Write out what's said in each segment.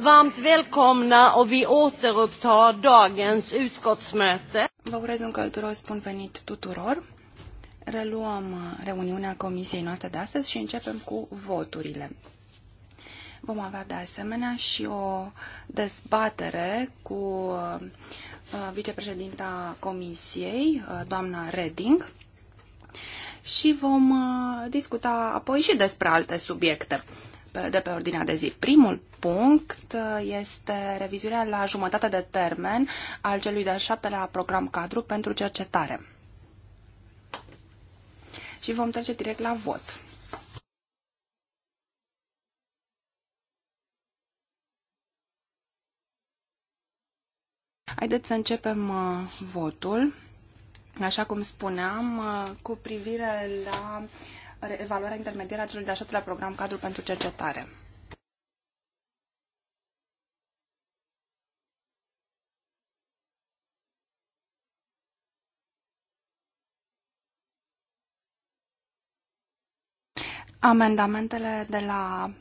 Varmt välkomna och vi återupptar dagens utskottsmöte. Vă urez încă tuturor bun venit tuturor. Reluăm uh, reuniunea comisiei noastre de astăzi și începem cu voturile. Vom avea de asemenea și o dezbatere cu uh, uh, vicepreședinta comisiei, doamna Reding, și vom discuta apoi și despre alte subiecte de pe ordinea de zi. Primul punct uh, este revizuirea la jumătate de termen al celui de-al șaptelea program cadru pentru cercetare. Și vom trece direct la vot. Haideți să începem uh, votul, așa cum spuneam, uh, cu privire la uh, evaluarea intermediară a celui de-a șaptelea program cadru pentru cercetare. Amendamentele de la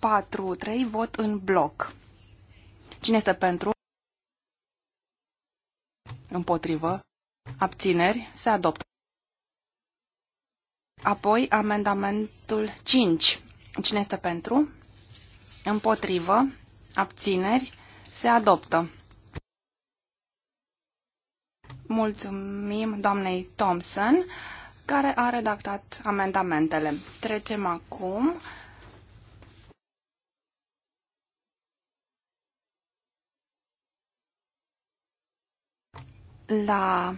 4-3 vot în bloc. Cine este pentru? Împotrivă. Abțineri. Se adoptă. Apoi amendamentul 5. Cine este pentru? Împotrivă. Abțineri. Se adoptă. Mulțumim doamnei Thompson, care a redactat amendamentele. Trecem acum la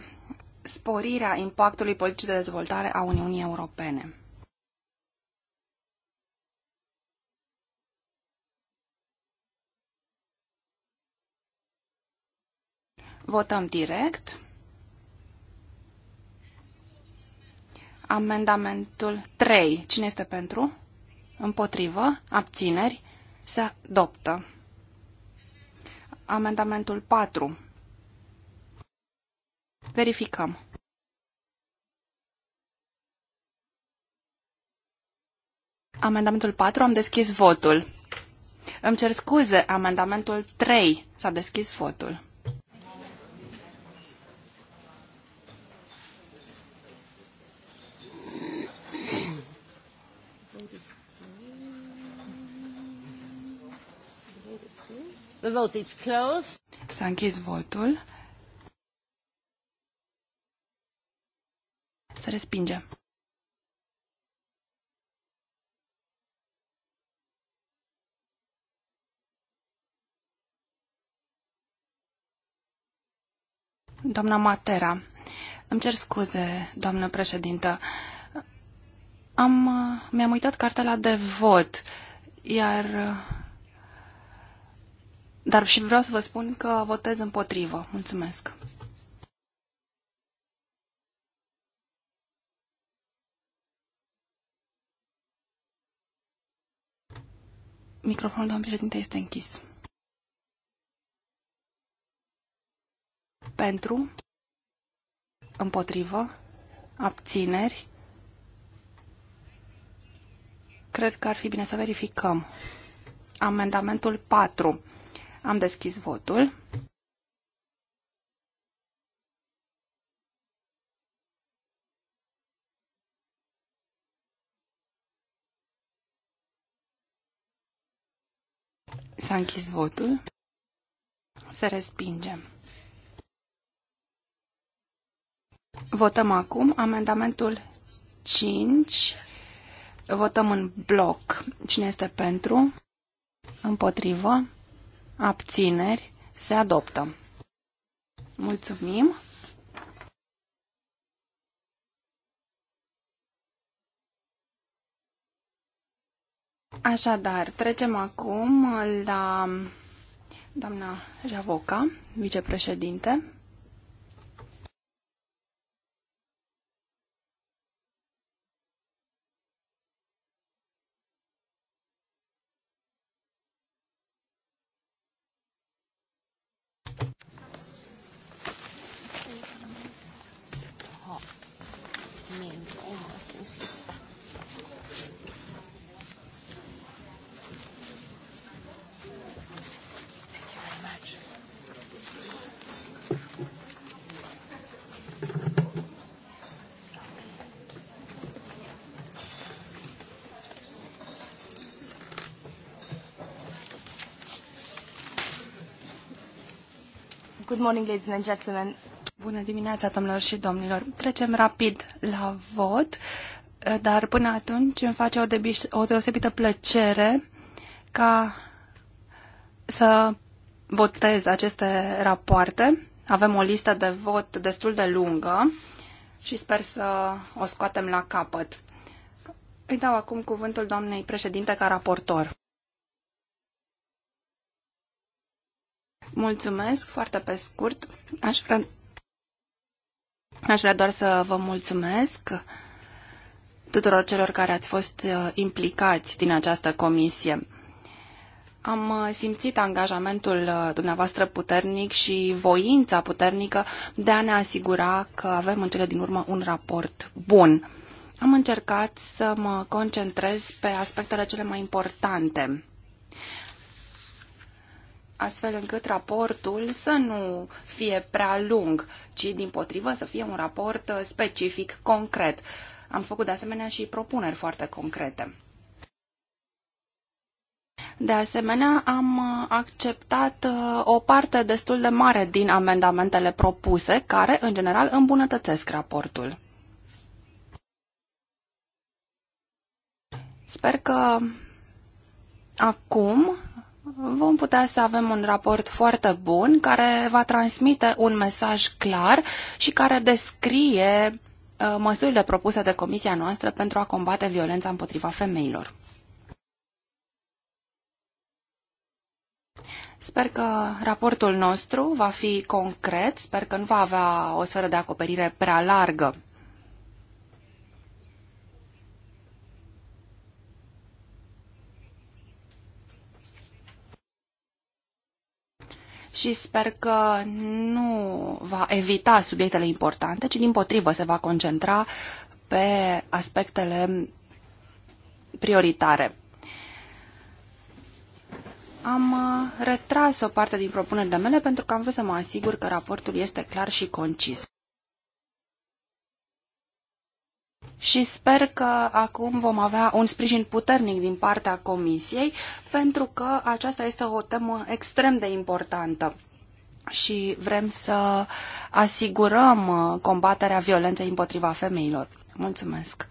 sporirea impactului politicii de dezvoltare a Uniunii Europene. Votăm direct. Amendamentul 3. Cine este pentru? Împotrivă. Abțineri. Se adoptă. Amendamentul 4. Verificăm. Amendamentul 4, am deschis votul. Îmi cer scuze, amendamentul 3, s-a deschis votul. The vote is closed. S-a închis votul. Se respinge. Doamna Matera, îmi cer scuze, doamnă președintă. Am, mi-am uitat cartela de vot, iar... Dar și vreau să vă spun că votez împotrivă. Mulțumesc. Microfonul, doamnă președinte, este închis. Pentru, împotrivă, abțineri, cred că ar fi bine să verificăm. Amendamentul 4. Am deschis votul. S-a închis votul. Se respingem Votăm acum amendamentul 5. Votăm în bloc. Cine este pentru? Împotrivă? Abțineri? Se adoptă. Mulțumim! Așadar, trecem acum la doamna Javoca, vicepreședinte. Good morning, ladies and gentlemen. Bună dimineața, domnilor și domnilor. Trecem rapid la vot, dar până atunci îmi face o, o deosebită plăcere ca să votez aceste rapoarte. Avem o listă de vot destul de lungă și sper să o scoatem la capăt. Îi dau acum cuvântul doamnei președinte ca raportor. Mulțumesc, foarte pe scurt. Aș vrea, aș vrea doar să vă mulțumesc tuturor celor care ați fost uh, implicați din această comisie. Am uh, simțit angajamentul uh, dumneavoastră puternic și voința puternică de a ne asigura că avem în cele din urmă un raport bun. Am încercat să mă concentrez pe aspectele cele mai importante astfel încât raportul să nu fie prea lung, ci din potrivă să fie un raport uh, specific, concret. Am făcut de asemenea și propuneri foarte concrete. De asemenea, am uh, acceptat uh, o parte destul de mare din amendamentele propuse, care, în general, îmbunătățesc raportul. Sper că acum vom putea să avem un raport foarte bun care va transmite un mesaj clar și care descrie uh, măsurile propuse de comisia noastră pentru a combate violența împotriva femeilor. Sper că raportul nostru va fi concret, sper că nu va avea o sferă de acoperire prea largă. și sper că nu va evita subiectele importante, ci din potrivă se va concentra pe aspectele prioritare. Am uh, retras o parte din propunerile mele pentru că am vrut să mă asigur că raportul este clar și concis. și sper că acum vom avea un sprijin puternic din partea Comisiei, pentru că aceasta este o temă extrem de importantă și vrem să asigurăm uh, combaterea violenței împotriva femeilor. Mulțumesc!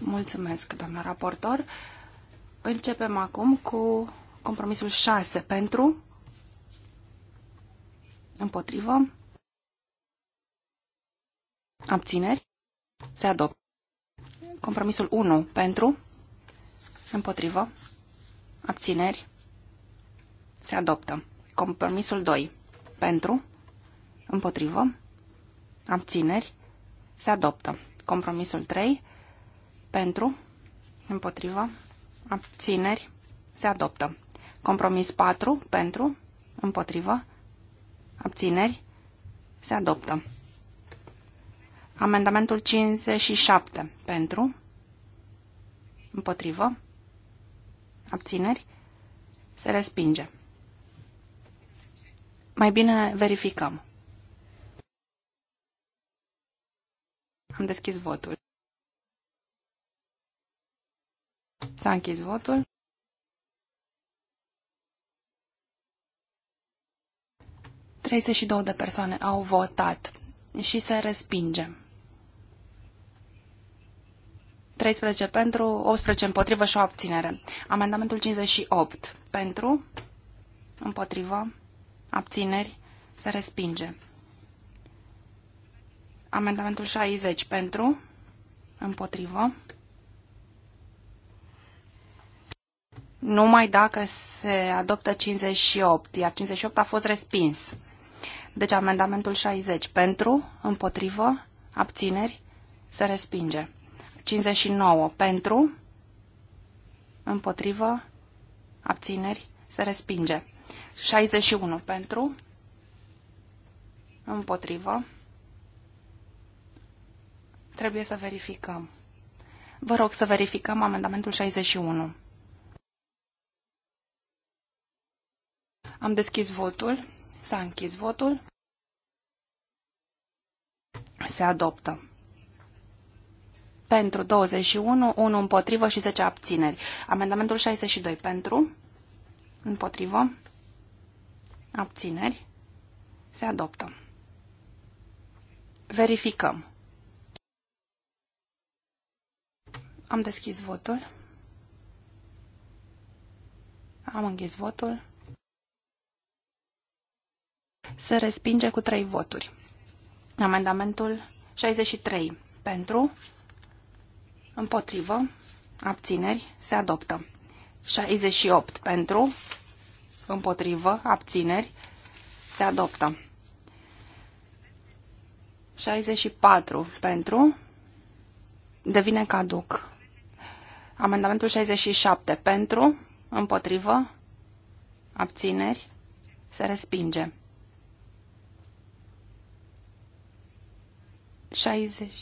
Mulțumesc, doamna raportor! Începem acum cu compromisul 6 pentru împotrivă abțineri se adoptă. Compromisul 1 pentru, împotrivă, abțineri, se adoptă. Compromisul 2 pentru, împotrivă, abțineri, se adoptă. Compromisul 3 pentru, împotrivă, abțineri, se adoptă. Compromis 4 pentru, împotrivă, abțineri, se adoptă. Amendamentul 57 pentru, împotrivă, abțineri, se respinge. Mai bine verificăm. Am deschis votul. S-a închis votul. Treizeci și două de persoane au votat și se respinge. 13 pentru, 18 împotrivă și o abținere. Amendamentul 58 pentru, împotrivă, abțineri, se respinge. Amendamentul 60 pentru, împotrivă. Numai dacă se adoptă 58, iar 58 a fost respins. Deci amendamentul 60 pentru, împotrivă, abțineri, se respinge. 59 pentru, împotrivă, abțineri, se respinge. 61 pentru, împotrivă. Trebuie să verificăm. Vă rog să verificăm amendamentul 61. Am deschis votul. S-a închis votul. Se adoptă pentru 21, 1 împotrivă și 10 abțineri. Amendamentul 62 pentru, împotrivă, abțineri, se adoptă. Verificăm. Am deschis votul. Am închis votul. Se respinge cu 3 voturi. Amendamentul 63 pentru, împotrivă, abțineri, se adoptă. 68 pentru, împotrivă, abțineri, se adoptă. 64 pentru, devine caduc. Amendamentul 67 pentru, împotrivă, abțineri, se respinge. 60.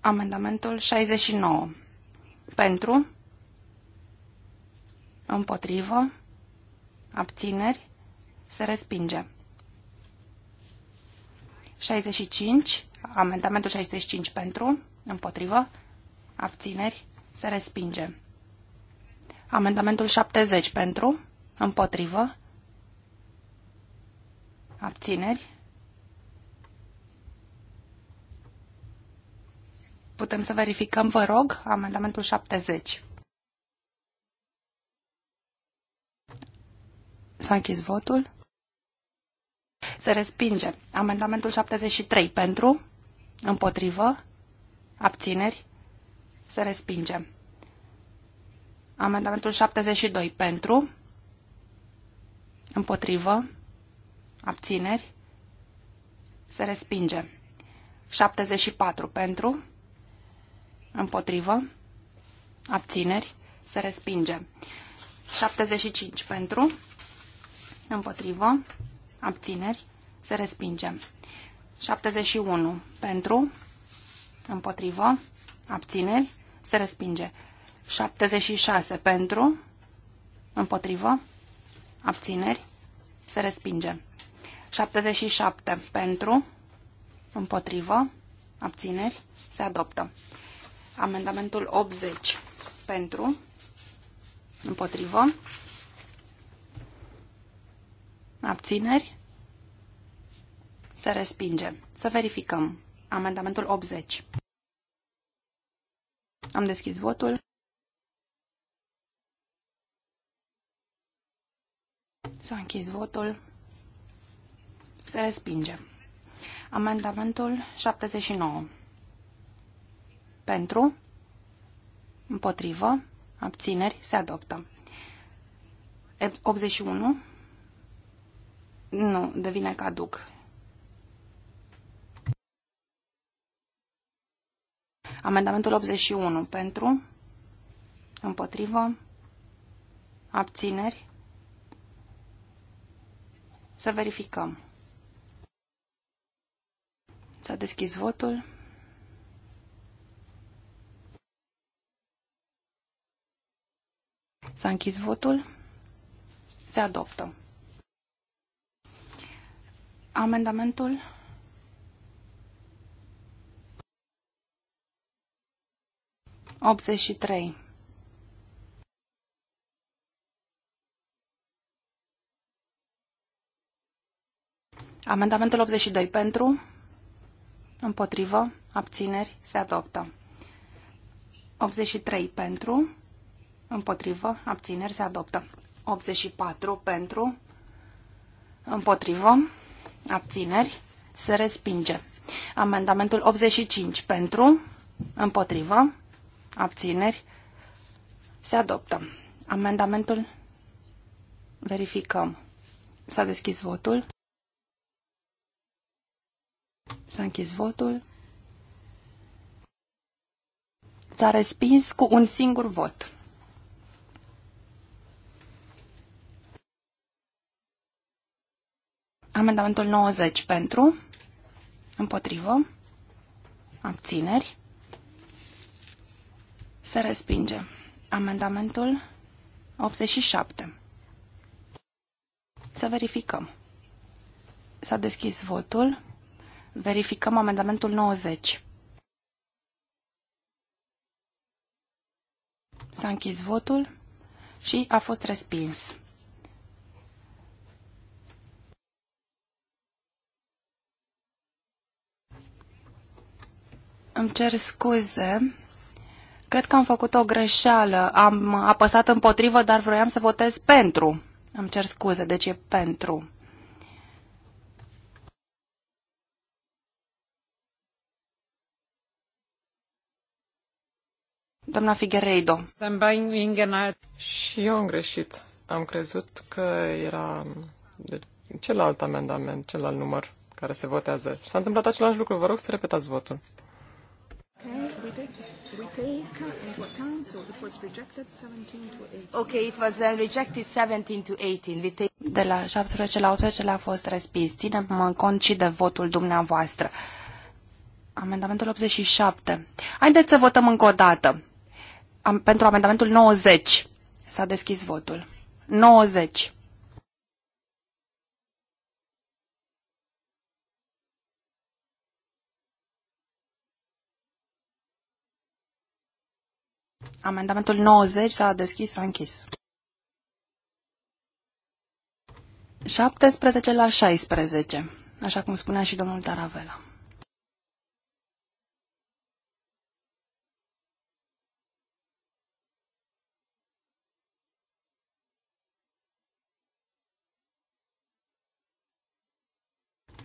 Amendamentul 69. Pentru. Împotrivă. Abțineri. Se respinge. 65. Amendamentul 65 pentru. Împotrivă. Abțineri. Se respinge. Amendamentul 70 pentru. Împotrivă. Abțineri. Putem să verificăm, vă rog, amendamentul 70. S-a închis votul. Se respinge. Amendamentul 73 pentru, împotrivă, abțineri, se respinge. Amendamentul 72 pentru, împotrivă, abțineri, se respinge. 74 pentru, Împotrivă. Abțineri. Se respinge. 75 pentru. Împotrivă. Abțineri. Se respinge. 71 pentru. Împotrivă. Abțineri. Se respinge. 76 pentru. Împotrivă. Abțineri. Se respinge. 77 pentru. Împotrivă. Abțineri. Se adoptă. Amendamentul 80 pentru, împotrivă, abțineri, se respinge. Să verificăm. Amendamentul 80. Am deschis votul. S-a închis votul. Se respinge. Amendamentul 79. Pentru. Împotrivă. Abțineri. Se adoptă. 81. Nu, devine caduc. Amendamentul 81. Pentru. Împotrivă. Abțineri. Să verificăm. S-a deschis votul. S-a închis votul. Se adoptă. Amendamentul optzeci și trei. Amendamentul 82 pentru, împotrivă, abțineri, se adoptă. 83 pentru, împotrivă, abțineri se adoptă. 84 pentru, împotrivă, abțineri se respinge. Amendamentul 85 pentru, împotrivă, abțineri se adoptă. Amendamentul verificăm. S-a deschis votul. S-a închis votul. S-a respins cu un singur vot. Amendamentul 90 pentru, împotrivă, abțineri, se respinge. Amendamentul 87. Să verificăm. S-a deschis votul. Verificăm amendamentul 90. S-a închis votul și a fost respins. Îmi cer scuze. Cred că am făcut o greșeală. Am apăsat împotrivă, dar vroiam să votez pentru. Îmi cer scuze, deci e pentru. Doamna Figueiredo. Și eu am greșit. Am crezut că era de deci, celălalt amendament, celălalt număr care se votează. S-a întâmplat același lucru. Vă rog să repetați votul. We take into account, so it was rejected 17 to 18. it was uh, rejected 17 to 18. We take... De la 17 la 18 a fost respins. Ținem cont și de votul dumneavoastră. Amendamentul 87. Haideți să votăm încă o dată. Am, pentru amendamentul 90. S-a deschis votul. 90. Amendamentul 90 s-a deschis, s-a închis. 17 la 16, așa cum spunea și domnul Taravela.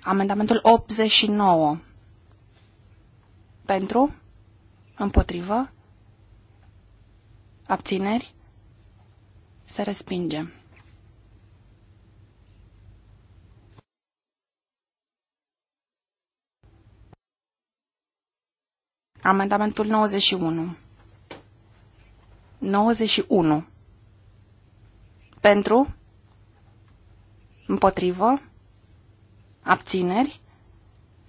Amendamentul 89. Pentru? Împotrivă? Abțineri? Se respinge. Amendamentul 91. 91. Pentru? Împotrivă? Abțineri?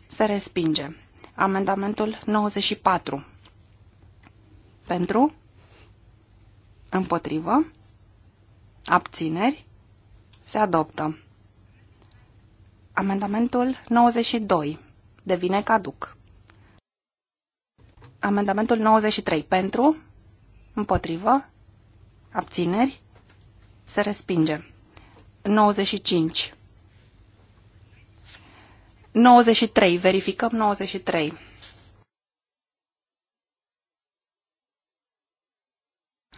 Se respinge. Amendamentul 94. Pentru? Împotrivă. Abțineri. Se adoptă. Amendamentul 92 devine caduc. Amendamentul 93 pentru, împotrivă, abțineri, se respinge. 95. 93, verificăm 93.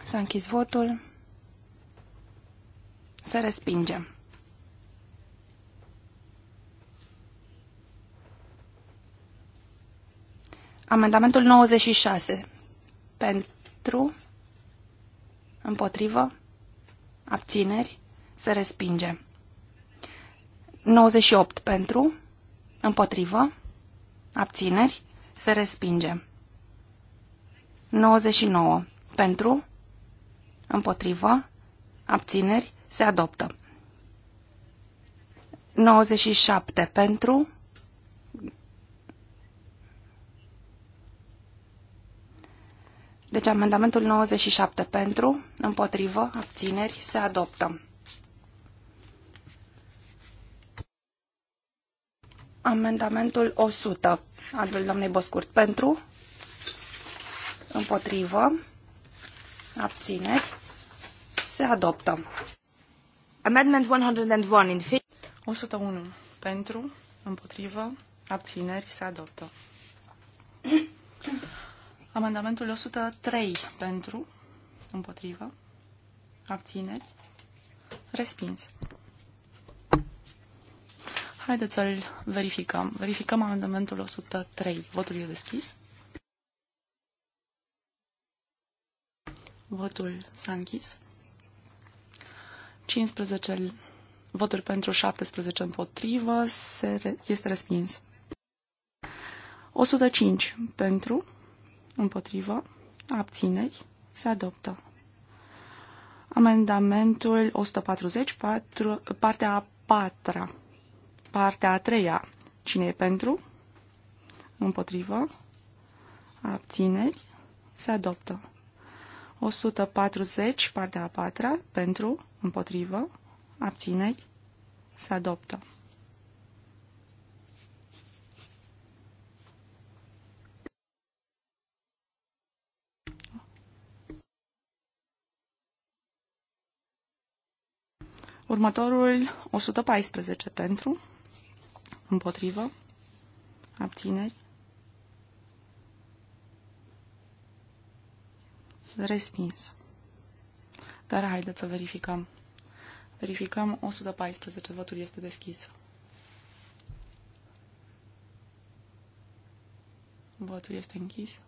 S-a închis votul. Se respinge. Amendamentul 96. Pentru, împotrivă, abțineri, se respinge. 98 pentru, împotrivă, abțineri, se respinge. 99 pentru, Împotrivă. Abțineri. Se adoptă. 97 pentru. Deci amendamentul 97 pentru, împotrivă, abțineri, se adoptă. Amendamentul 100 al domnului Boscurt pentru, împotrivă, abțineri, se adoptă. Amendment 101 in 101 pentru, împotrivă, abțineri, se adoptă. Amendamentul 103 pentru, împotrivă, abțineri, respins. Haideți să-l verificăm. Verificăm amendamentul 103. Votul e deschis. Votul s-a închis. 15 voturi pentru 17 împotrivă se este respins. 105 pentru, împotrivă, abțineri, se adoptă. Amendamentul 140, patru, partea a patra, partea a treia. Cine e pentru? Împotrivă, abțineri, se adoptă. 140, partea a patra, pentru, împotrivă, abțineri, se adoptă. Următorul 114 pentru, împotrivă, abțineri, respins. Dar haideți să verificăm. Verificăm 114, votul este deschis. Votul este închis.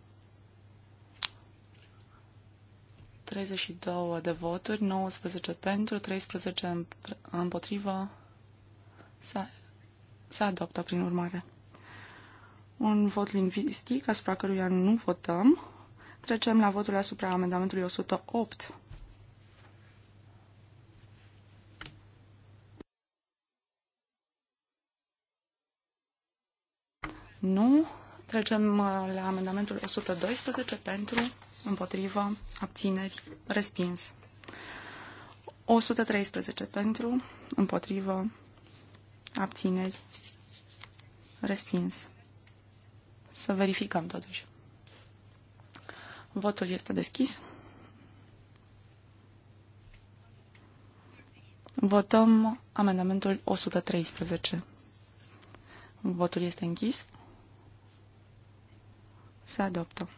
32 de voturi, 19 pentru, 13 împotrivă. Se adoptă, prin urmare. Un vot lingvistic asupra căruia nu votăm. Trecem la votul asupra amendamentului 108. Nu. Trecem uh, la amendamentul 112 pentru, împotrivă, abțineri, respins. 113 pentru, împotrivă, abțineri, respins. Să verificăm totuși. Votul este deschis. Votăm amendamentul 113. Votul este închis. Se adoptă.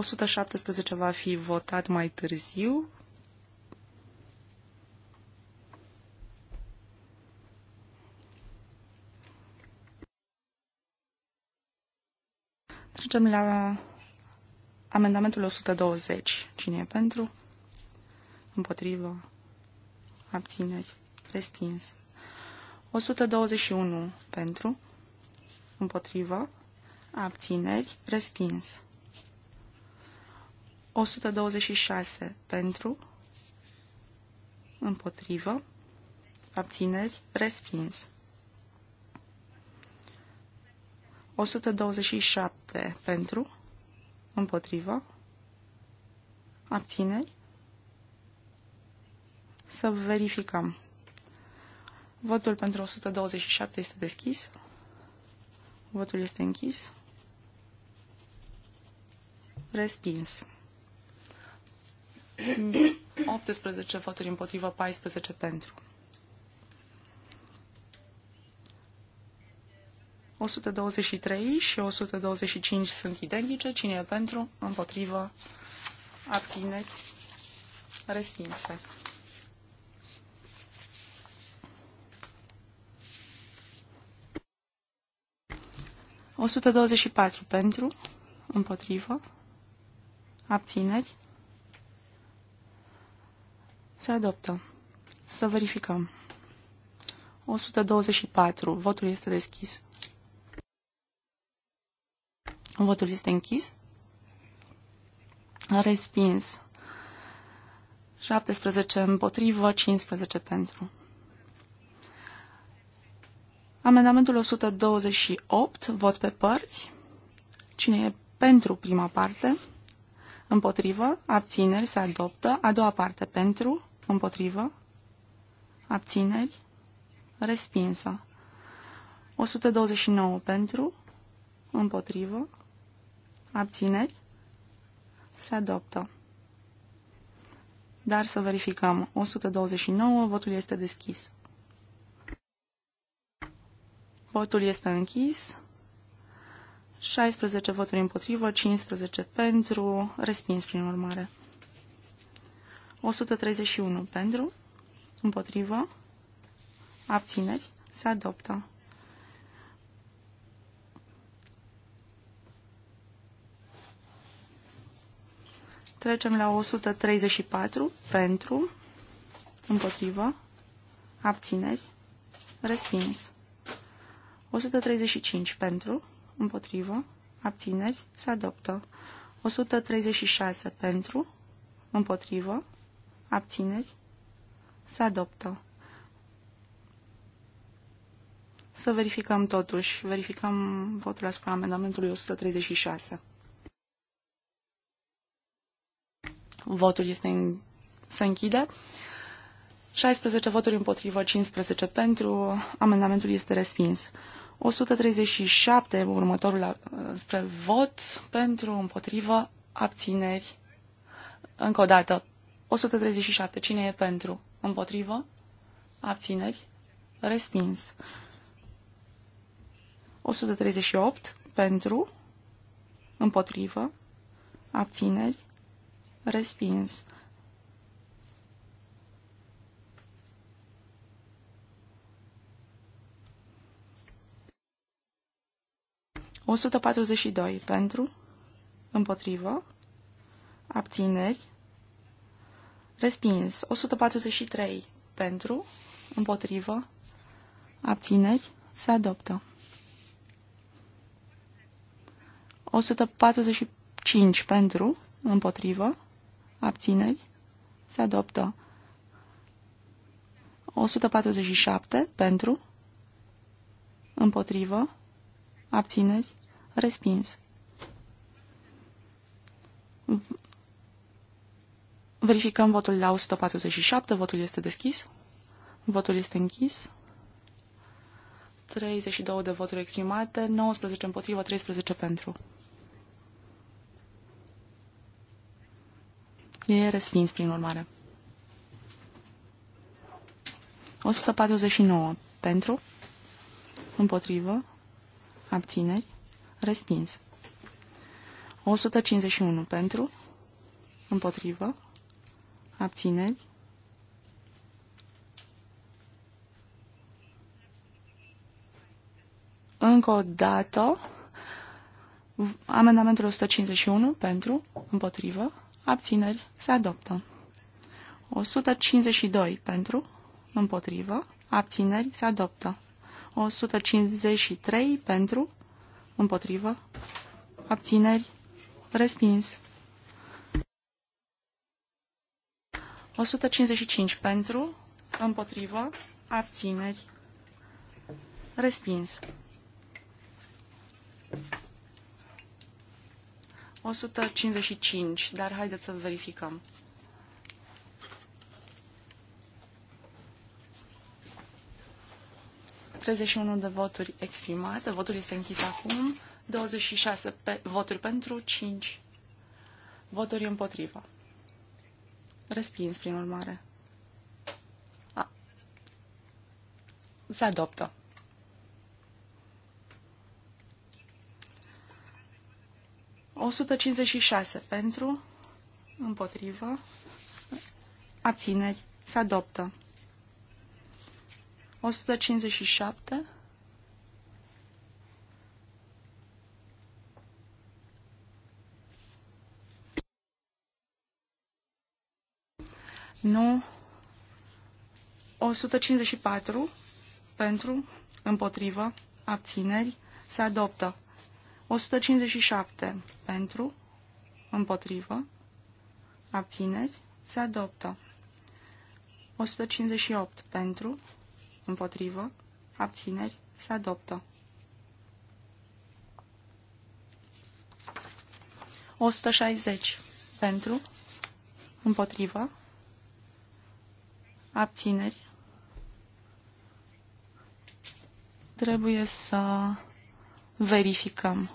117 va fi votat mai târziu. Trecem la amendamentul 120. Cine e pentru? Împotrivă. Abțineri. Respins. 121 pentru. Împotrivă. Abțineri. Respins. 126 pentru, împotrivă, abțineri, respins. 127 pentru, împotrivă, abțineri. Să verificăm. Votul pentru 127 este deschis. Votul este închis. Respins. 18 voturi împotrivă, 14 pentru. 123 și 125 sunt identice. Cine e pentru? Împotrivă? Abțineri? Respinse. O sută douăzeci și patru pentru, împotrivă, abțineri, se adoptă. Să verificăm. 124. Votul este deschis. Votul este închis. Respins. 17 împotrivă, 15 pentru. Amendamentul 128, vot pe părți. Cine e pentru prima parte? Împotrivă, abțineri, se adoptă. A doua parte pentru, Împotrivă. Abțineri. Respinsă. 129 pentru. Împotrivă. Abțineri. Se adoptă. Dar să verificăm. 129. Votul este deschis. Votul este închis. 16 voturi împotrivă, 15 pentru, respins prin urmare. 131 pentru, împotrivă, abțineri, se adoptă. Trecem la 134 pentru, împotrivă, abțineri, respins. 135 pentru, împotrivă, abțineri, se adoptă. 136 pentru, împotrivă, abțineri, se adoptă. Să verificăm totuși, verificăm votul asupra amendamentului 136. Votul este în... se închide. 16 voturi împotrivă, 15 pentru. Amendamentul este respins. 137, următorul uh, spre vot, pentru, împotrivă, abțineri. Încă o dată, 137. Cine e pentru? Împotrivă? Abțineri? Respins. 138. Pentru? Împotrivă? Abțineri? Respins. O sută patruzeci și doi pentru, împotrivă, abțineri, Respins. 143 pentru, împotrivă, abțineri, se adoptă. 145 pentru, împotrivă, abțineri, se adoptă. 147 pentru, împotrivă, abțineri, respins. Verificăm votul la 147. Votul este deschis. Votul este închis. 32 de voturi exprimate, 19 împotrivă, 13 pentru. E respins, prin urmare. 149 pentru, împotrivă, abțineri, respins. 151 pentru, împotrivă, Abțineri. Încă o dată. Amendamentul 151 pentru, împotrivă, abțineri, se adoptă. 152 pentru, împotrivă, abțineri, se adoptă. 153 pentru, împotrivă, abțineri, respins. 155 pentru, împotrivă, abțineri, respins. 155, dar haideți să verificăm. de voturi exprimate. Votul este închis acum. 26 pe, voturi pentru, 5 voturi împotriva. Respins, prin urmare. A. Se adoptă. O 156 pentru, împotrivă, abțineri, se adoptă. 157 Nu. 154 pentru, împotrivă, abțineri, se adoptă. 157 pentru, împotrivă, abțineri, se adoptă. 158 pentru, împotrivă, abțineri, se adoptă. 160 pentru, împotrivă, abțineri. Trebuie să verificăm.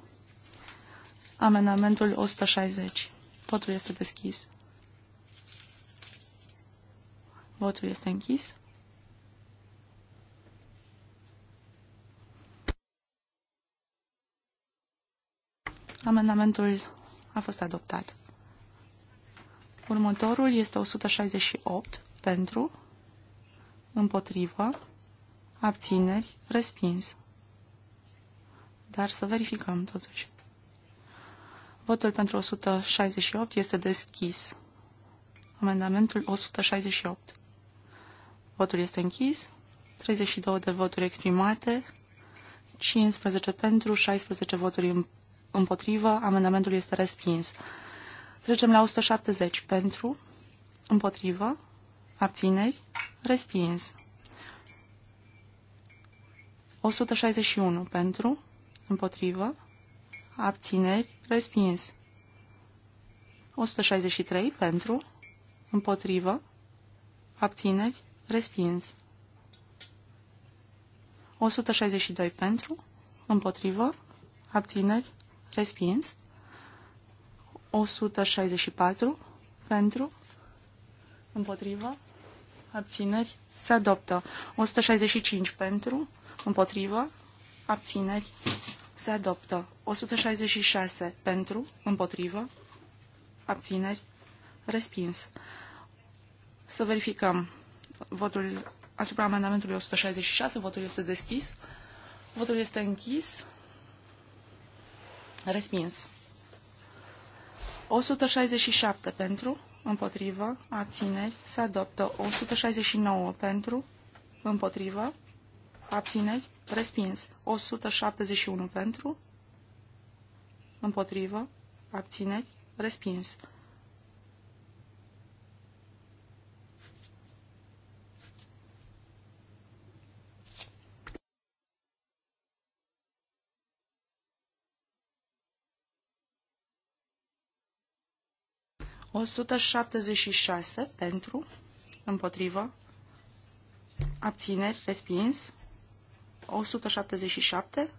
Amenamentul 160. Votul este deschis. Votul este închis. Amendamentul a fost adoptat. Următorul este 168 pentru împotrivă, abțineri, respins. Dar să verificăm totuși. Votul pentru 168 este deschis. Amendamentul 168. Votul este închis. 32 de voturi exprimate, 15 pentru, 16 voturi împotrivă, amendamentul este respins. Trecem la 170 pentru, împotrivă, abțineri, Respins. 161 pentru, împotrivă, abțineri, respins. 163 pentru, împotrivă, abțineri, respins. 162 pentru, împotrivă, abțineri, respins. 164 pentru, împotrivă, abțineri, se adoptă. 165 pentru, împotrivă, abțineri, se adoptă. 166 pentru, împotrivă, abțineri, respins. Să verificăm votul asupra amendamentului 166. Votul este deschis. Votul este închis. Respins. 167 pentru, împotrivă, abțineri, se adoptă 169 pentru, împotrivă, abțineri, respins 171 pentru, împotrivă, abțineri, respins 176 pentru, împotrivă, abțineri, respins. 177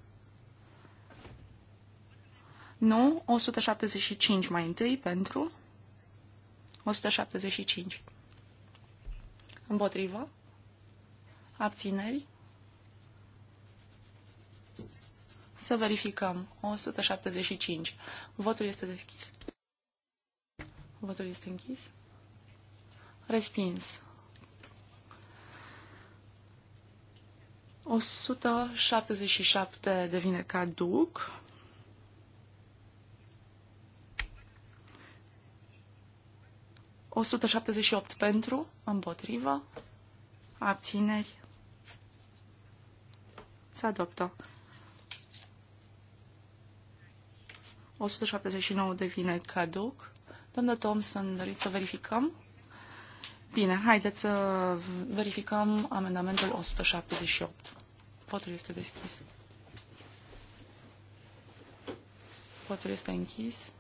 nu, 175 mai întâi pentru 175 împotrivă abțineri să verificăm 175 votul este deschis Votul este închis. Respins. 177 devine caduc. O 178 pentru, împotrivă, abțineri, se adoptă. 179 devine caduc. Domnule Thompson, doriți să verificăm? Bine, haideți să verificăm amendamentul 178. Votul este deschis. Votul este închis.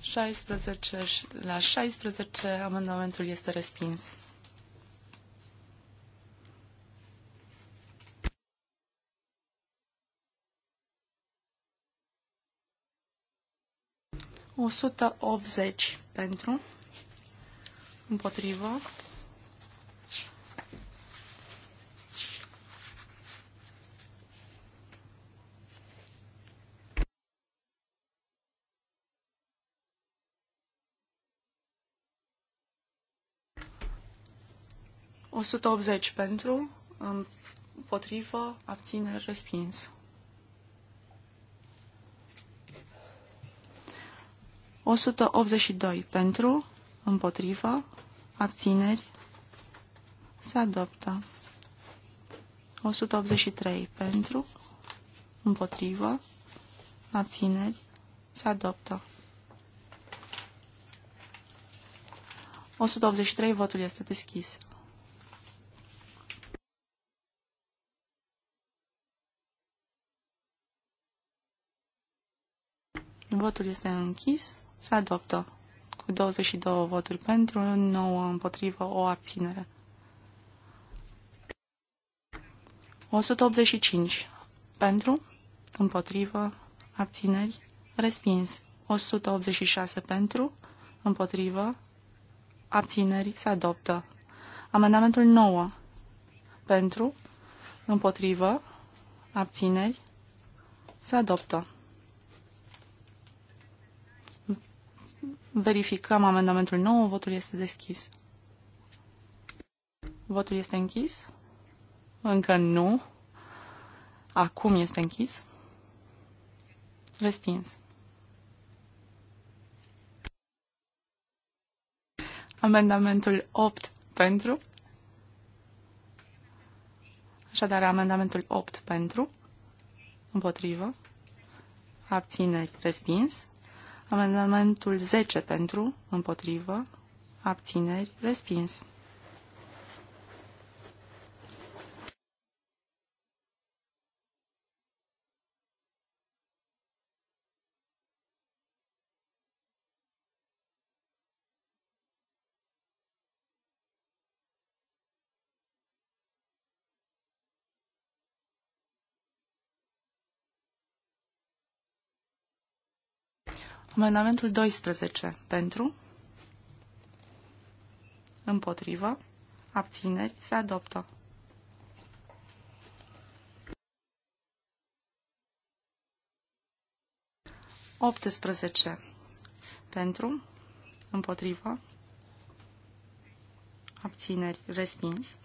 16 la 16 amendamentul este respins. 180 pentru, împotrivă. O 180 pentru, împotrivă, abțineri, respins. 182 pentru, împotrivă, abțineri, se adoptă. 183 pentru, împotrivă, abțineri, se adoptă. 183, votul este deschis. Votul este închis se adoptă cu 22 voturi pentru, 9 împotrivă, o abținere. 185 pentru, împotrivă, abțineri, respins. 186 pentru, împotrivă, abțineri, se adoptă. Amendamentul 9 pentru, împotrivă, abțineri, se adoptă. Verificăm amendamentul nou. Votul este deschis. Votul este închis. Încă nu. Acum este închis. Respins. Amendamentul 8 pentru. Așadar, amendamentul 8 pentru. Împotrivă. Abțineri. Respins. Amendamentul 10 pentru, împotrivă, abțineri, respins. Amendamentul 12 pentru, împotrivă, abțineri, se adoptă. Optsprezece pentru, împotrivă, abțineri, respins.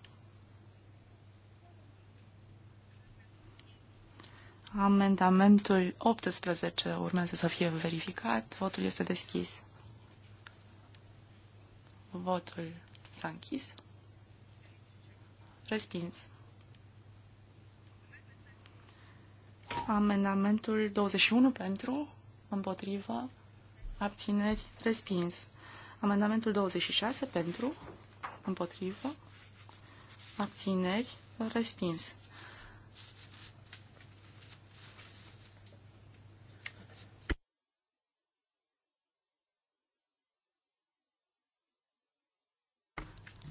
Amendamentul 18 urmează să fie verificat. Votul este deschis. Votul s-a închis. Respins. Amendamentul 21 pentru, împotrivă, abțineri, respins. Amendamentul 26 pentru, împotrivă, abțineri, respins.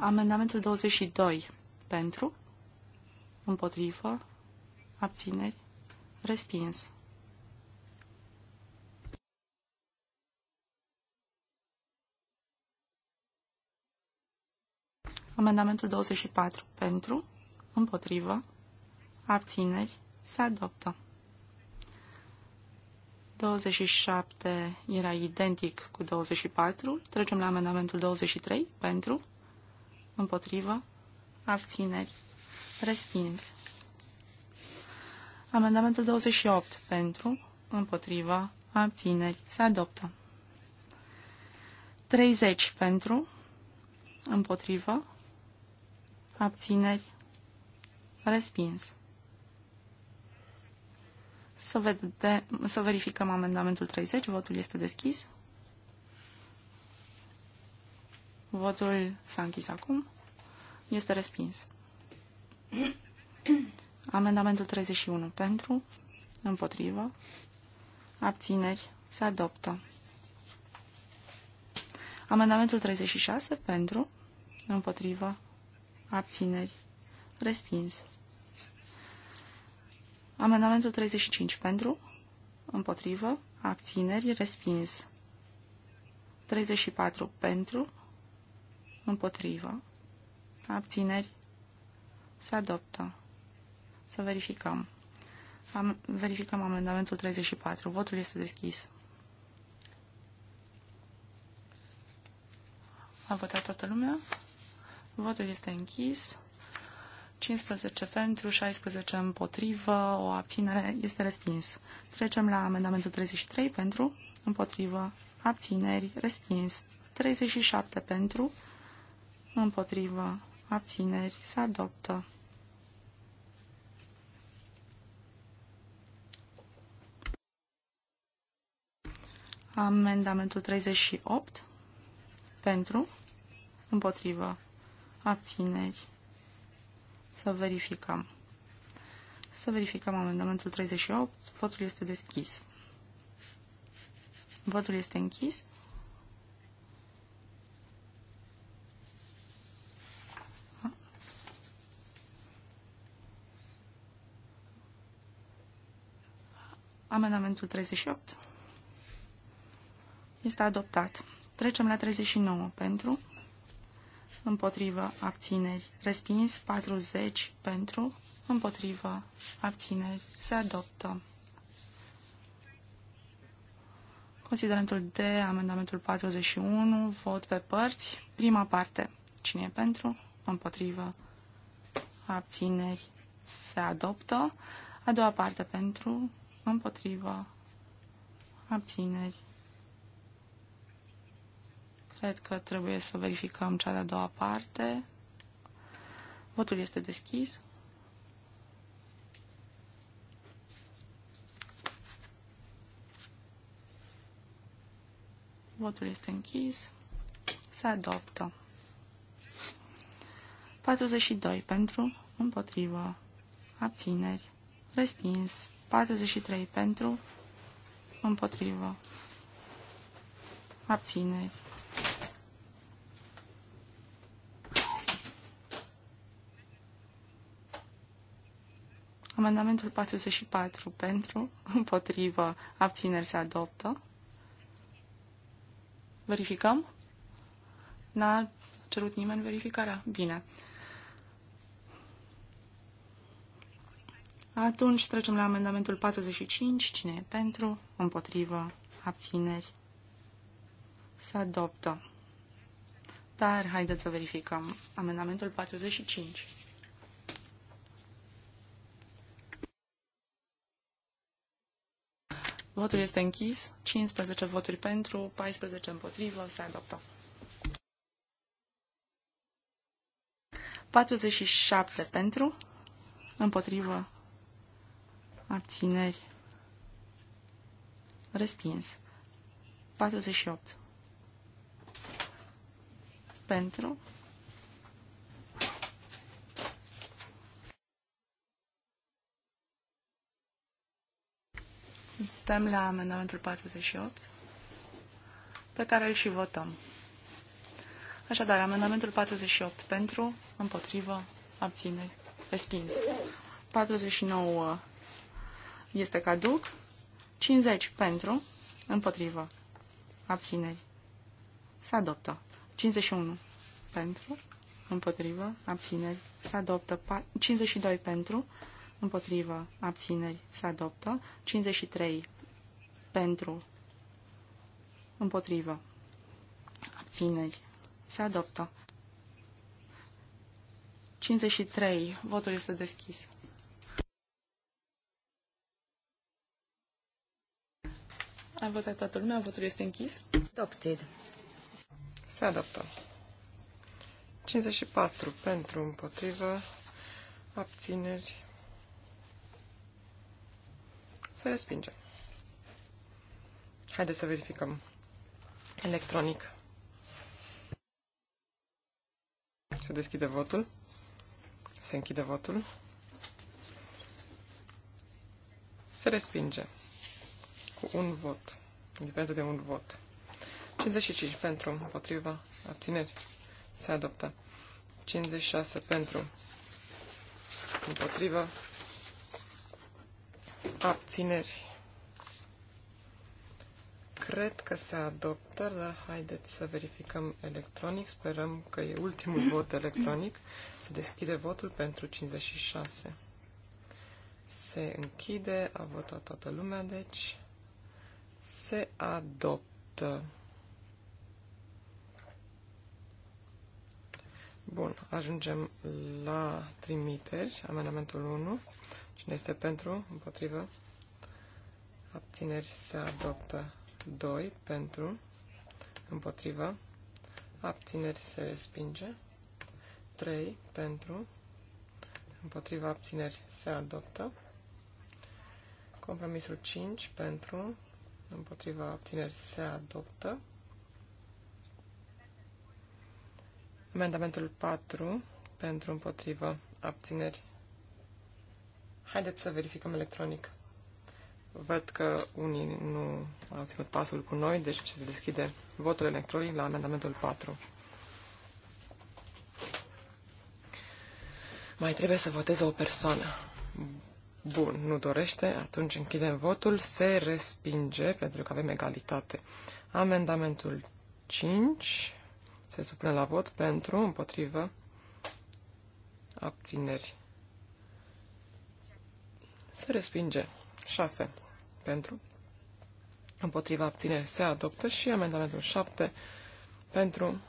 Amendamentul 22 pentru, împotrivă, abțineri, respins. Amendamentul 24 pentru, împotrivă, abțineri, se adoptă. 27 era identic cu 24. Trecem la amendamentul 23 pentru, Împotrivă. Abțineri. Respins. Amendamentul 28. Pentru. Împotrivă. Abțineri. Se adoptă. 30. Pentru. Împotrivă. Abțineri. Respins. Să, vede, să verificăm amendamentul 30. Votul este deschis. Votul s-a închis acum. Este respins. Amendamentul 31 pentru, împotrivă, abțineri, se adoptă. Amendamentul 36 pentru, împotrivă, abțineri, respins. Amendamentul 35 pentru, împotrivă, abțineri, respins. 34 pentru, împotrivă, abțineri, se adoptă. Să verificăm. Am, verificăm amendamentul 34. Votul este deschis. A votat toată lumea. Votul este închis. 15 pentru, 16 împotrivă, o abținere este respins. Trecem la amendamentul 33 pentru, împotrivă, abțineri, respins. 37 pentru, împotrivă, abțineri, se adoptă. Amendamentul 38 pentru, împotrivă, abțineri. Să verificăm. Să verificăm amendamentul 38. Votul este deschis. Votul este închis. Amendamentul 38 este adoptat. Trecem la 39 pentru, împotrivă, abțineri, respins, 40 pentru, împotrivă, abțineri, se adoptă. Considerentul D, amendamentul 41, vot pe părți, prima parte, cine e pentru, împotrivă, abțineri, se adoptă. A doua parte pentru, împotriva, abțineri. Cred că trebuie să verificăm cea de-a doua parte. Votul este deschis. Votul este închis. Se adoptă. 42 pentru, împotrivă, abțineri, respins. 43 pentru, împotrivă, abțineri. Amendamentul 44 pentru, împotrivă, abțineri se adoptă. Verificăm? N-a cerut nimeni verificarea? Bine. Atunci trecem la amendamentul 45. Cine e pentru? Împotrivă? Abțineri? Se adoptă. Dar haideți să verificăm. Amendamentul 45. Votul este închis. 15 voturi pentru, 14 împotrivă. Se adoptă. 47 pentru, împotrivă, abțineri, respins. 48. Pentru. Suntem la amendamentul 48, pe care îl și votăm. Așadar, amendamentul 48 pentru, împotrivă, abțineri, respins. 49 este caduc. 50 pentru, împotrivă, abțineri. Se adoptă. 51 pentru, împotrivă, abțineri. Se adoptă. 52 pentru, împotrivă, abțineri. Se adoptă. 53 pentru, împotrivă, abțineri. Se adoptă. 53. Votul este deschis. Am votat toată lumea, votul este închis. Adopted. Se adoptă. 54 pentru, împotrivă, abțineri. Se respinge. Haideți să verificăm electronic. Se deschide votul. Se închide votul. Se respinge cu un vot. Independent de un vot. 55 pentru, împotriva, abțineri. Se adoptă. 56 pentru, împotriva, abțineri. Cred că se adoptă, dar haideți să verificăm electronic. Sperăm că e ultimul vot electronic. Se deschide votul pentru 56. Se închide, a votat toată lumea, deci se adoptă. Bun, ajungem la trimiteri, amendamentul 1. Cine este pentru? Împotrivă? Abțineri se adoptă 2 pentru, împotrivă, abțineri se respinge, 3 pentru, împotriva abțineri se adoptă, compromisul 5 pentru, împotriva abțineri se adoptă. Amendamentul 4 pentru împotriva abțineri. Haideți să verificăm electronic. Văd că unii nu au ținut pasul cu noi, deci se deschide votul electronic la amendamentul 4. Mai trebuie să voteze o persoană. Bun, nu dorește, atunci închidem votul. Se respinge, pentru că avem egalitate. Amendamentul 5 se supune la vot pentru, împotrivă, abțineri. Se respinge. 6 pentru, împotriva abțineri se adoptă și amendamentul 7 pentru,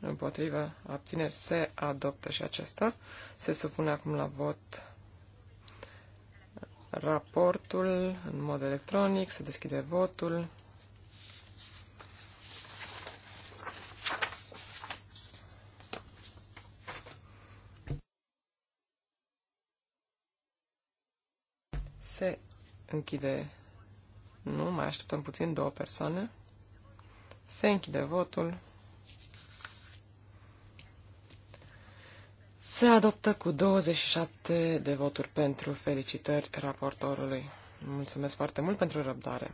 împotriva abțineri se adoptă și acesta. Se supune acum la vot raportul în mod electronic, se deschide votul. Se închide. Nu, mai așteptăm puțin două persoane. Se închide votul. Se adoptă cu 27 de voturi pentru felicitări raportorului. Mulțumesc foarte mult pentru răbdare.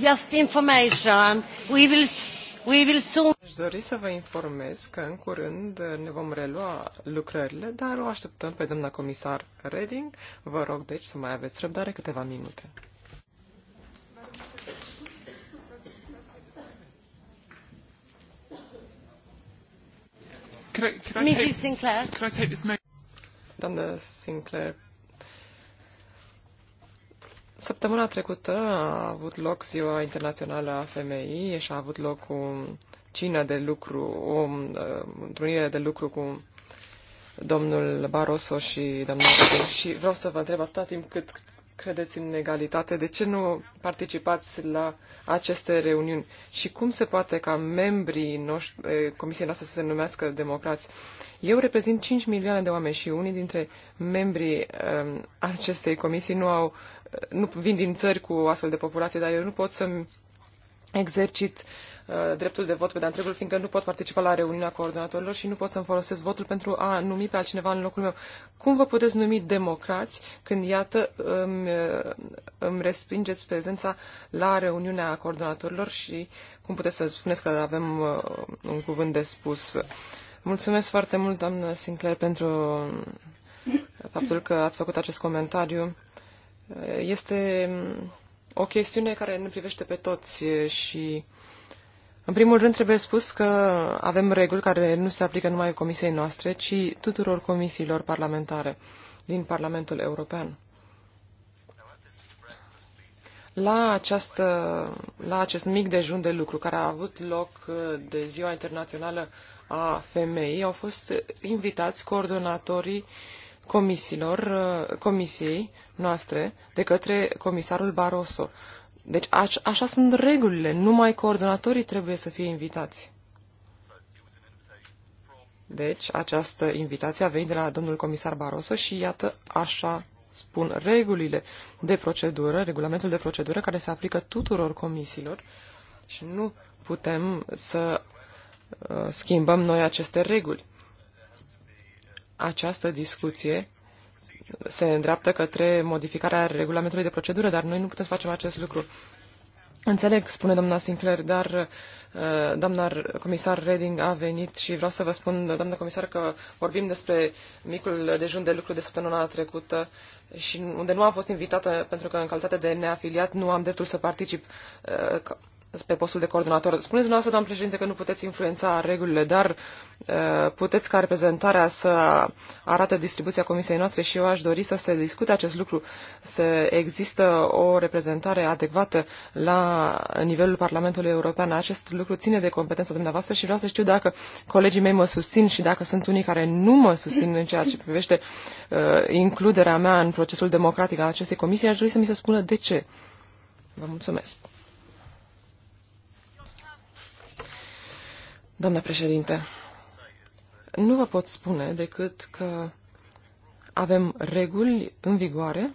Just information. We will, we will soon... Aș dori să vă informez că în curând ne vom relua lucrările, dar o așteptăm pe doamna comisar Reding. Vă rog, deci, să mai aveți răbdare câteva minute. Can I, can I Mrs. Take, Sinclair. Can I take this Doamnă Sinclair, Săptămâna trecută a avut loc Ziua Internațională a Femeii și a avut loc o cină de lucru, o um, uh, întrunire de lucru cu domnul Barroso și doamna Și vreau să vă întreb atâta timp cât credeți în egalitate, de ce nu participați la aceste reuniuni și cum se poate ca membrii noștri, eh, comisiei noastre să se numească democrați? Eu reprezint 5 milioane de oameni și unii dintre membrii um, acestei comisii nu au nu vin din țări cu astfel de populație, dar eu nu pot să-mi exercit uh, dreptul de vot pe de întregul, fiindcă nu pot participa la reuniunea coordonatorilor și nu pot să-mi folosesc votul pentru a numi pe altcineva în locul meu. Cum vă puteți numi democrați când, iată, îmi, uh, îmi respingeți prezența la reuniunea coordonatorilor și cum puteți să spuneți că avem uh, un cuvânt de spus? Mulțumesc foarte mult, doamnă Sinclair, pentru faptul că ați făcut acest comentariu este mm, o chestiune care ne privește pe toți și, în primul rând, trebuie spus că avem reguli care nu se aplică numai comisiei noastre, ci tuturor comisiilor parlamentare din Parlamentul European. La, această, la acest mic dejun de lucru care a avut loc uh, de Ziua Internațională a Femeii, au fost invitați coordonatorii uh, Comisilor, uh, comisiei noastre de către comisarul Barroso. Deci a, așa sunt regulile, numai coordonatorii trebuie să fie invitați. Deci această invitație a venit de la domnul comisar Barroso și iată așa spun regulile de procedură, regulamentul de procedură care se aplică tuturor comisiilor și nu putem să uh, schimbăm noi aceste reguli această discuție se îndreaptă către modificarea regulamentului de procedură, dar noi nu putem să facem acest lucru. Înțeleg, spune doamna Sinclair, dar uh, doamna comisar Reding a venit și vreau să vă spun, doamna comisar, că vorbim despre micul dejun de lucru de săptămâna trecută și unde nu am fost invitată pentru că în calitate de neafiliat nu am dreptul să particip. Uh, pe postul de coordonator. Spuneți dumneavoastră, doamnă președinte, că nu puteți influența regulile, dar uh, puteți ca reprezentarea să arate distribuția comisiei noastre și eu aș dori să se discute acest lucru, să există o reprezentare adecvată la nivelul Parlamentului European. Acest lucru ține de competența dumneavoastră și vreau să știu dacă colegii mei mă susțin și dacă sunt unii care nu mă susțin în ceea ce privește uh, includerea mea în procesul democratic al acestei comisii, aș dori să mi se spună de ce. Vă mulțumesc. Doamna președinte, nu vă pot spune decât că avem reguli în vigoare.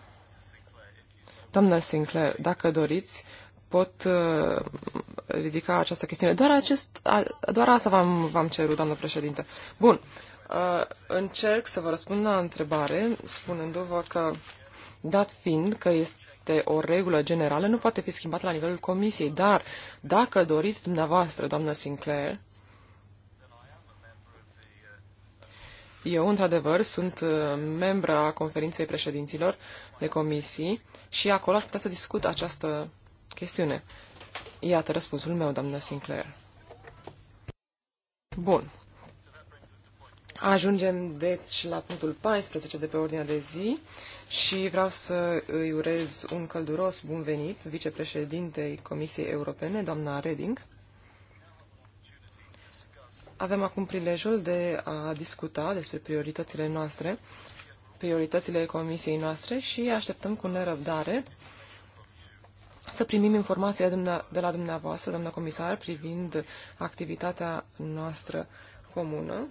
Doamna Sinclair, dacă doriți, pot uh, ridica această chestiune. Doar, acest, doar asta v-am, v-am cerut, doamnă președinte. Bun. Uh, încerc să vă răspund la întrebare, spunându-vă că, dat fiind că este o regulă generală, nu poate fi schimbată la nivelul comisiei, dar dacă doriți dumneavoastră, doamnă Sinclair, Eu, într-adevăr, sunt uh, membra a conferinței președinților de comisii și acolo aș putea să discut această chestiune. Iată răspunsul meu, doamnă Sinclair. Bun. Ajungem, deci, la punctul 14 de pe ordinea de zi și vreau să îi urez un călduros bun venit vicepreședintei Comisiei Europene, doamna Reding. Avem acum prilejul de a discuta despre prioritățile noastre, prioritățile comisiei noastre și așteptăm cu nerăbdare să primim informații de la dumneavoastră, doamna comisar, privind activitatea noastră comună,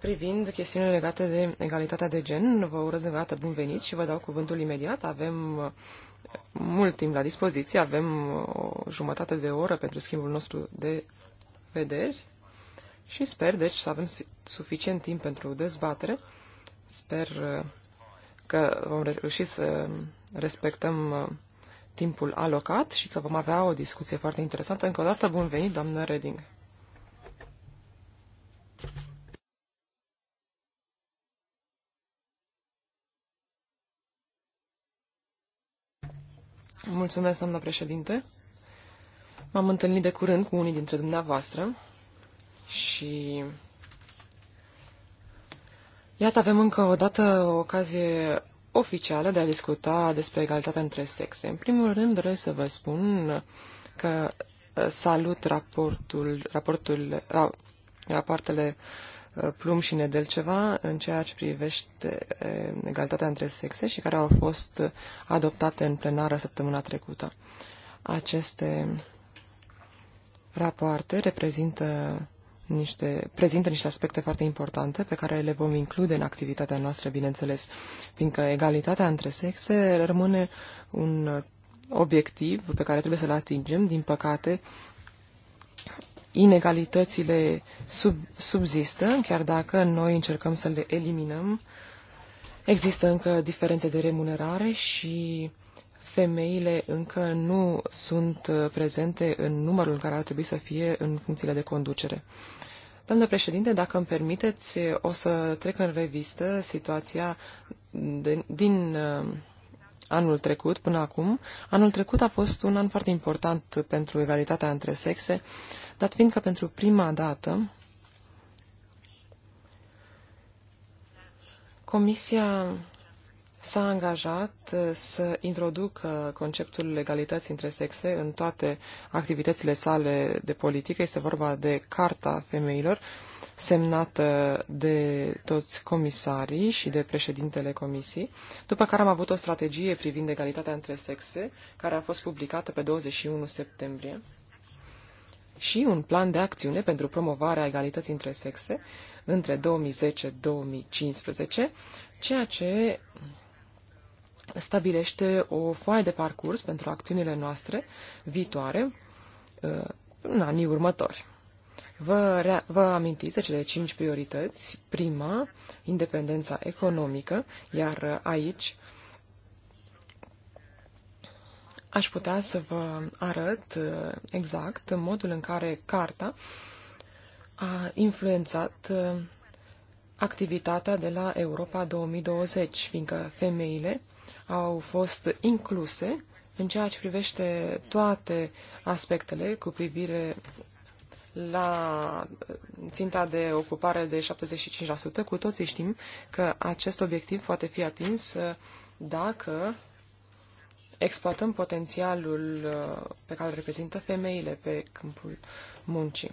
privind chestiunile legate de egalitatea de gen. Vă urez încă dată bun venit și vă dau cuvântul imediat. Avem uh, mult timp la dispoziție, avem uh, o jumătate de oră pentru schimbul nostru de vederi și sper, deci, să avem suficient timp pentru dezbatere. Sper uh, că vom reuși să respectăm uh, timpul alocat și că vom avea o discuție foarte interesantă. Încă o dată, bun venit, doamnă Reding! Mulțumesc, doamnă președinte. M-am întâlnit de curând cu unii dintre dumneavoastră și iată, avem încă o dată o ocazie oficială de a discuta despre egalitatea între sexe. În primul rând, doresc să vă spun că uh, salut raportul, raportul ra, rapoartele uh, Plum și Nedelceva în ceea ce privește uh, egalitatea între sexe și care au fost adoptate în plenară săptămâna trecută. Aceste rapoarte reprezintă niște, prezintă niște aspecte foarte importante pe care le vom include în activitatea noastră, bineînțeles, fiindcă egalitatea între sexe rămâne un obiectiv pe care trebuie să-l atingem. Din păcate, inegalitățile sub, subzistă, chiar dacă noi încercăm să le eliminăm. Există încă diferențe de remunerare și femeile încă nu sunt uh, prezente în numărul în care ar trebui să fie în funcțiile de conducere. Doamnă președinte, dacă îmi permiteți, o să trec în revistă situația de, din uh, anul trecut până acum. Anul trecut a fost un an foarte important pentru egalitatea între sexe, dat fiindcă pentru prima dată Comisia s-a angajat uh, să introducă conceptul legalității între sexe în toate activitățile sale de politică. Este vorba de Carta Femeilor, semnată de toți comisarii și de președintele comisii, după care am avut o strategie privind egalitatea între sexe, care a fost publicată pe 21 septembrie, și un plan de acțiune pentru promovarea egalității între sexe între 2010-2015, ceea ce stabilește o foaie de parcurs pentru acțiunile noastre viitoare uh, în anii următori. Vă, vă amintiți de cele cinci priorități? Prima, independența economică, iar aici aș putea să vă arăt uh, exact modul în care carta a influențat uh, activitatea de la Europa 2020, fiindcă femeile au fost incluse în ceea ce privește toate aspectele cu privire la ținta de ocupare de 75%. Cu toții știm că acest obiectiv poate fi atins uh, dacă exploatăm potențialul uh, pe care îl reprezintă femeile pe câmpul muncii.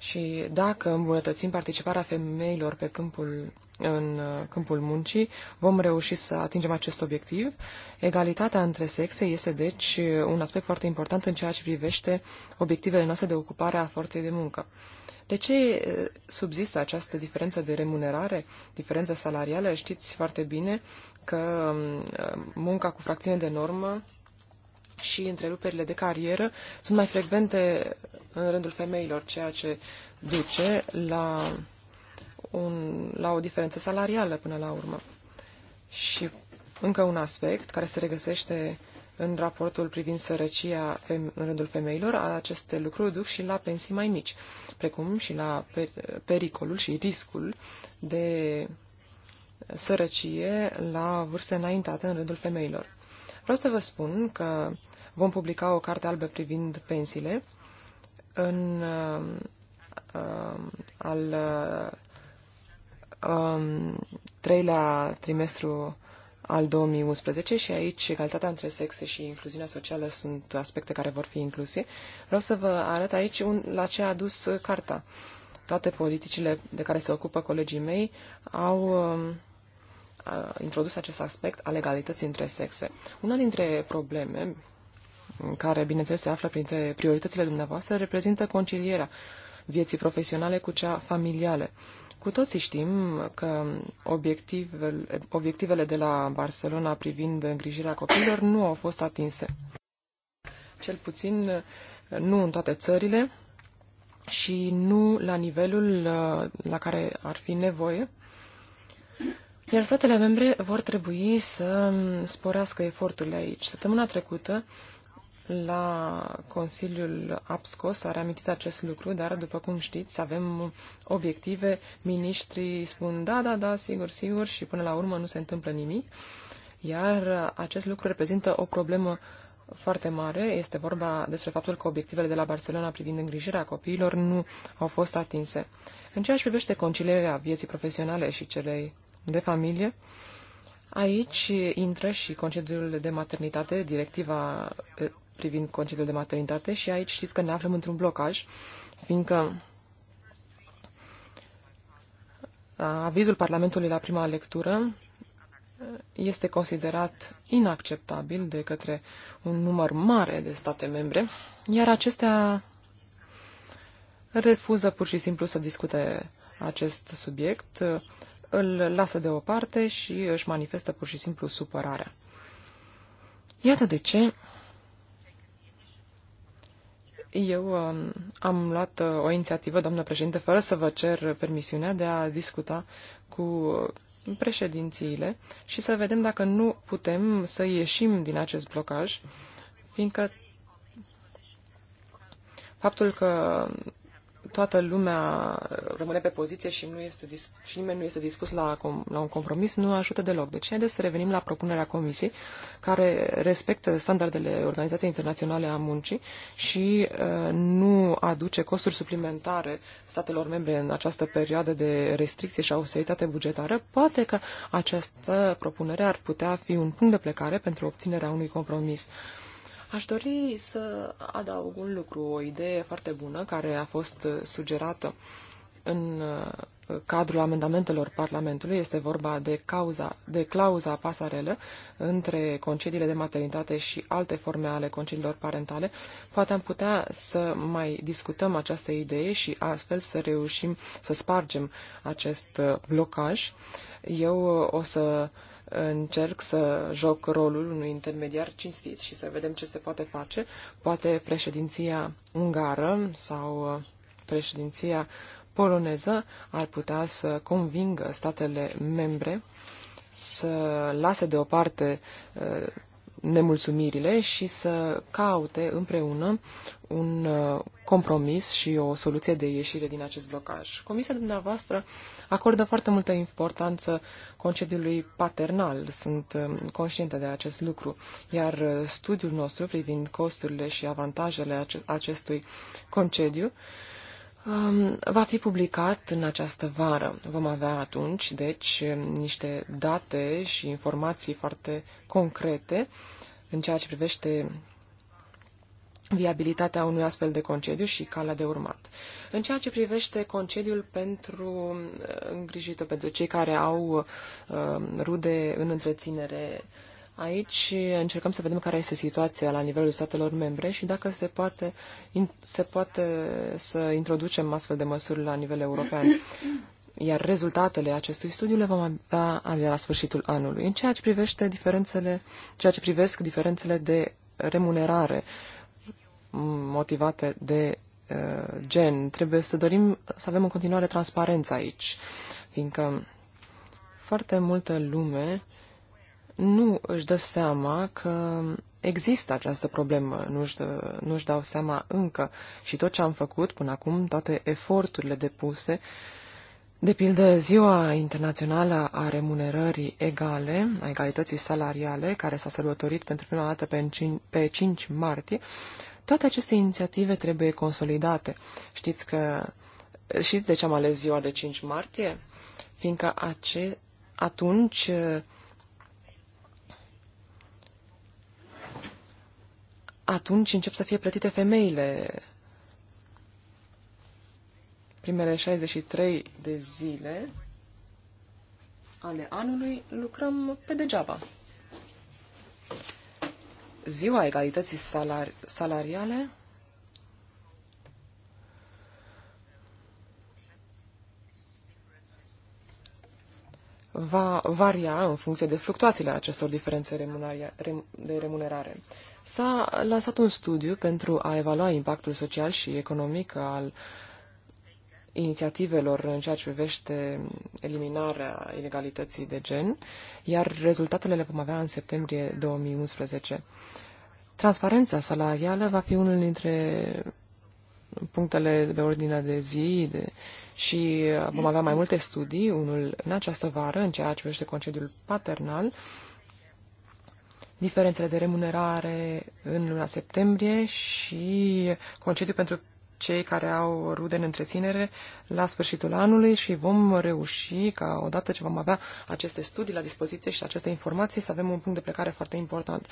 Și dacă îmbunătățim participarea femeilor pe câmpul, în uh, câmpul muncii, vom reuși să atingem acest obiectiv. Egalitatea între sexe este, deci, un aspect foarte important în ceea ce privește obiectivele noastre de ocupare a forței de muncă. De ce uh, subzistă această diferență de remunerare, diferență salarială? Știți foarte bine că um, uh, munca cu fracțiune de normă și întreruperile de carieră sunt mai frecvente în rândul femeilor, ceea ce duce la, un, la o diferență salarială până la urmă. Și încă un aspect care se regăsește în raportul privind sărăcia în rândul femeilor, aceste lucruri duc și la pensii mai mici, precum și la pericolul și riscul de sărăcie la vârste înaintate în rândul femeilor. Vreau să vă spun că vom publica o carte albă privind pensiile în uh, uh, al uh, treilea trimestru al 2011 și aici egalitatea între sexe și incluziunea socială sunt aspecte care vor fi incluse. Vreau să vă arăt aici un, la ce a dus carta. Toate politicile de care se ocupă colegii mei au uh, introdus acest aspect al egalității între sexe. Una dintre probleme care, bineînțeles, se află printre prioritățile dumneavoastră, reprezintă concilierea vieții profesionale cu cea familială. Cu toții știm că obiectivele, obiectivele de la Barcelona privind îngrijirea copiilor nu au fost atinse. Cel puțin nu în toate țările și nu la nivelul uh, la care ar fi nevoie. Iar statele membre vor trebui să sporească eforturile aici. Săptămâna trecută la Consiliul APSCO s-a reamintit acest lucru, dar, după cum știți, avem obiective. Ministrii spun da, da, da, sigur, sigur și până la urmă nu se întâmplă nimic. Iar acest lucru reprezintă o problemă foarte mare. Este vorba despre faptul că obiectivele de la Barcelona privind îngrijirea copiilor nu au fost atinse. În ceea ce privește concilierea vieții profesionale și celei de familie, Aici intră și concediul de maternitate, directiva privind concediul de maternitate și aici știți că ne aflăm într-un blocaj, fiindcă avizul Parlamentului la prima lectură este considerat inacceptabil de către un număr mare de state membre, iar acestea refuză pur și simplu să discute acest subiect, îl lasă deoparte și își manifestă pur și simplu supărarea. Iată de ce eu um, am luat uh, o inițiativă, doamnă președinte, fără să vă cer permisiunea de a discuta cu președințiile și să vedem dacă nu putem să ieșim din acest blocaj, fiindcă faptul că toată lumea rămâne pe poziție și, nu este și nimeni nu este dispus la, la un compromis, nu ajută deloc. Deci, haideți să revenim la propunerea Comisiei, care respectă standardele Organizației Internaționale a Muncii și uh, nu aduce costuri suplimentare statelor membre în această perioadă de restricție și austeritate bugetară. Poate că această propunere ar putea fi un punct de plecare pentru obținerea unui compromis. Uh, Aș dori să adaug un lucru, o idee foarte bună care a fost sugerată în uh, cadrul amendamentelor Parlamentului. Este vorba de, cauza, de clauza pasarelă între concediile de maternitate și alte forme ale concediilor parentale. Poate am putea să mai discutăm această idee și astfel să reușim să spargem acest uh, blocaj. Eu uh, o să încerc să joc rolul unui intermediar cinstit și să vedem ce se poate face. Poate președinția ungară sau uh, președinția poloneză ar putea să convingă statele membre să lase deoparte uh, nemulțumirile și să caute împreună un uh, compromis și o soluție de ieșire din acest blocaj. Comisia dumneavoastră acordă foarte multă importanță concediului paternal, sunt um, conștientă de acest lucru, iar uh, studiul nostru privind costurile și avantajele acestui concediu Um, va fi publicat în această vară. Vom avea atunci, deci, niște date și informații foarte concrete în ceea ce privește viabilitatea unui astfel de concediu și calea de urmat. În ceea ce privește concediul pentru uh, îngrijită, pentru cei care au uh, rude în întreținere Aici încercăm să vedem care este situația la nivelul statelor membre și dacă se poate, se poate să introducem astfel de măsuri la nivel european. Iar rezultatele acestui studiu le vom avea abia la sfârșitul anului. În ceea ce privește diferențele, ceea ce privesc diferențele de remunerare motivate de uh, gen, trebuie să dorim să avem în continuare transparență aici, fiindcă foarte multă lume nu își dă seama că există această problemă, nu își, dă, nu își dau seama încă. Și tot ce am făcut până acum, toate eforturile depuse, de pildă Ziua Internațională a Remunerării Egale, a egalității salariale, care s-a sărbătorit pentru prima dată pe 5, pe 5 martie, toate aceste inițiative trebuie consolidate. Știți că știți de ce am ales ziua de 5 martie? Fiindcă ace, atunci atunci încep să fie plătite femeile. Primele 63 de zile ale anului lucrăm pe degeaba. Ziua egalității salar- salariale va varia în funcție de fluctuațiile acestor diferențe de remunerare s-a lansat un studiu pentru a evalua impactul social și economic al inițiativelor în ceea ce privește eliminarea inegalității de gen, iar rezultatele le vom avea în septembrie 2011. Transparența salarială va fi unul dintre punctele de ordine de zi de, și vom avea mai multe studii, unul în această vară, în ceea ce privește concediul paternal, uh, diferențele de remunerare în luna septembrie și concediu pentru cei care au rude în întreținere la sfârșitul anului și vom reuși ca odată ce vom avea aceste studii la dispoziție și aceste informații să avem un punct de plecare foarte important.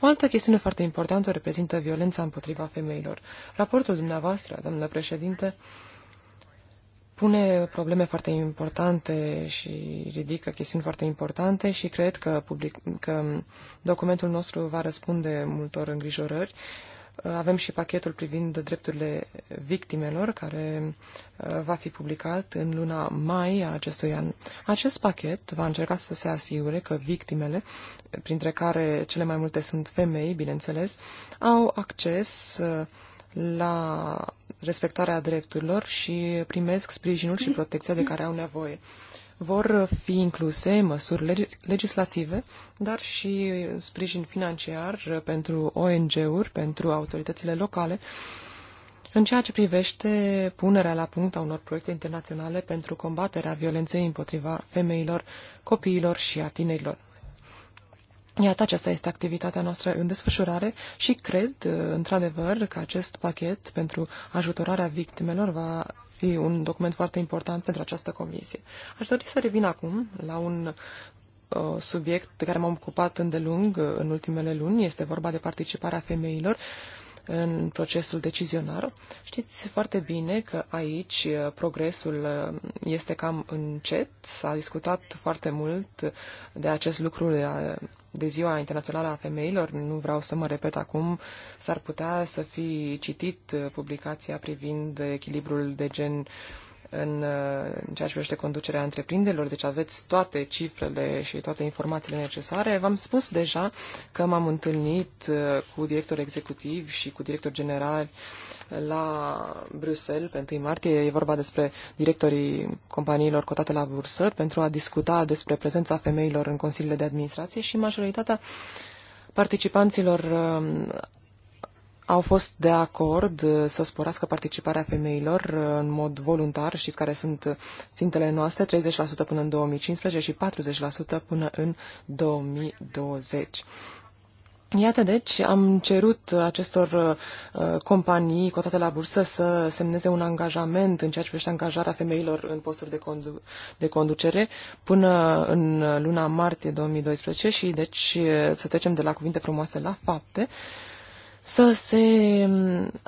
O altă chestiune foarte importantă reprezintă violența împotriva femeilor. Raportul dumneavoastră, doamnă președinte, uh, pune probleme foarte importante și ridică chestiuni foarte importante și cred că, public, că documentul nostru va răspunde multor îngrijorări. Avem și pachetul privind drepturile victimelor, care uh, va fi publicat în luna mai a acestui an. Acest pachet va încerca să se asigure că victimele, printre care cele mai multe sunt femei, bineînțeles, au acces uh, la respectarea drepturilor și primesc sprijinul și protecția de care au nevoie. Vor fi incluse măsuri legislative, dar și sprijin financiar pentru ONG-uri, pentru autoritățile locale, în ceea ce privește punerea la punct a unor proiecte internaționale pentru combaterea violenței împotriva femeilor, copiilor și a tinerilor. Iată, aceasta este activitatea noastră în desfășurare și cred, uh, într-adevăr, că acest pachet pentru ajutorarea victimelor va fi un document foarte important pentru această comisie. Aș dori să revin acum la un uh, subiect de care m-am ocupat îndelung uh, în ultimele luni. Este vorba de participarea femeilor uh, în procesul decizionar. Știți foarte bine că aici uh, progresul uh, este cam încet. S-a discutat foarte mult de acest lucru uh, de Ziua Internațională a Femeilor. Nu vreau să mă repet acum. S-ar putea să fi citit publicația privind echilibrul de gen uh, în, uh, în ceea ce privește conducerea întreprinderilor, deci aveți toate cifrele și toate informațiile necesare. V-am spus deja că m-am întâlnit uh, cu director executiv și cu director general la Bruxelles pe 1 martie. E vorba despre directorii companiilor cotate la bursă pentru a discuta despre prezența femeilor în consiliile de administrație și majoritatea participanților um, au fost de acord uh, să sporească participarea femeilor uh, în mod voluntar. Știți care sunt țintele noastre, 30% până în 2015 și 40% până în 2020. Iată, deci, am cerut acestor uh, companii cotate la bursă să semneze un angajament în ceea ce privește angajarea femeilor în posturi de, condu- de conducere până în luna martie 2012 și, deci, uh, să trecem de la cuvinte frumoase la fapte. Uh, să se,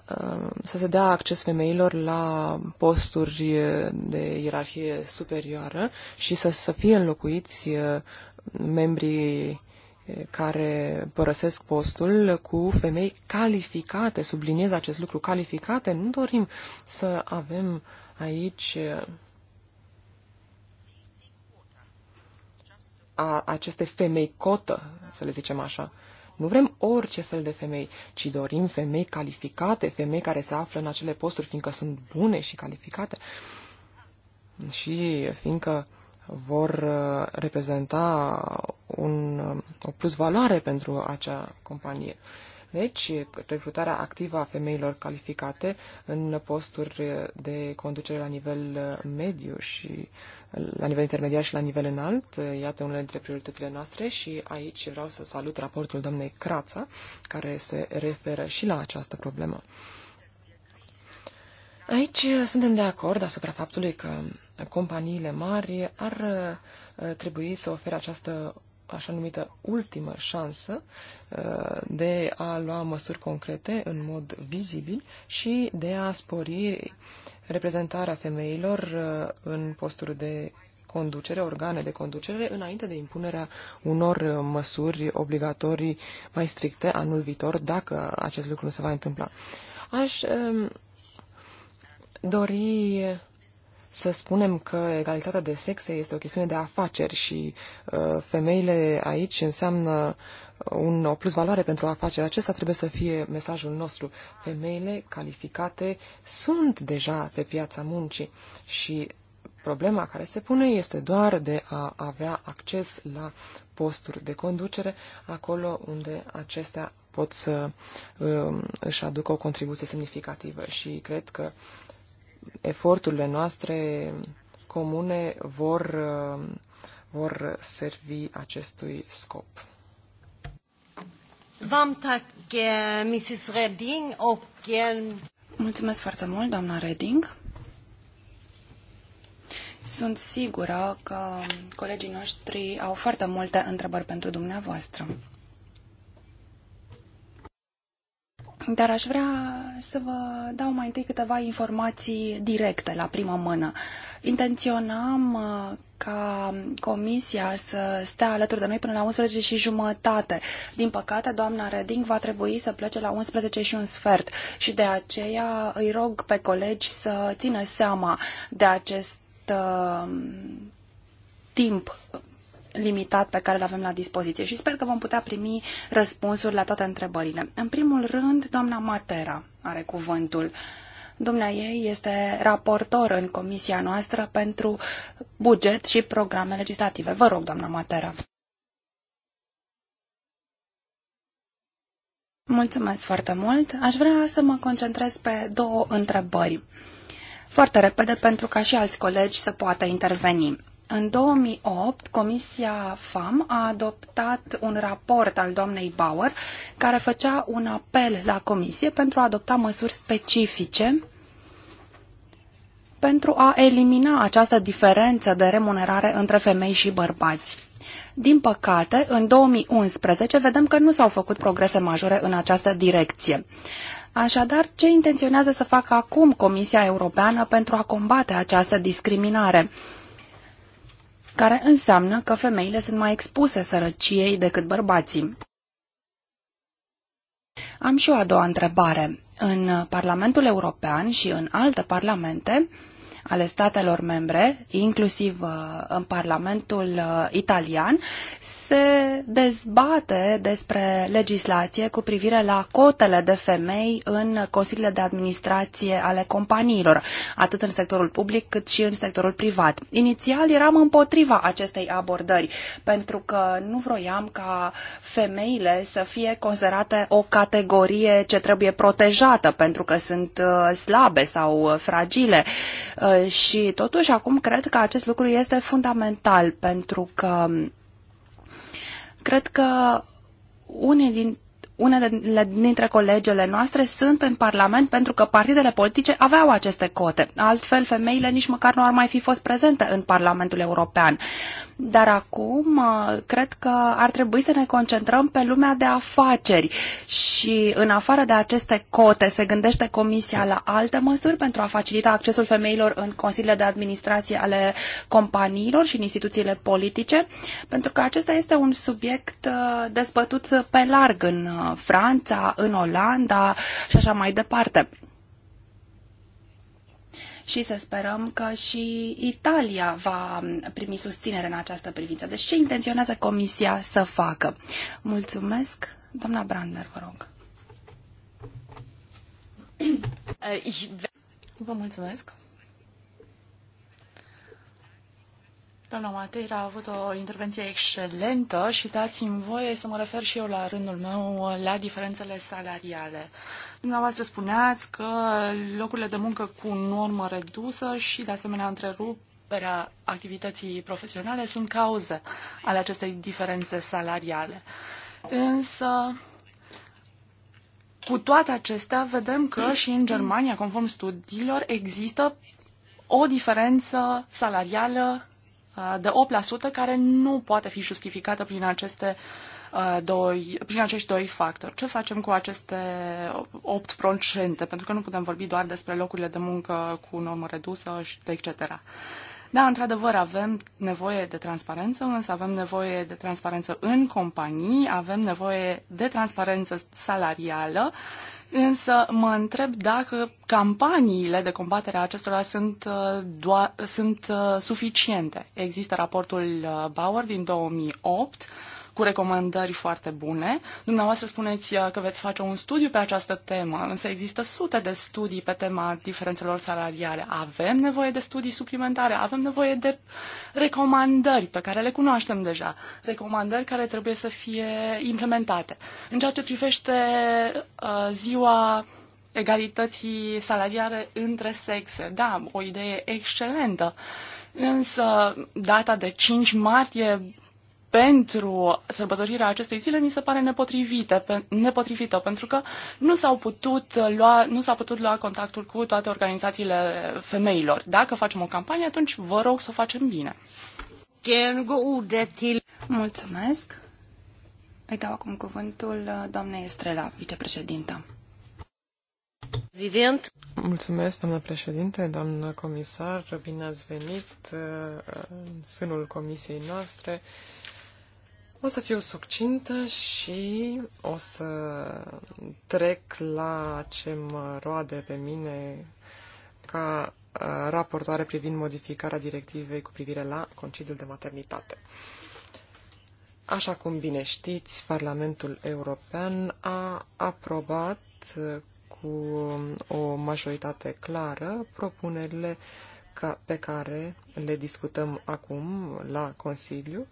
uh, să se dea acces femeilor la posturi de ierarhie superioară și să, să fie înlocuiți uh, membrii uh, care părăsesc postul cu femei calificate, subliniez acest lucru, calificate, nu dorim să avem aici a, aceste femei cotă, să le zicem așa. Nu vrem orice fel de femei, ci dorim femei calificate, femei care se află în acele posturi, fiindcă sunt bune și calificate și fiindcă vor uh, reprezenta un, uh, o plus valoare pentru acea companie. Deci, recrutarea activă a femeilor calificate în posturi de conducere la nivel uh, mediu și uh, la nivel intermediar și la nivel înalt, uh, iată unele dintre prioritățile noastre și aici vreau să salut raportul doamnei Crața, care se referă și la această problemă. Aici suntem de acord asupra faptului că companiile mari ar trebui să ofere această așa numită ultimă șansă uh, de a lua măsuri concrete în mod vizibil și de a spori reprezentarea femeilor uh, în posturi de conducere, organe de conducere, înainte de impunerea unor măsuri obligatorii mai stricte anul viitor, dacă acest lucru nu se va întâmpla. Aș um, dori să spunem că egalitatea de sexe este o chestiune de afaceri și uh, femeile aici înseamnă un, o plus valoare pentru afaceri. Acesta trebuie să fie mesajul nostru. Femeile calificate sunt deja pe piața muncii și problema care se pune este doar de a avea acces la posturi de conducere acolo unde acestea pot să uh, își aducă o contribuție semnificativă și cred că uh, eforturile noastre comune vor, uh, vor servi acestui scop. Eh, eh, Mulțumesc foarte mult, doamna Reding. Sunt sigură că colegii noștri au foarte multe întrebări pentru dumneavoastră. Dar aș vrea să vă dau mai întâi câteva informații directe la prima mână. Intenționam uh, ca comisia să stea alături de noi până la 11 și jumătate. Din păcate, doamna Reding va trebui să plece la 11 și un sfert și de aceea îi rog pe colegi să țină seama de acest uh, timp limitat pe care îl avem la dispoziție și sper că vom putea primi răspunsuri la toate întrebările. În primul rând, doamna Matera are cuvântul. Dumnea ei este raportor în comisia noastră pentru buget și programe legislative. Vă rog, doamna Matera. Mulțumesc foarte mult. Aș vrea să mă concentrez pe două întrebări. Foarte repede, pentru ca și alți colegi să poată interveni. În 2008, Comisia FAM a adoptat un raport al doamnei Bauer care făcea un apel la Comisie pentru a adopta măsuri specifice pentru a elimina această diferență de remunerare între femei și bărbați. Din păcate, în 2011 vedem că nu s-au făcut progrese majore în această direcție. Așadar, ce intenționează să facă acum Comisia Europeană pentru a combate această discriminare? care înseamnă că femeile sunt mai expuse sărăciei decât bărbații. Am și o a doua întrebare. În Parlamentul European și în alte parlamente, ale statelor membre, inclusiv uh, în Parlamentul uh, italian, se dezbate despre legislație cu privire la cotele de femei în consiliile de administrație ale companiilor, atât în sectorul public cât și în sectorul privat. Inițial eram împotriva acestei abordări, pentru că nu vroiam ca femeile să fie considerate o categorie ce trebuie protejată, pentru că sunt uh, slabe sau fragile și totuși acum cred că acest lucru este fundamental pentru că cred că unii din unele dintre colegele noastre sunt în Parlament pentru că partidele politice aveau aceste cote. Altfel, femeile nici măcar nu ar mai fi fost prezente în Parlamentul European. Dar acum uh, cred că ar trebui să ne concentrăm pe lumea de afaceri și în afară de aceste cote se gândește Comisia la alte măsuri pentru a facilita accesul femeilor în consiliile de administrație ale companiilor și în instituțiile politice, pentru că acesta este un subiect uh, dezbătut pe larg în uh, Franța, în Olanda și așa mai departe. Și să sperăm că și Italia va primi susținere în această privință. Deci ce intenționează Comisia să facă? Mulțumesc. Doamna Brandner, vă rog. Eh, vă mulțumesc. Doamna Mateira a avut o intervenție excelentă și dați-mi voie să mă refer și eu la rândul meu la diferențele salariale. Dumneavoastră spuneați că locurile de muncă cu normă redusă și, de asemenea, întreruperea activității profesionale sunt cauze ale acestei diferențe salariale. Însă, cu toate acestea, vedem că și în Germania, conform studiilor, există o diferență salarială Uh, de 8% care nu poate fi justificată prin aceste uh, doi, prin acești doi factori. Ce facem cu aceste 8%? Pentru că nu putem vorbi doar despre locurile de muncă cu normă redusă și etc. Da, într-adevăr, avem nevoie de transparență, însă avem nevoie de transparență în companii, avem nevoie de transparență salarială însă mă întreb dacă campaniile de combatere a acestora sunt, uh, doa, sunt uh, suficiente. Există raportul uh, Bauer din 2008 cu recomandări foarte bune. Dumneavoastră spuneți uh, că veți face un studiu pe această temă, însă există sute de studii pe tema diferențelor salariale. Avem nevoie de studii suplimentare, avem nevoie de recomandări pe care le cunoaștem deja, recomandări care trebuie să fie implementate. În ceea ce privește uh, ziua egalității salariare între sexe. Da, o idee excelentă. Însă data de 5 martie pentru sărbătorirea acestei zile mi se pare nepotrivită, pe, nepotrivită pentru că nu, s-au putut lua, nu s-a putut lua contactul cu toate organizațiile femeilor. Dacă facem o campanie, atunci vă rog să o facem bine. Mulțumesc. Îi dau acum cuvântul uh, doamnei Estrela, vicepreședintă. Prezident. Mulțumesc, doamnă președinte, doamnă comisar, bine ați venit uh, în sânul comisiei noastre. O să fiu succintă și o să trec la ce mă roade pe mine ca uh, raportoare privind modificarea directivei cu privire la concediul de maternitate. Așa cum bine știți, Parlamentul European a aprobat uh, cu o majoritate clară propunerile ca, pe care le discutăm acum la Consiliu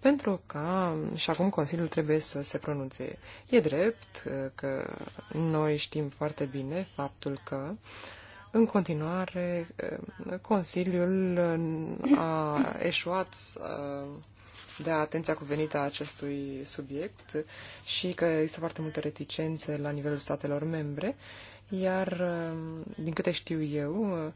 pentru că și acum Consiliul trebuie să se pronunțe. E drept uh, că noi știm foarte bine faptul că în continuare uh, Consiliul uh, a eșuat de atenția cuvenită a acestui subiect și că există foarte multe reticențe la nivelul statelor membre, iar din câte știu eu,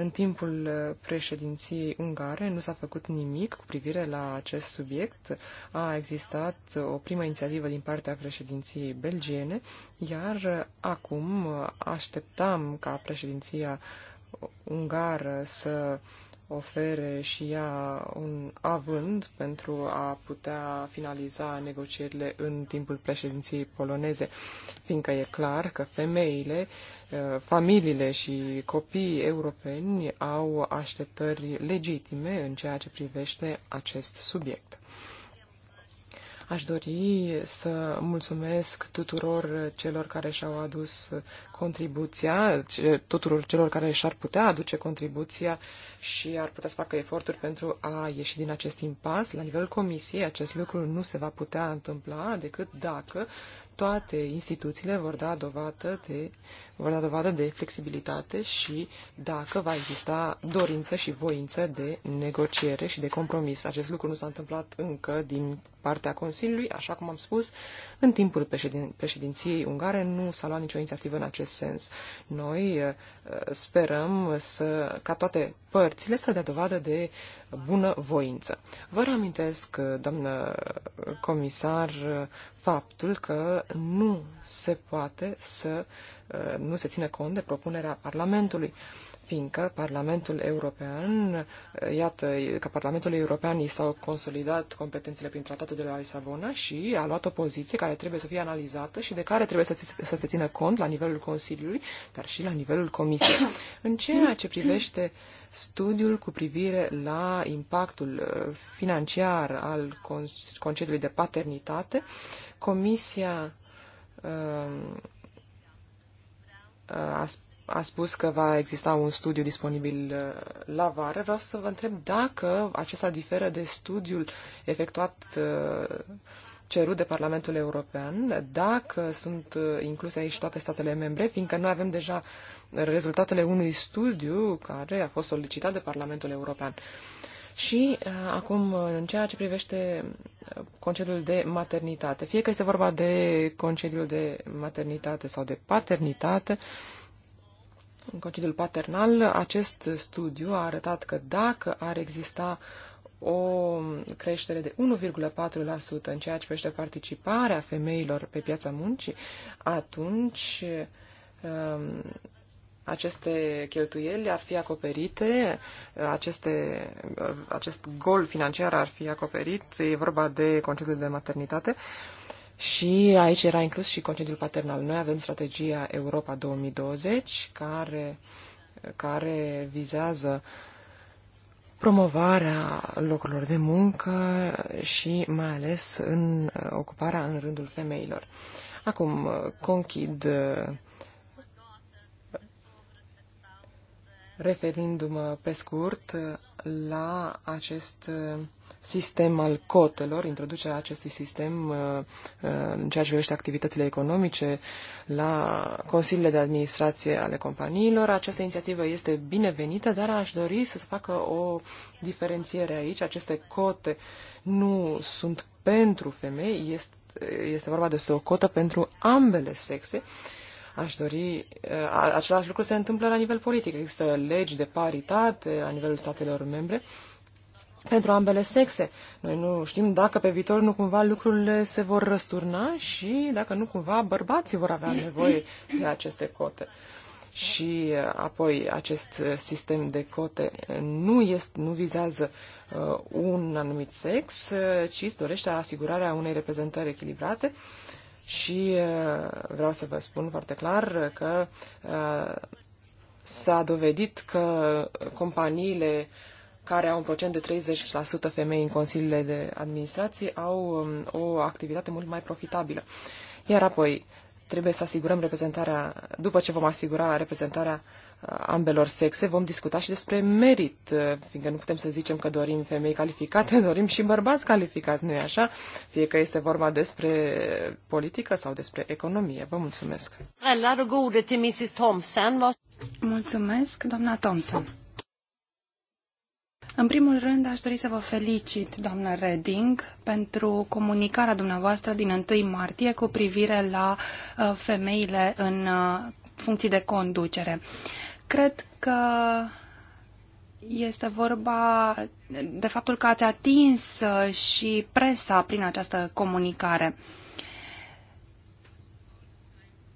în timpul uh, președinției ungare nu s-a făcut nimic cu privire la acest subiect. A existat uh, o primă inițiativă din partea președinției belgiene, iar uh, acum așteptam ca președinția ungară să uh, ofere și ea un avânt pentru a putea finaliza negocierile în timpul președinției poloneze, fiindcă e clar că femeile, eh, familiile și copiii europeni au așteptări legitime în ceea ce privește acest subiect. Aș dori să mulțumesc tuturor celor care și-au adus contribuția, tuturor celor care și-ar putea aduce contribuția și ar putea să facă eforturi pentru a ieși din acest impas. La nivel comisiei, acest lucru nu se va putea întâmpla decât dacă toate instituțiile vor da dovadă de vor da dovadă de flexibilitate și dacă va exista dorință și voință de negociere și de compromis. Acest lucru nu s-a întâmplat încă din partea Consiliului, așa cum am spus, în timpul președin- președinției ungare nu s-a luat nicio inițiativă în acest sens. Noi eh, sperăm să, ca toate părțile să dea dovadă de bună voință. Vă reamintesc, eh, doamnă eh, comisar, faptul că nu se poate să uh, Uh, nu se ține cont de propunerea Parlamentului fiindcă Parlamentul European, uh, iată, ca Parlamentul European i s-au consolidat competențele prin tratatul de la Lisabona și a luat o poziție care trebuie să fie analizată și de care trebuie să, să se țină cont la nivelul Consiliului, dar și la nivelul Comisiei. În ceea ce privește studiul cu privire la impactul uh, financiar al concediului de paternitate, Comisia uh, a spus că va exista un studiu disponibil uh, la vară. Vreau să vă întreb dacă acesta diferă de studiul efectuat uh, cerut de Parlamentul European, dacă sunt uh, incluse aici toate statele membre, fiindcă noi avem deja rezultatele unui studiu care a fost solicitat de Parlamentul European. Uh, și uh, acum, în ceea ce privește uh, concediul de maternitate, fie că este vorba de concediul de maternitate sau de paternitate, în concediul paternal, acest studiu a arătat că dacă ar exista o creștere de 1,4% în ceea ce privește participarea femeilor pe piața muncii, atunci um, aceste cheltuieli ar fi acoperite, aceste, acest gol financiar ar fi acoperit, e vorba de concediul de maternitate și aici era inclus și concediul paternal. Noi avem strategia Europa 2020 care, care vizează promovarea locurilor de muncă și mai ales în ocuparea în rândul femeilor. Acum conchid referindu-mă pe scurt la acest uh, sistem al cotelor, introducerea acestui sistem uh, uh, în ceea ce privește activitățile economice la consiliile de administrație ale companiilor. Această inițiativă este binevenită, dar aș dori să se facă o diferențiere aici. Aceste cote nu sunt pentru femei, este, este vorba despre o cotă pentru ambele sexe Aș dori, uh, același lucru se întâmplă la nivel politic. Există legi de paritate la nivelul statelor membre pentru ambele sexe. Noi nu știm dacă pe viitor nu cumva lucrurile se vor răsturna și dacă nu cumva bărbații vor avea nevoie de aceste cote. Și uh, apoi acest sistem de cote nu, este, nu vizează uh, un anumit sex, uh, ci dorește asigurarea unei reprezentări echilibrate uh, și uh, vreau să vă spun foarte clar că uh, s-a dovedit că companiile care au un procent de 30% femei în consiliile de administrație au um, o activitate mult mai profitabilă. Iar apoi trebuie să asigurăm reprezentarea, după ce vom asigura reprezentarea uh, ambelor sexe, vom discuta și despre merit, uh, fiindcă nu putem să zicem că dorim femei calificate, dorim și bărbați calificați, nu-i așa? Fie că este vorba despre politică sau despre economie. Vă mulțumesc! Mulțumesc, doamna Thompson! În primul rând, aș dori să vă felicit, doamnă Reding, pentru comunicarea dumneavoastră din 1 martie cu privire la uh, femeile în uh, funcții de conducere. Cred că este vorba de faptul că ați atins și presa prin această comunicare.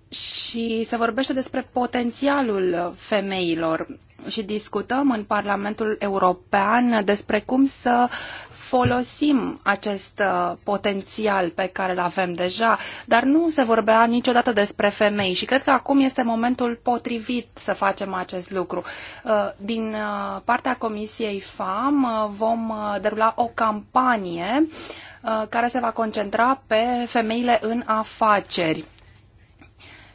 Și se vorbește despre potențialul femeilor și discutăm în Parlamentul European despre cum să folosim acest uh, potențial pe care îl avem deja, dar nu se vorbea niciodată despre femei și cred că acum este momentul potrivit să facem acest lucru. Uh, din uh, partea Comisiei FAM vom derula o campanie care se va concentra pe femeile în afaceri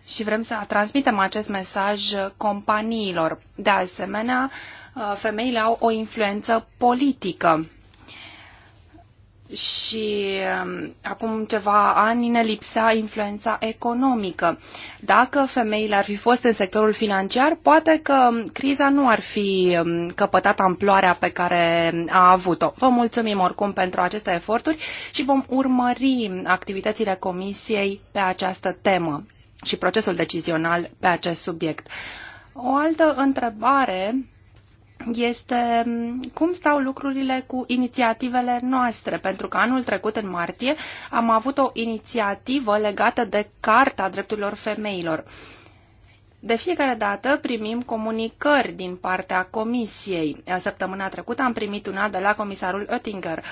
și vrem să transmitem acest mesaj companiilor. De asemenea, femeile au o influență politică și um, acum ceva ani ne lipsea influența economică. Dacă femeile ar fi fost în sectorul financiar, poate că um, criza nu ar fi um, căpătat amploarea pe care a avut-o. Vă mulțumim oricum pentru aceste eforturi și vom urmări activitățile Comisiei pe această temă și procesul decizional pe acest subiect. O altă întrebare este cum stau lucrurile cu inițiativele noastre, pentru că anul trecut, în martie, am avut o inițiativă legată de Carta Drepturilor Femeilor. De fiecare dată primim comunicări din partea Comisiei. Săptămâna trecută am primit una de la comisarul Oettinger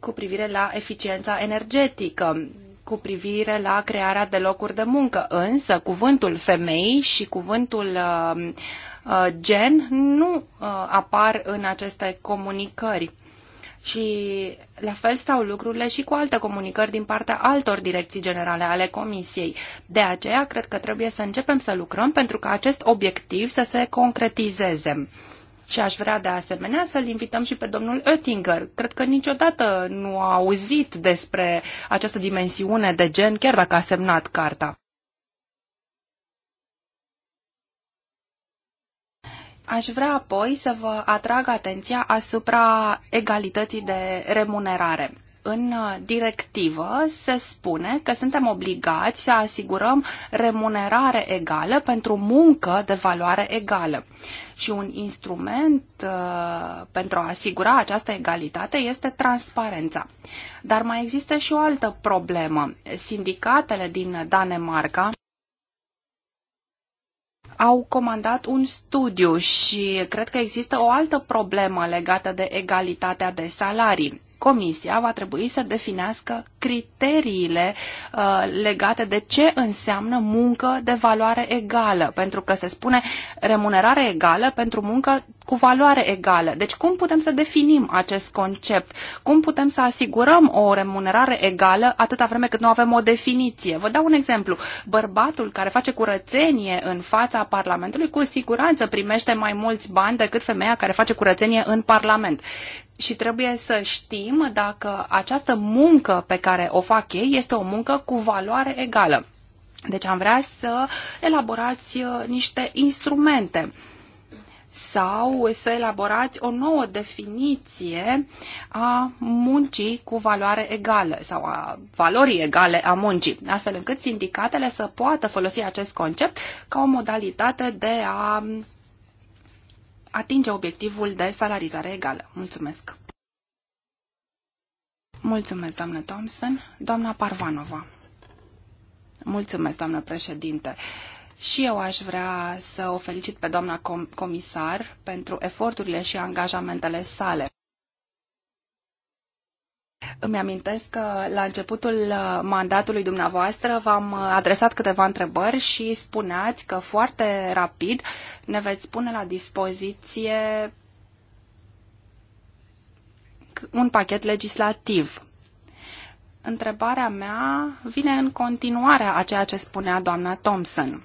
cu privire la eficiența energetică, cu privire la crearea de locuri de muncă. Însă, cuvântul femei și cuvântul uh, Uh, gen nu uh, apar în aceste comunicări. Și la fel stau lucrurile și cu alte comunicări din partea altor direcții generale ale Comisiei. De aceea, cred că trebuie să începem să lucrăm pentru ca acest obiectiv să se concretizeze. Și aș vrea de asemenea să-l invităm și pe domnul Oettinger. Cred că niciodată nu a auzit despre această dimensiune de gen, chiar dacă a semnat carta. Aș vrea apoi să vă atrag atenția asupra egalității de remunerare. În uh, directivă se spune că suntem obligați să asigurăm remunerare egală pentru muncă de valoare egală. Și un instrument uh, pentru a asigura această egalitate este transparența. Dar mai există și o altă problemă. Sindicatele din Danemarca au comandat un studiu și cred că există o altă problemă legată de egalitatea de salarii. Comisia va trebui să definească criteriile uh, legate de ce înseamnă muncă de valoare egală, pentru că se spune remunerare egală pentru muncă cu valoare egală. Deci cum putem să definim acest concept? Cum putem să asigurăm o remunerare egală atâta vreme cât nu avem o definiție? Vă dau un exemplu. Bărbatul care face curățenie în fața Parlamentului cu siguranță primește mai mulți bani decât femeia care face curățenie în Parlament și trebuie să știm dacă această muncă pe care o fac ei este o muncă cu valoare egală. Deci am vrea să elaborați uh, niște instrumente sau să elaborați o nouă definiție a muncii cu valoare egală sau a valorii egale a muncii, astfel încât sindicatele să poată folosi acest concept ca o modalitate de a atinge obiectivul de salarizare egală. Mulțumesc! Mulțumesc, doamnă Thompson. Doamna Parvanova. Mulțumesc, doamnă președinte. Și eu aș vrea să o felicit pe doamna comisar pentru eforturile și angajamentele sale. Îmi amintesc că la începutul uh, mandatului dumneavoastră v-am uh, adresat câteva întrebări și spuneați că foarte rapid ne veți pune la dispoziție un pachet legislativ. Întrebarea mea vine în continuare a ceea ce spunea doamna Thompson.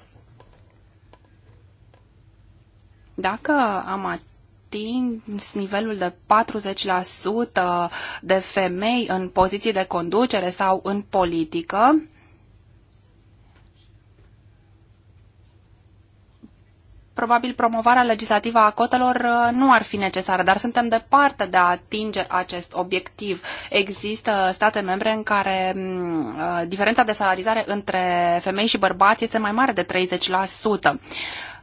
Dacă am atins nivelul de 40% de femei în poziții de conducere sau în politică. Probabil promovarea legislativă a cotelor uh, nu ar fi necesară, dar suntem departe de a atinge acest obiectiv. Există state membre în care mm, uh, diferența de salarizare între femei și bărbați este mai mare de 30%.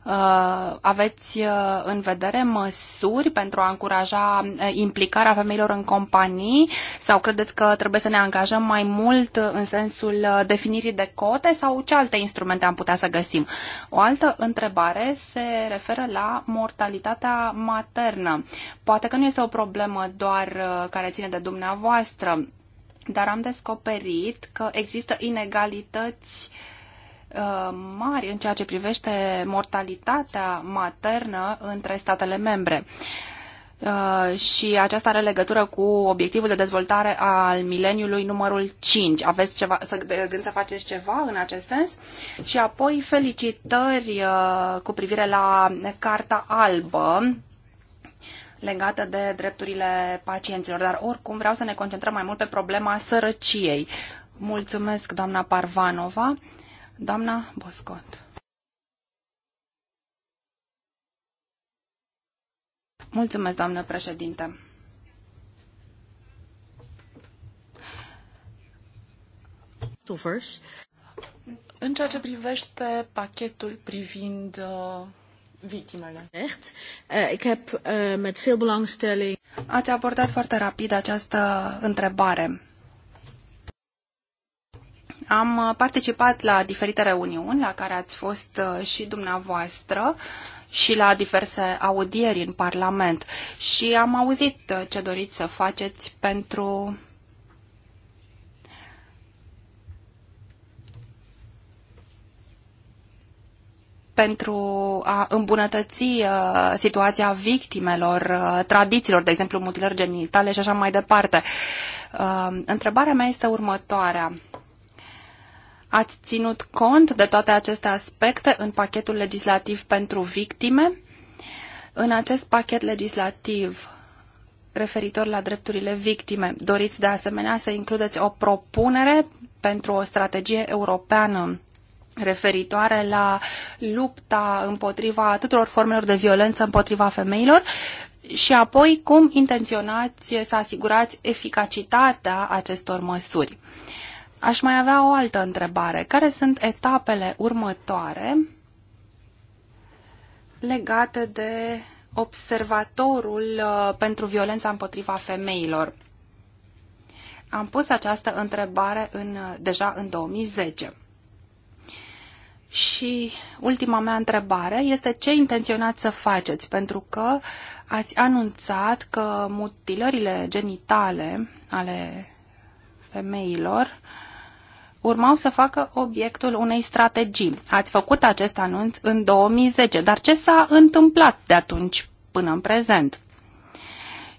Uh, aveți uh, în vedere măsuri pentru a încuraja uh, implicarea femeilor în companii sau credeți că trebuie să ne angajăm mai mult în sensul definirii de cote sau ce alte instrumente am putea să găsim? O altă întrebare se referă la mortalitatea maternă. Poate că nu este o problemă doar care ține de dumneavoastră, dar am descoperit că există inegalități uh, Uh, mari în ceea ce privește mortalitatea maternă între statele membre. Uh, și aceasta are legătură cu obiectivul de dezvoltare al mileniului numărul 5. Aveți ceva, să, de gând să faceți ceva în acest sens? Și apoi felicitări uh, cu privire la Carta Albă legată de drepturile pacienților, dar oricum vreau să ne concentrăm mai mult pe problema sărăciei. Mulțumesc, doamna Parvanova. Doamna Boscot. Mulțumesc, doamnă președinte. În ceea ce privește pachetul privind uh, victimele. Echt. Eh, ik heb eh, met veel belangstelling. Ați abordat foarte rapid această întrebare. Am uh, participat la diferite reuniuni la care ați fost uh, și dumneavoastră și la diverse audieri în Parlament și am auzit uh, ce doriți să faceți pentru pentru a îmbunătăți uh, situația victimelor uh, tradițiilor, de exemplu mutilări genitale și așa mai departe. Uh, întrebarea mea este următoarea. Ați ținut cont de toate aceste aspecte în pachetul legislativ pentru victime? În acest pachet legislativ referitor la drepturile victime, doriți de asemenea să includeți o propunere pentru o strategie europeană referitoare la lupta împotriva tuturor formelor de violență împotriva femeilor și apoi cum intenționați să asigurați eficacitatea acestor măsuri. Uh, Aș mai avea o altă întrebare. Care sunt etapele următoare legate de observatorul uh, pentru violența împotriva femeilor? Am pus această întrebare în, uh, deja în 2010. Și ultima mea întrebare este ce intenționați să faceți, pentru că ați anunțat că mutilările genitale ale femeilor urmau să facă obiectul unei strategii. Ați făcut acest anunț în 2010, dar ce s-a întâmplat de atunci până în prezent?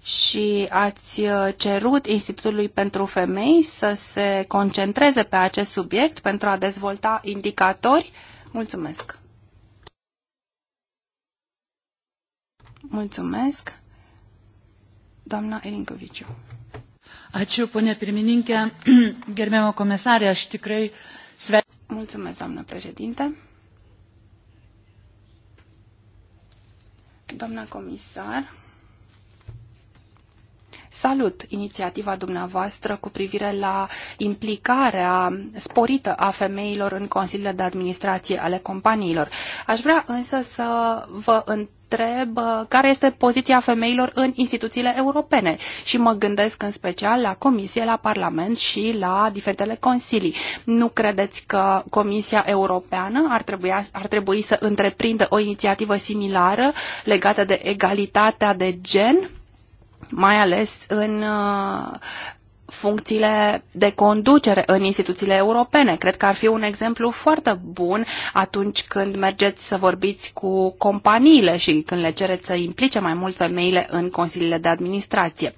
și ați uh, cerut Institutului pentru Femei să se concentreze pe acest subiect pentru a dezvolta indicatori. Mulțumesc! Mulțumesc, doamna Elincoviciu. Ačiū, ponė pirmininkė, gerbiamo komisarė, aš tikrai sveikinu. Mulțumesc, doamnă președinte. Doamna comisar, Salut inițiativa dumneavoastră cu privire la implicarea sporită a femeilor în consiliile de administrație ale companiilor. Aș vrea însă să vă întreb uh, care este poziția femeilor în instituțiile europene și mă gândesc în special la Comisie, la Parlament și la diferitele consilii. Nu credeți că Comisia Europeană ar trebui, ar trebui să întreprindă o inițiativă similară legată de egalitatea de gen? mai ales în uh, funcțiile de conducere în instituțiile europene. Cred că ar fi un exemplu foarte bun atunci când mergeți să vorbiți cu companiile și când le cereți să implice mai mult femeile în consiliile de administrație.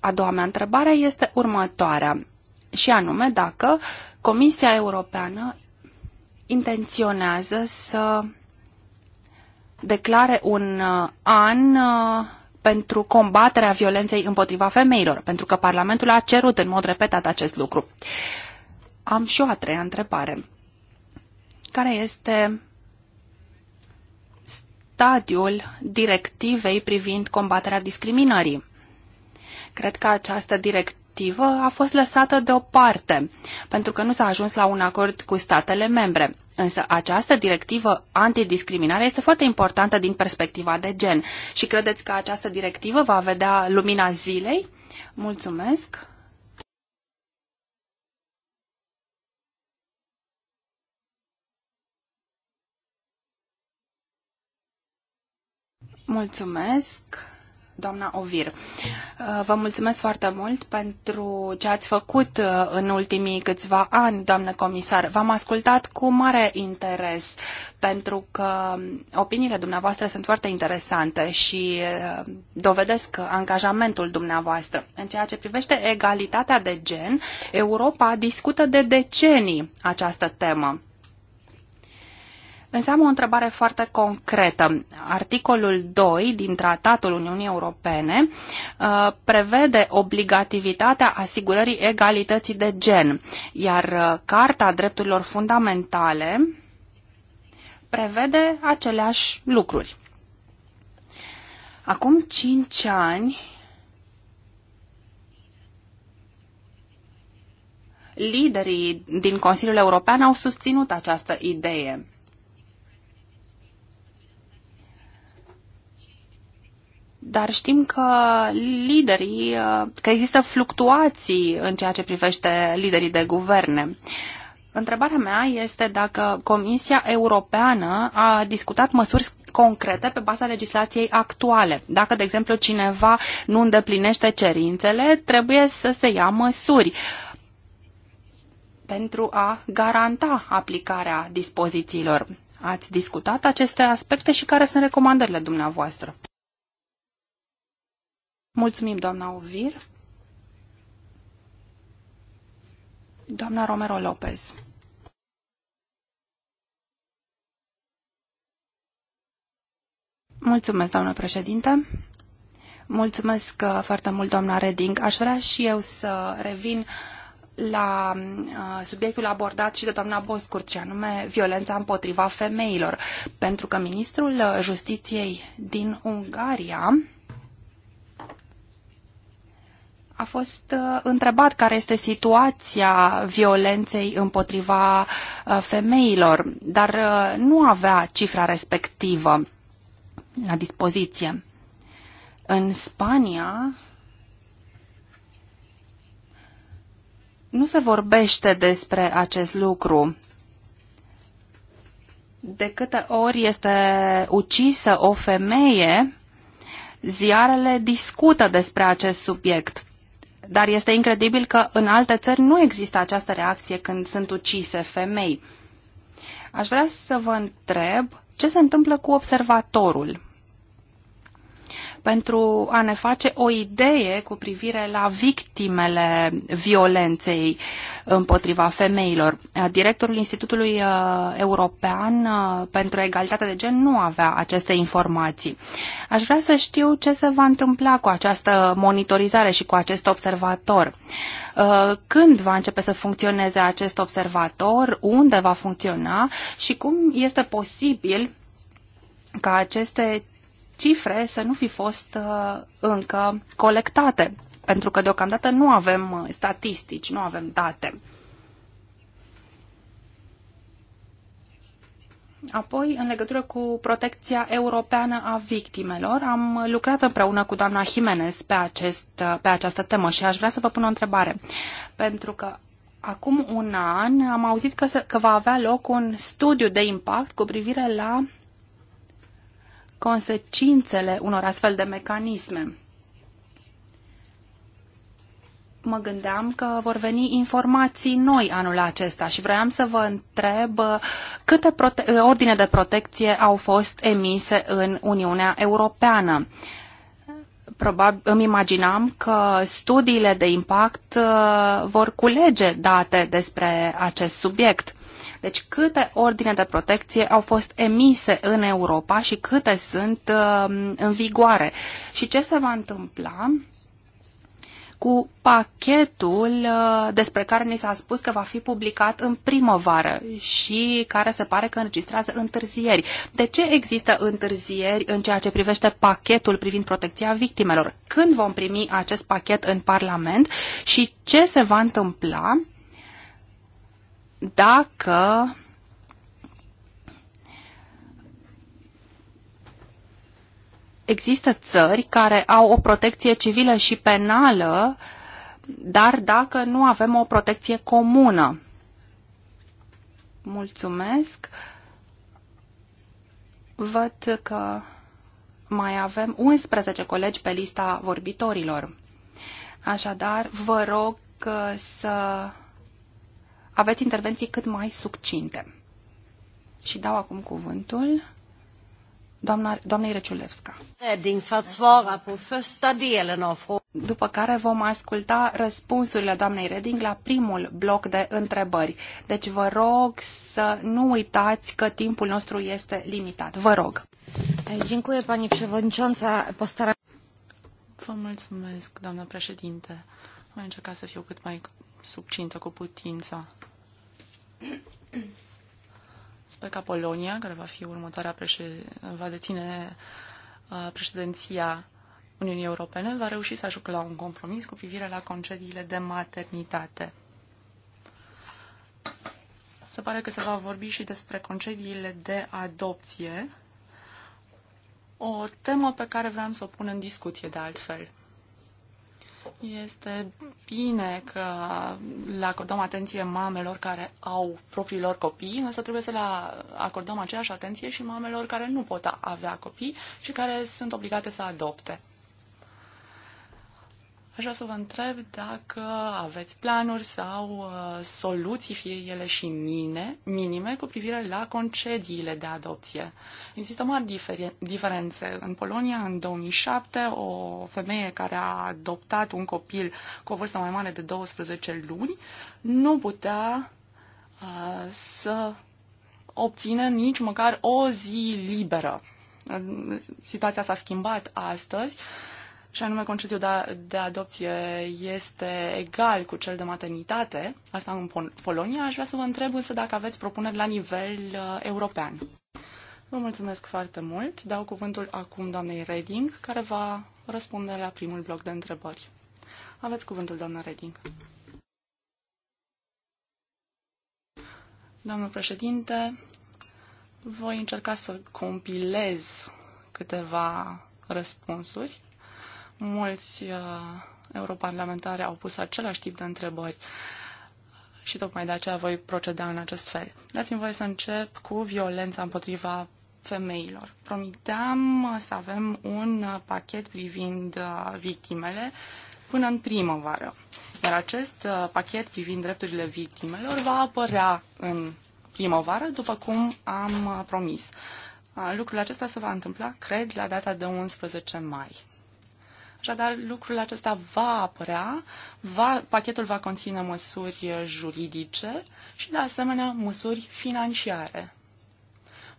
A doua mea întrebare este următoarea, și anume dacă Comisia Europeană intenționează să declare un uh, an uh, pentru combaterea violenței împotriva femeilor, pentru că Parlamentul a cerut în mod repetat acest lucru. Am și o a treia întrebare, care este stadiul directivei privind combaterea discriminării. Cred că această directivă directivă a fost lăsată deoparte, pentru că nu s-a ajuns la un acord cu statele membre. Însă această directivă antidiscriminare este foarte importantă din perspectiva de gen. Și credeți că această directivă va vedea lumina zilei? Mulțumesc! Mulțumesc! doamna Ovir. Uh, vă mulțumesc foarte mult pentru ce ați făcut uh, în ultimii câțiva ani, doamnă comisar. V-am ascultat cu mare interes pentru că opiniile dumneavoastră sunt foarte interesante și uh, dovedesc angajamentul dumneavoastră. În ceea ce privește egalitatea de gen, Europa discută de decenii această temă Însă am o întrebare foarte concretă. Articolul 2 din Tratatul Uniunii Europene uh, prevede obligativitatea asigurării egalității de gen, iar uh, Carta Drepturilor Fundamentale prevede aceleași lucruri. Acum 5 ani, liderii din Consiliul European au susținut această idee. dar știm că liderii, că există fluctuații în ceea ce privește liderii de guverne. Întrebarea mea este dacă Comisia Europeană a discutat măsuri concrete pe baza legislației actuale. Dacă, de exemplu, cineva nu îndeplinește cerințele, trebuie să se ia măsuri pentru a garanta aplicarea dispozițiilor. Ați discutat aceste aspecte și care sunt recomandările dumneavoastră? Mulțumim, doamna Ovir. Doamna Romero Lopez. Mulțumesc, doamnă președinte. Mulțumesc uh, foarte mult, doamna Reding. Aș vrea și eu să revin la uh, subiectul abordat și de doamna Boscurt, și anume violența împotriva femeilor. Pentru că ministrul uh, Justiției din Ungaria a fost uh, întrebat care este situația violenței împotriva uh, femeilor, dar uh, nu avea cifra respectivă la dispoziție. În Spania nu se vorbește despre acest lucru. De câte ori este ucisă o femeie, ziarele discută despre acest subiect dar este incredibil că în alte țări nu există această reacție când sunt ucise femei. Aș vrea să vă întreb ce se întâmplă cu observatorul pentru a ne face o idee cu privire la victimele violenței împotriva femeilor. Directorul Institutului uh, European uh, pentru Egalitate de Gen nu avea aceste informații. Aș vrea să știu ce se va întâmpla cu această monitorizare și cu acest observator. Uh, când va începe să funcționeze acest observator, unde va funcționa și cum este posibil ca aceste cifre să nu fi fost uh, încă colectate, pentru că deocamdată nu avem uh, statistici, nu avem date. Apoi, în legătură cu protecția europeană a victimelor, am lucrat împreună cu doamna Jimenez pe, acest, uh, pe această temă și aș vrea să vă pun o întrebare. Pentru că acum un an am auzit că, se, că va avea loc un studiu de impact cu privire la consecințele unor astfel de mecanisme. Mă gândeam că vor veni informații noi anul acesta și vroiam să vă întreb uh, câte uh, ordine de protecție au fost emise în Uniunea Europeană probabil, îmi imaginam că studiile de impact uh, vor culege date despre acest subiect. Deci câte ordine de protecție au fost emise în Europa și câte sunt um, în vigoare? Și ce se va întâmpla cu pachetul uh, despre care ni s-a spus că va fi publicat în primăvară și care se pare că înregistrează întârzieri. De ce există întârzieri în ceea ce privește pachetul privind protecția victimelor? Când vom primi acest pachet în Parlament și ce se va întâmpla dacă există țări care au o protecție civilă și penală, dar dacă nu avem o protecție comună. Mulțumesc. Văd că mai avem 11 colegi pe lista vorbitorilor. Așadar, vă rog uh, să aveți intervenții cât mai succinte. Și dau acum cuvântul doamna, doamnei Reciulevska. După care vom asculta răspunsurile doamnei Reding la primul bloc de întrebări. Deci vă rog să nu uitați că timpul nostru este limitat. Vă rog. Dziękuję pani przewodnicząca. Postaram Vă mulțumesc, doamnă președinte. Voi încerca să fiu cât mai subțintă cu putința. Sper ca Polonia, care va fi următoarea președ... va deține uh, președinția Uniunii Europene, va reuși să ajungă la un compromis cu privire la concediile de maternitate. Se pare că se va vorbi și despre concediile de adopție, o temă pe care vreau să o pun în discuție de altfel. Este bine că le acordăm atenție mamelor care au propriilor copii, însă trebuie să le acordăm aceeași atenție și mamelor care nu pot avea copii și care sunt obligate să adopte. Aș vrea să vă întreb dacă aveți planuri sau uh, soluții, fie ele și mine, minime, cu privire la concediile de adopție. Există mari diferențe. În Polonia, în 2007, o femeie care a adoptat un copil cu o vârstă mai mare de 12 luni nu putea uh, să obțină nici măcar o zi liberă. Situația s-a schimbat astăzi. Uh, și anume concediul de, de adopție este egal cu cel de maternitate, asta în Polonia, aș vrea să vă întreb însă dacă aveți propuneri la nivel uh, european. Vă mulțumesc foarte mult. Dau cuvântul acum doamnei Reding, care va răspunde la primul bloc de întrebări. Aveți cuvântul, doamnă Reding. Doamnă președinte, voi încerca să compilez câteva răspunsuri Mulți uh, europarlamentari au pus același tip de întrebări și tocmai de aceea voi proceda în acest fel. Dați-mi voie să încep cu violența împotriva femeilor. Promiteam să avem un uh, pachet privind uh, victimele până în primăvară. Iar acest uh, pachet privind drepturile victimelor va apărea în primăvară, după cum am promis. Lucrul acesta se va întâmpla, cred, la data de 11 mai. Așadar, lucrul acesta va apărea, va, pachetul va conține măsuri juridice și, de asemenea, măsuri financiare.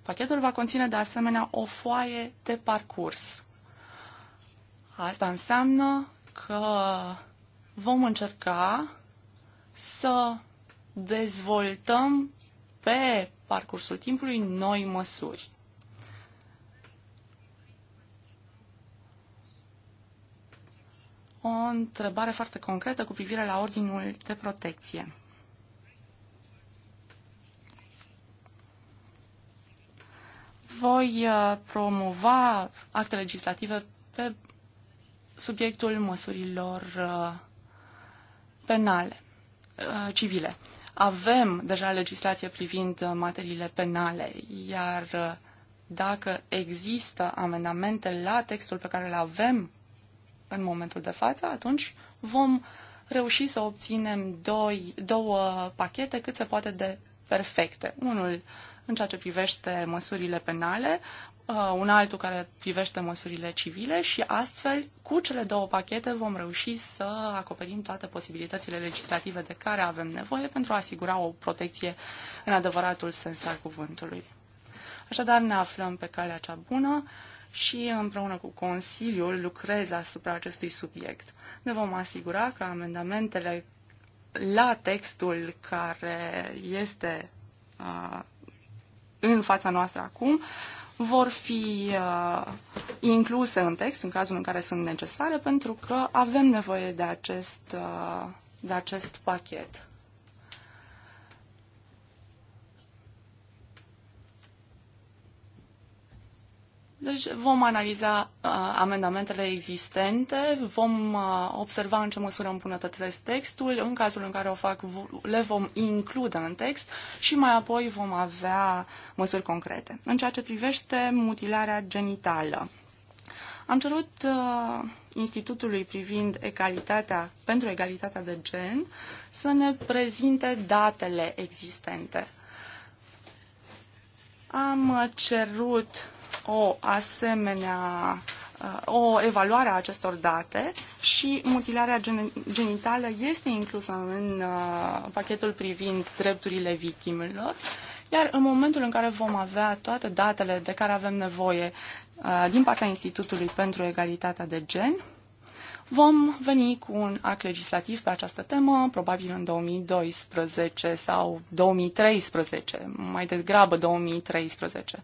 Pachetul va conține, de asemenea, o foaie de parcurs. Asta înseamnă că vom încerca să dezvoltăm pe parcursul timpului noi măsuri. o întrebare foarte concretă cu privire la ordinul de protecție. Voi uh, promova acte legislative pe subiectul măsurilor uh, penale, uh, civile. Avem deja legislație privind materiile penale, iar dacă există amendamente la textul pe care îl avem în momentul de față, atunci vom reuși să obținem doi, două pachete cât se poate de perfecte. Unul în ceea ce privește măsurile penale, uh, un altul care privește măsurile civile și astfel, cu cele două pachete, vom reuși să acoperim toate posibilitățile legislative de care avem nevoie pentru a asigura o protecție în adevăratul sens al cuvântului. Așadar, ne aflăm pe calea cea bună și împreună cu Consiliul lucrez asupra acestui subiect. Ne vom asigura că amendamentele la textul care este uh, în fața noastră acum vor fi uh, incluse în text în cazul în care sunt necesare pentru că avem nevoie de acest, uh, de acest pachet. Deci vom analiza uh, amendamentele existente, vom uh, observa în ce măsură îmbunătățesc textul, în cazul în care o fac le vom include în text și mai apoi vom avea măsuri concrete. În ceea ce privește mutilarea genitală. Am cerut uh, Institutului privind egalitatea, pentru egalitatea de gen să ne prezinte datele existente. Am cerut o asemenea uh, o evaluare a acestor date și mutilarea gen genitală este inclusă în uh, pachetul privind drepturile victimelor, iar în momentul în care vom avea toate datele de care avem nevoie uh, din partea Institutului pentru Egalitatea de Gen, vom veni cu un act legislativ pe această temă, probabil în 2012 sau 2013, mai degrabă 2013.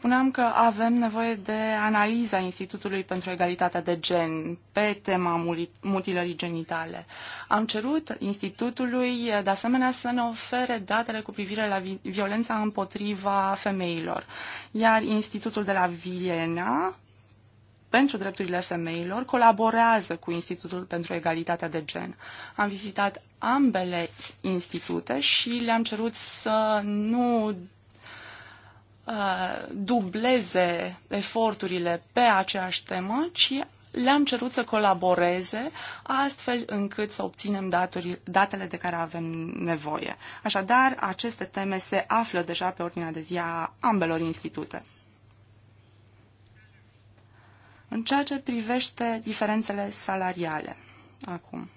Spuneam că avem nevoie de analiza Institutului pentru Egalitatea de Gen pe tema mutilării genitale. Am cerut Institutului, de asemenea, să ne ofere datele cu privire la violența împotriva femeilor. Iar Institutul de la Viena pentru drepturile femeilor colaborează cu Institutul pentru Egalitatea de Gen. Am vizitat ambele institute și le-am cerut să nu Uh, dubleze eforturile pe aceeași temă, ci le-am cerut să colaboreze astfel încât să obținem daturi, datele de care avem nevoie. Așadar, aceste teme se află deja pe ordinea de zi a ambelor institute. În ceea ce privește diferențele salariale, acum.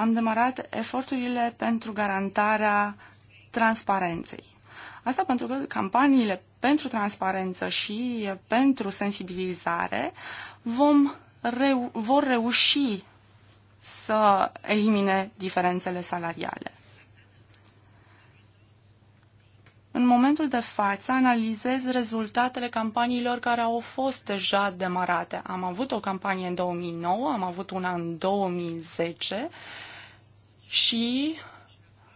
am demarat eforturile pentru garantarea transparenței. Asta pentru că campaniile pentru transparență și pentru sensibilizare vom reu- vor reuși să elimine diferențele salariale. În momentul de față analizez rezultatele campaniilor care au fost deja demarate. Am avut o campanie în 2009, am avut una în 2010 și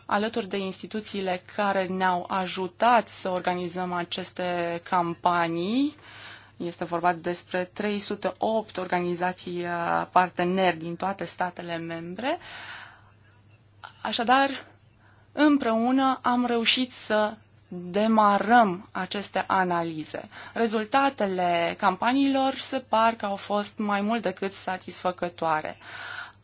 alături de instituțiile care ne-au ajutat să organizăm aceste campanii. Este vorba despre 308 organizații uh, parteneri din toate statele membre. Așadar, împreună am reușit să demarăm aceste analize. Rezultatele campaniilor se par că au fost mai mult decât satisfăcătoare. Uh,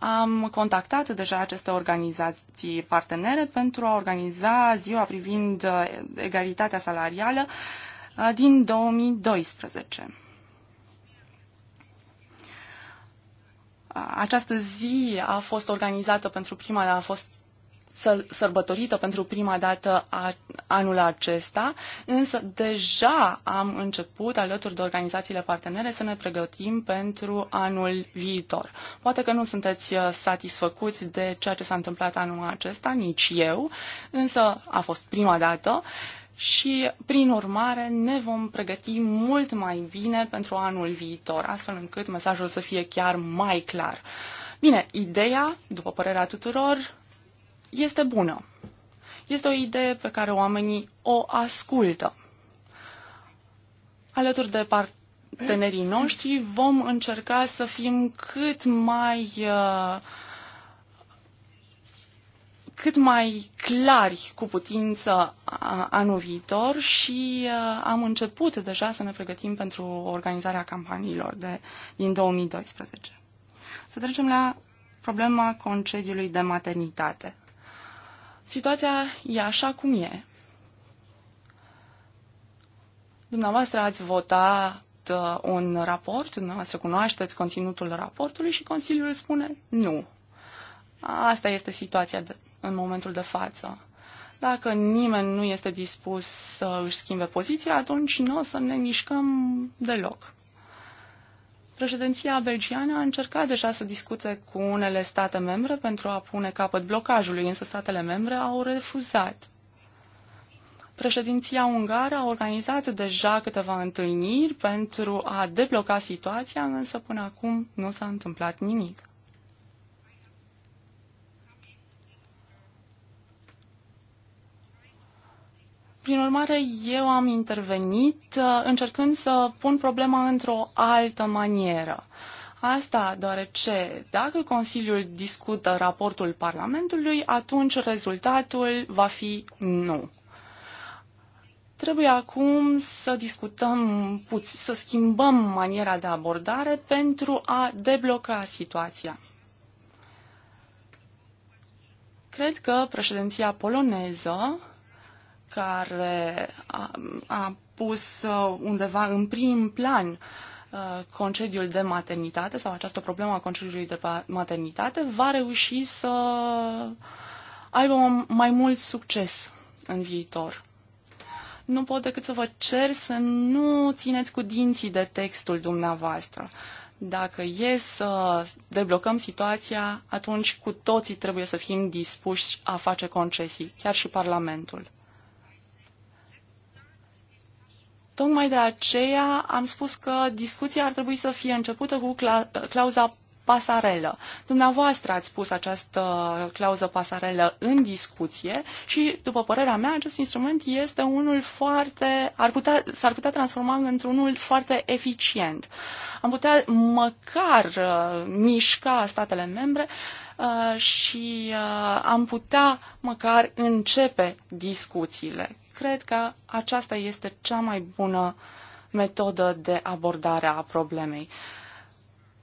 am contactat deja aceste organizații partenere pentru a organiza ziua privind uh, egalitatea salarială uh, din 2012. Uh, această zi a fost organizată pentru prima, a fost sărbătorită pentru prima dată a, anul acesta, însă deja am început alături de organizațiile partenere să ne pregătim pentru anul viitor. Poate că nu sunteți uh, satisfăcuți de ceea ce s-a întâmplat anul acesta, nici eu, însă a fost prima dată și, prin urmare, ne vom pregăti mult mai bine pentru anul viitor, astfel încât mesajul să fie chiar mai clar. Bine, ideea, după părerea tuturor, este bună. Este o idee pe care oamenii o ascultă. Alături de partenerii noștri vom încerca să fim cât mai uh, cât mai clari cu putință anul viitor și uh, am început deja să ne pregătim pentru organizarea campaniilor de, din 2012. Să trecem la problema concediului de maternitate. Situația e așa cum e. Dumneavoastră ați votat uh, un raport, dumneavoastră cunoașteți conținutul raportului și Consiliul spune nu. Asta este situația de, în momentul de față. Dacă nimeni nu este dispus să își schimbe poziția, atunci nu o să ne mișcăm deloc. Președinția belgiană a încercat deja să discute cu unele state membre pentru a pune capăt blocajului, însă statele membre au refuzat. Președinția ungară a organizat deja câteva întâlniri pentru a debloca situația, însă până acum nu s-a întâmplat nimic. Prin urmare, eu am intervenit uh, încercând să pun problema într-o altă manieră. Asta deoarece dacă Consiliul discută raportul Parlamentului, atunci rezultatul va fi nu. Trebuie acum să discutăm, să schimbăm maniera de abordare pentru a debloca situația. Cred că președinția poloneză care a, a pus uh, undeva în prim plan uh, concediul de maternitate sau această problemă a concediului de maternitate va reuși să aibă mai mult succes în viitor. Nu pot decât să vă cer să nu țineți cu dinții de textul dumneavoastră. Dacă e să deblocăm situația, atunci cu toții trebuie să fim dispuși a face concesii, chiar și Parlamentul. Tocmai de aceea am spus că discuția ar trebui să fie începută cu cla- clauza pasarelă. Dumneavoastră ați pus această clauză pasarelă în discuție și, după părerea mea, acest instrument este unul foarte, ar putea, s-ar putea transforma într-unul foarte eficient. Am putea măcar uh, mișca statele membre uh, și uh, am putea măcar începe discuțiile cred că aceasta este cea mai bună metodă de abordare a problemei.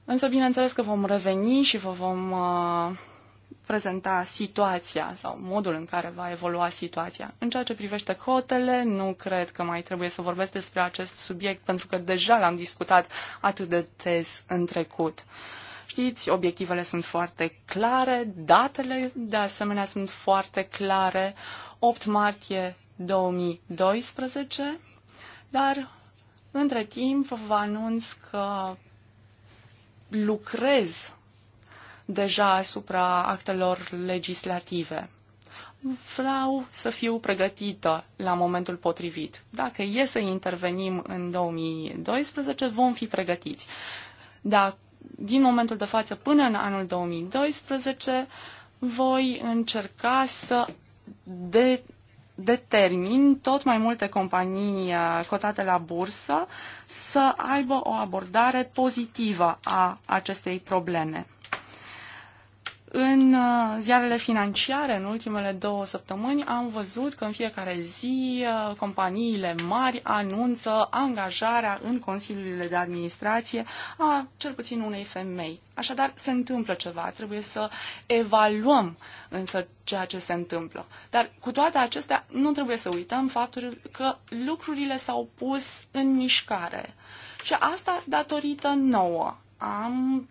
Însă, bineînțeles că vom reveni și vă vom uh, prezenta situația sau modul în care va evolua situația. În ceea ce privește cotele, nu cred că mai trebuie să vorbesc despre acest subiect, pentru că deja l-am discutat atât de des în trecut. Știți, obiectivele sunt foarte clare, datele de asemenea sunt foarte clare. 8 martie 2012, dar între timp vă anunț că lucrez deja asupra actelor legislative. Vreau să fiu pregătită la momentul potrivit. Dacă e să intervenim în 2012, vom fi pregătiți. Dar din momentul de față până în anul 2012, voi încerca să de determin tot mai multe companii uh, cotate la bursă să aibă o abordare pozitivă a acestei probleme. În uh, ziarele financiare, în ultimele două săptămâni, am văzut că în fiecare zi uh, companiile mari anunță angajarea în consiliile de administrație a cel puțin unei femei. Așadar, se întâmplă ceva. Trebuie să evaluăm uh, însă ceea ce se întâmplă. Dar cu toate acestea, nu trebuie să uităm faptul că lucrurile s-au pus în mișcare. Și asta datorită nouă. Am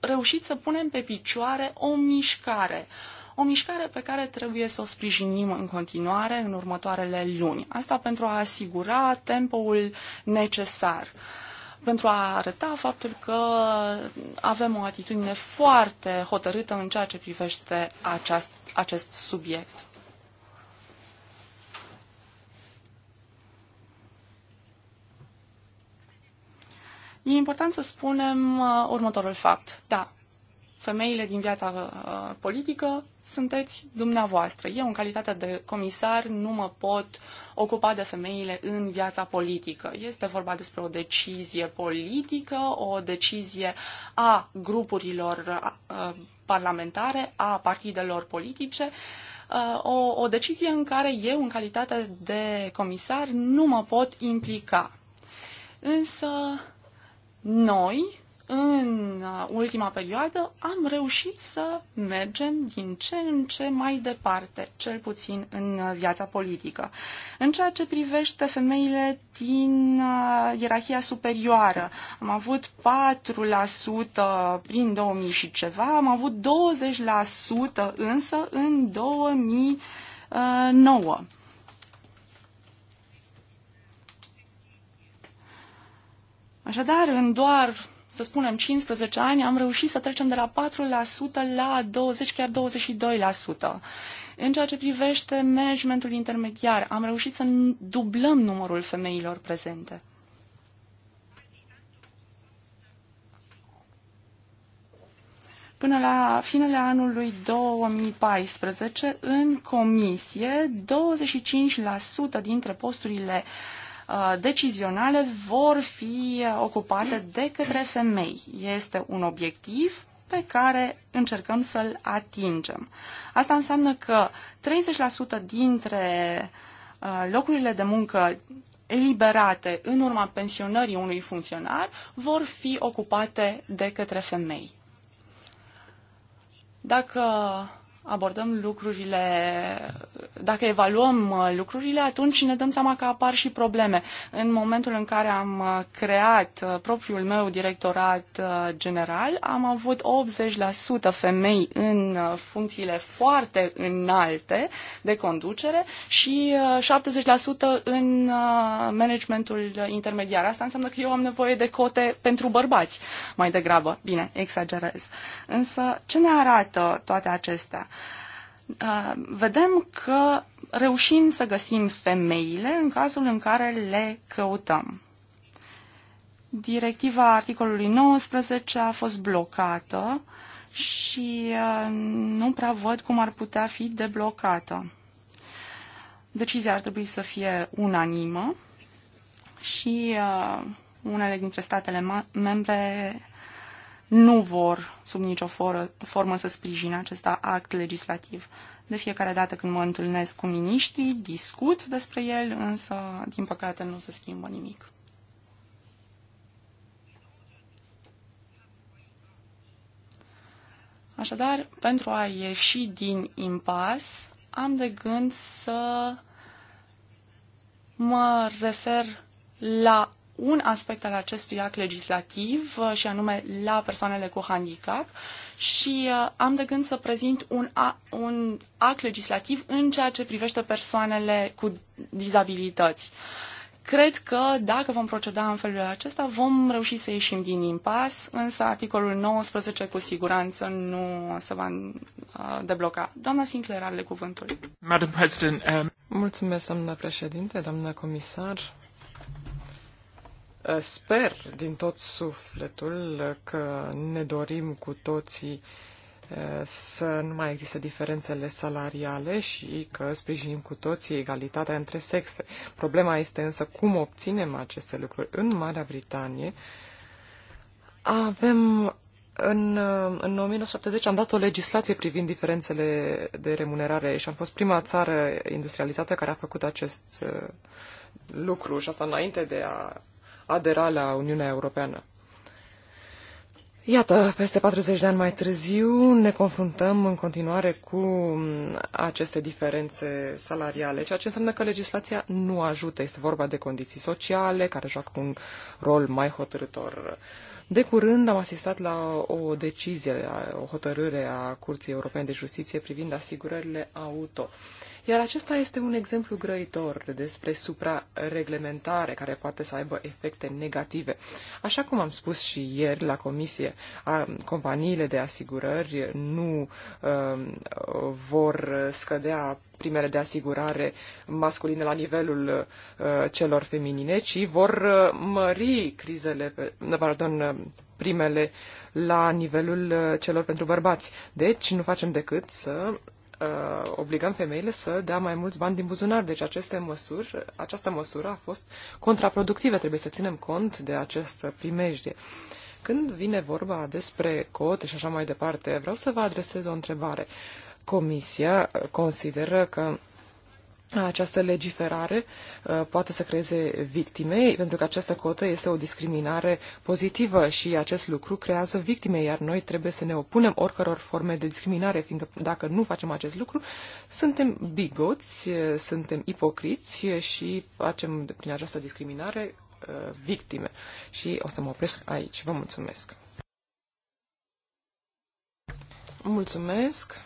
reușit să punem pe picioare o mișcare. O mișcare pe care trebuie să o sprijinim în continuare în următoarele luni. Asta pentru a asigura tempoul necesar. Uh, pentru a arăta faptul că avem o atitudine foarte hotărâtă în ceea ce privește aceast, acest subiect. E important să spunem uh, următorul fapt. Da, femeile din viața uh, politică sunteți dumneavoastră. Eu, în calitate de comisar, nu mă pot uh, ocupat de femeile în viața politică. Este vorba despre o decizie politică, o decizie a grupurilor parlamentare, a partidelor politice, o, o decizie în care eu, în calitate de comisar, nu mă pot implica. Însă, noi, în uh, ultima perioadă am reușit să mergem din ce în ce mai departe, cel puțin în uh, viața politică. În ceea ce privește femeile din uh, ierarhia superioară, am avut 4% prin 2000 și ceva, am avut 20% însă în 2009. Așadar, în doar să spunem, 15 ani, am reușit să trecem de la 4% la 20, chiar 22%. În ceea ce privește managementul intermediar, am reușit să dublăm numărul femeilor prezente. Până la finele anului 2014, în comisie, 25% dintre posturile uh, Uh, decizionale vor fi uh, ocupate de către femei. Este un obiectiv pe care încercăm să-l atingem. Asta înseamnă că 30% dintre uh, locurile de muncă eliberate în urma pensionării unui funcționar vor fi ocupate de către femei. Dacă abordăm lucrurile, dacă evaluăm uh, lucrurile, atunci ne dăm seama că apar și probleme. În momentul în care am uh, creat uh, propriul meu directorat general, am avut 80% femei în funcțiile foarte înalte de conducere și 70% în managementul intermediar. Asta înseamnă că eu am nevoie de cote pentru bărbați mai degrabă. Bine, exagerez. Însă, ce ne arată toate acestea? vedem că reușim să găsim femeile în cazul în care le căutăm. Directiva articolului 19 a fost blocată și nu prea văd cum ar putea fi deblocată. Decizia ar trebui să fie unanimă și unele dintre statele membre nu vor sub nicio foră, formă să sprijine acest act legislativ. De fiecare dată când mă întâlnesc cu miniștrii, discut despre el, însă, din păcate, nu se schimbă nimic. Așadar, pentru a ieși din impas, am de gând să mă refer la un aspect al acestui act legislativ uh, și anume la persoanele cu handicap și uh, am de gând să prezint un, a, un act legislativ în ceea ce privește persoanele cu dizabilități. Cred că dacă vom proceda în felul acesta, vom reuși să ieșim din impas, însă articolul 19 cu siguranță nu se va uh, debloca. Doamna Sinclair are cuvântul. Madam President, um... Mulțumesc, doamna președinte, doamna comisar. Eh, sper din tot sufletul că ne dorim cu toții eh, să nu mai există diferențele salariale și că sprijinim cu toții egalitatea între sexe. Problema este însă cum obținem aceste lucruri. În Marea Britanie avem în, eh, în 1970 am dat o legislație privind diferențele de remunerare și am fost prima țară industrializată care a făcut acest lucru și asta înainte de a adera la Uniunea Europeană. Iată, peste 40 de ani mai târziu ne confruntăm în continuare cu mm, aceste diferențe salariale, ceea ce înseamnă că legislația nu ajută. Este vorba de condiții sociale care joacă un rol mai hotărător. De curând am asistat la o decizie, o hotărâre a Curții Europene de Justiție privind asigurările auto. Iar acesta este un exemplu grăitor despre suprareglementare care poate să aibă efecte negative. Așa cum am spus și ieri la comisie, companiile de asigurări nu uh, vor scădea primele de asigurare masculine la nivelul uh, celor feminine, ci vor uh, mări crizele, pe, pardon, primele la nivelul uh, celor pentru bărbați. Deci nu facem decât să uh, obligăm femeile să dea mai mulți bani din buzunar. Deci aceste măsuri, această măsură a fost contraproductivă. Trebuie să ținem cont de această primejdie. Când vine vorba despre cote și așa mai departe, vreau să vă adresez o întrebare. Comisia consideră că această legiferare uh, poate să creeze victime, pentru că această cotă este o discriminare pozitivă și acest lucru creează victime, iar noi trebuie să ne opunem oricăror forme de discriminare, fiindcă dacă nu facem acest lucru, suntem bigoți, uh, suntem ipocriți și facem prin această discriminare uh, victime. Și o să mă opresc aici. Vă mulțumesc! Mulțumesc!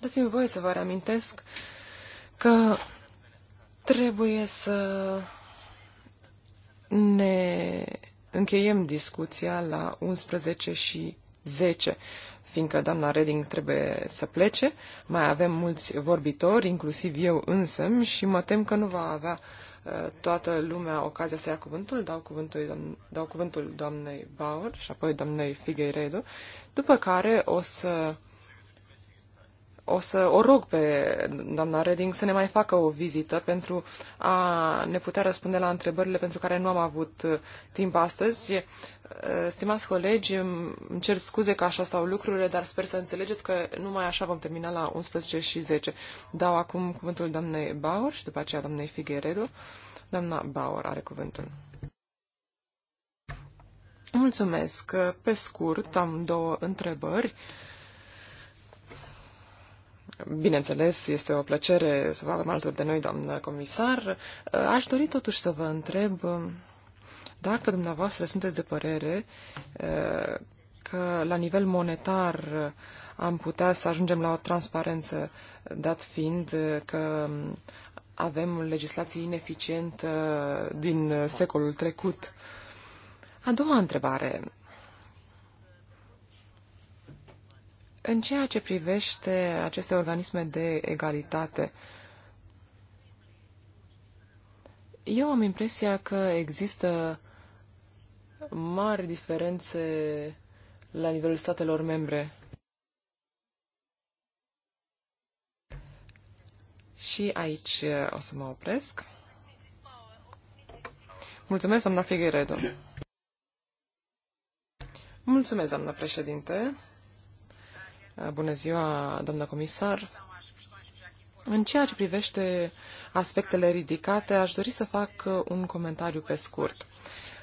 Dați-mi voie să vă reamintesc că trebuie să ne încheiem discuția la 11 și 10, fiindcă doamna Reding trebuie să plece. Mai avem mulți vorbitori, inclusiv eu însăm, și mă tem că nu va avea uh, toată lumea ocazia să ia cuvântul, dau cuvântul, dau cuvântul doamnei Bauer și apoi doamnei Figueiredo, după care o să o să o rog pe doamna Reding să ne mai facă o vizită pentru a ne putea răspunde la întrebările pentru care nu am avut uh, timp astăzi. Uh, stimați colegi, îmi cer scuze că așa stau lucrurile, dar sper să înțelegeți că numai așa vom termina la 11 și 10. Dau acum cuvântul doamnei Bauer și după aceea doamnei Figueredo. Doamna Bauer are cuvântul. Mulțumesc. Pe scurt, am două întrebări. Uh, Bineînțeles, este o plăcere să vă avem alături de noi, doamnă comisar. Uh, aș dori totuși să vă întreb uh, dacă dumneavoastră sunteți de părere uh, că la nivel monetar am putea să ajungem la o transparență, dat fiind că um, avem legislație ineficientă din secolul trecut. A doua întrebare În ceea ce privește aceste organisme de egalitate, eu am impresia că există mari diferențe la nivelul statelor membre. Și aici uh, o să mă opresc. Mulțumesc, doamna Figueredo. Mulțumesc, doamna președinte. Bună ziua, doamnă comisar. În ceea ce privește aspectele ridicate, aș dori să fac un comentariu pe scurt.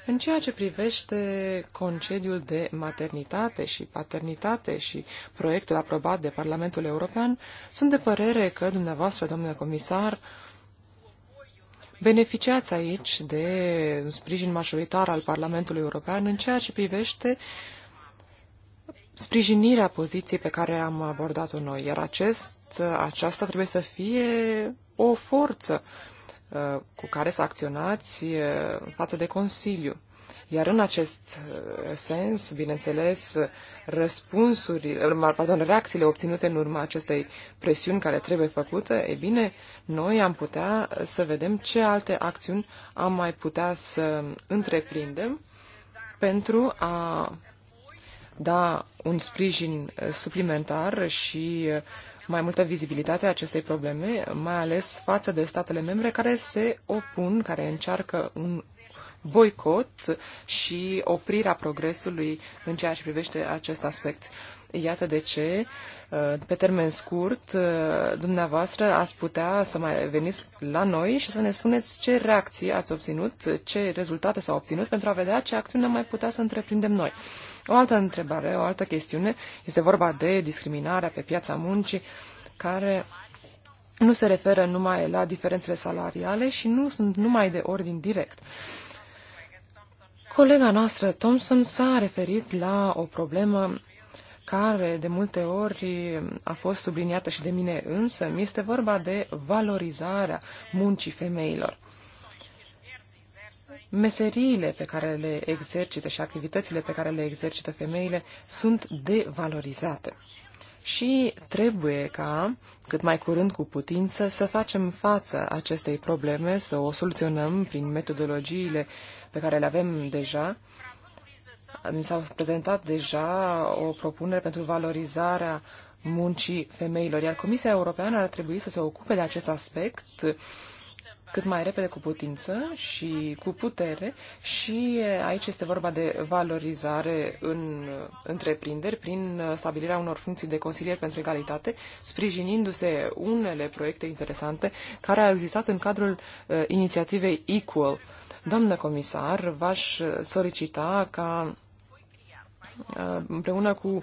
În ceea ce privește concediul de maternitate și paternitate și proiectul aprobat de Parlamentul European, sunt de părere că dumneavoastră, domnule comisar, beneficiați aici de un sprijin majoritar al Parlamentului European în ceea ce privește uh, sprijinirea poziției pe care am abordat-o noi, iar acest, aceasta trebuie să fie o forță uh, cu care să acționați uh, față de Consiliu. Iar în acest uh, sens, bineînțeles, răspunsurile, pardon, reacțiile obținute în urma acestei presiuni care trebuie făcute, e bine, noi am putea să vedem ce alte acțiuni am mai putea să întreprindem pentru a da un sprijin uh, suplimentar și uh, mai multă vizibilitate a acestei probleme, mai ales față de statele membre care se opun, care încearcă un boicot și oprirea progresului în ceea ce privește acest aspect. Iată de ce Uh, pe termen scurt, uh, dumneavoastră ați putea să mai veniți la noi și să ne spuneți ce reacții ați obținut, ce rezultate s-au obținut pentru a vedea ce acțiune am mai putea să întreprindem noi. O altă întrebare, o altă chestiune, este vorba de discriminarea pe piața muncii, care nu se referă numai la diferențele salariale și nu sunt numai de ordin direct. Colega noastră, Thompson, s-a referit la o problemă care de multe ori a fost subliniată și de mine însă, este vorba de valorizarea muncii femeilor. Meseriile pe care le exercită și activitățile pe care le exercită femeile sunt devalorizate. Și trebuie ca, cât mai curând cu putință, să facem față acestei probleme, să o soluționăm prin metodologiile pe care le avem deja, mi s-a prezentat deja o propunere pentru valorizarea muncii femeilor, iar Comisia Europeană ar trebui să se ocupe de acest aspect cât mai repede cu putință și cu putere și aici este vorba de valorizare în întreprinderi prin stabilirea unor funcții de consilier pentru egalitate, sprijinindu-se unele proiecte interesante care au existat în cadrul uh, inițiativei Equal. Uh, Doamnă comisar, v-aș solicita ca uh, împreună cu uh,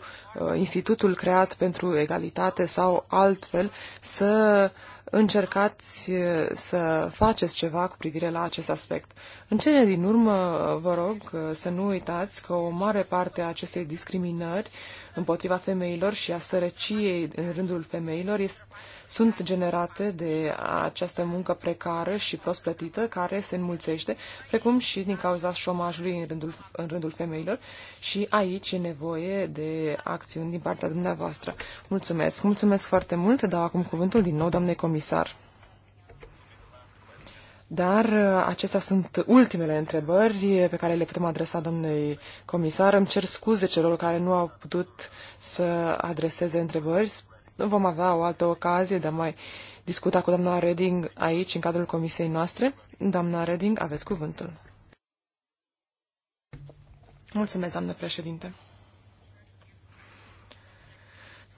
institutul creat pentru egalitate sau altfel să încercați uh, să faceți ceva cu privire la acest aspect. În cele din urmă, vă rog uh, să nu uitați că o mare parte a acestei discriminări împotriva femeilor și a sărăciei în rândul femeilor este, sunt generate de această muncă precară și prost plătită care se înmulțește, precum și din cauza șomajului în rândul, în rândul femeilor și aici e nevoie de acțiuni din partea dumneavoastră. Mulțumesc! Mulțumesc foarte mult! Dau acum cuvântul din nou, doamne comisar! Dar uh, acestea sunt ultimele întrebări pe care le putem adresa domnului comisar. Îmi cer scuze celor care nu au putut să adreseze întrebări. Vom avea o altă ocazie de a mai discuta cu doamna Reding aici, în cadrul comisiei noastre. Doamna Reding, aveți cuvântul. Mulțumesc, doamnă președinte.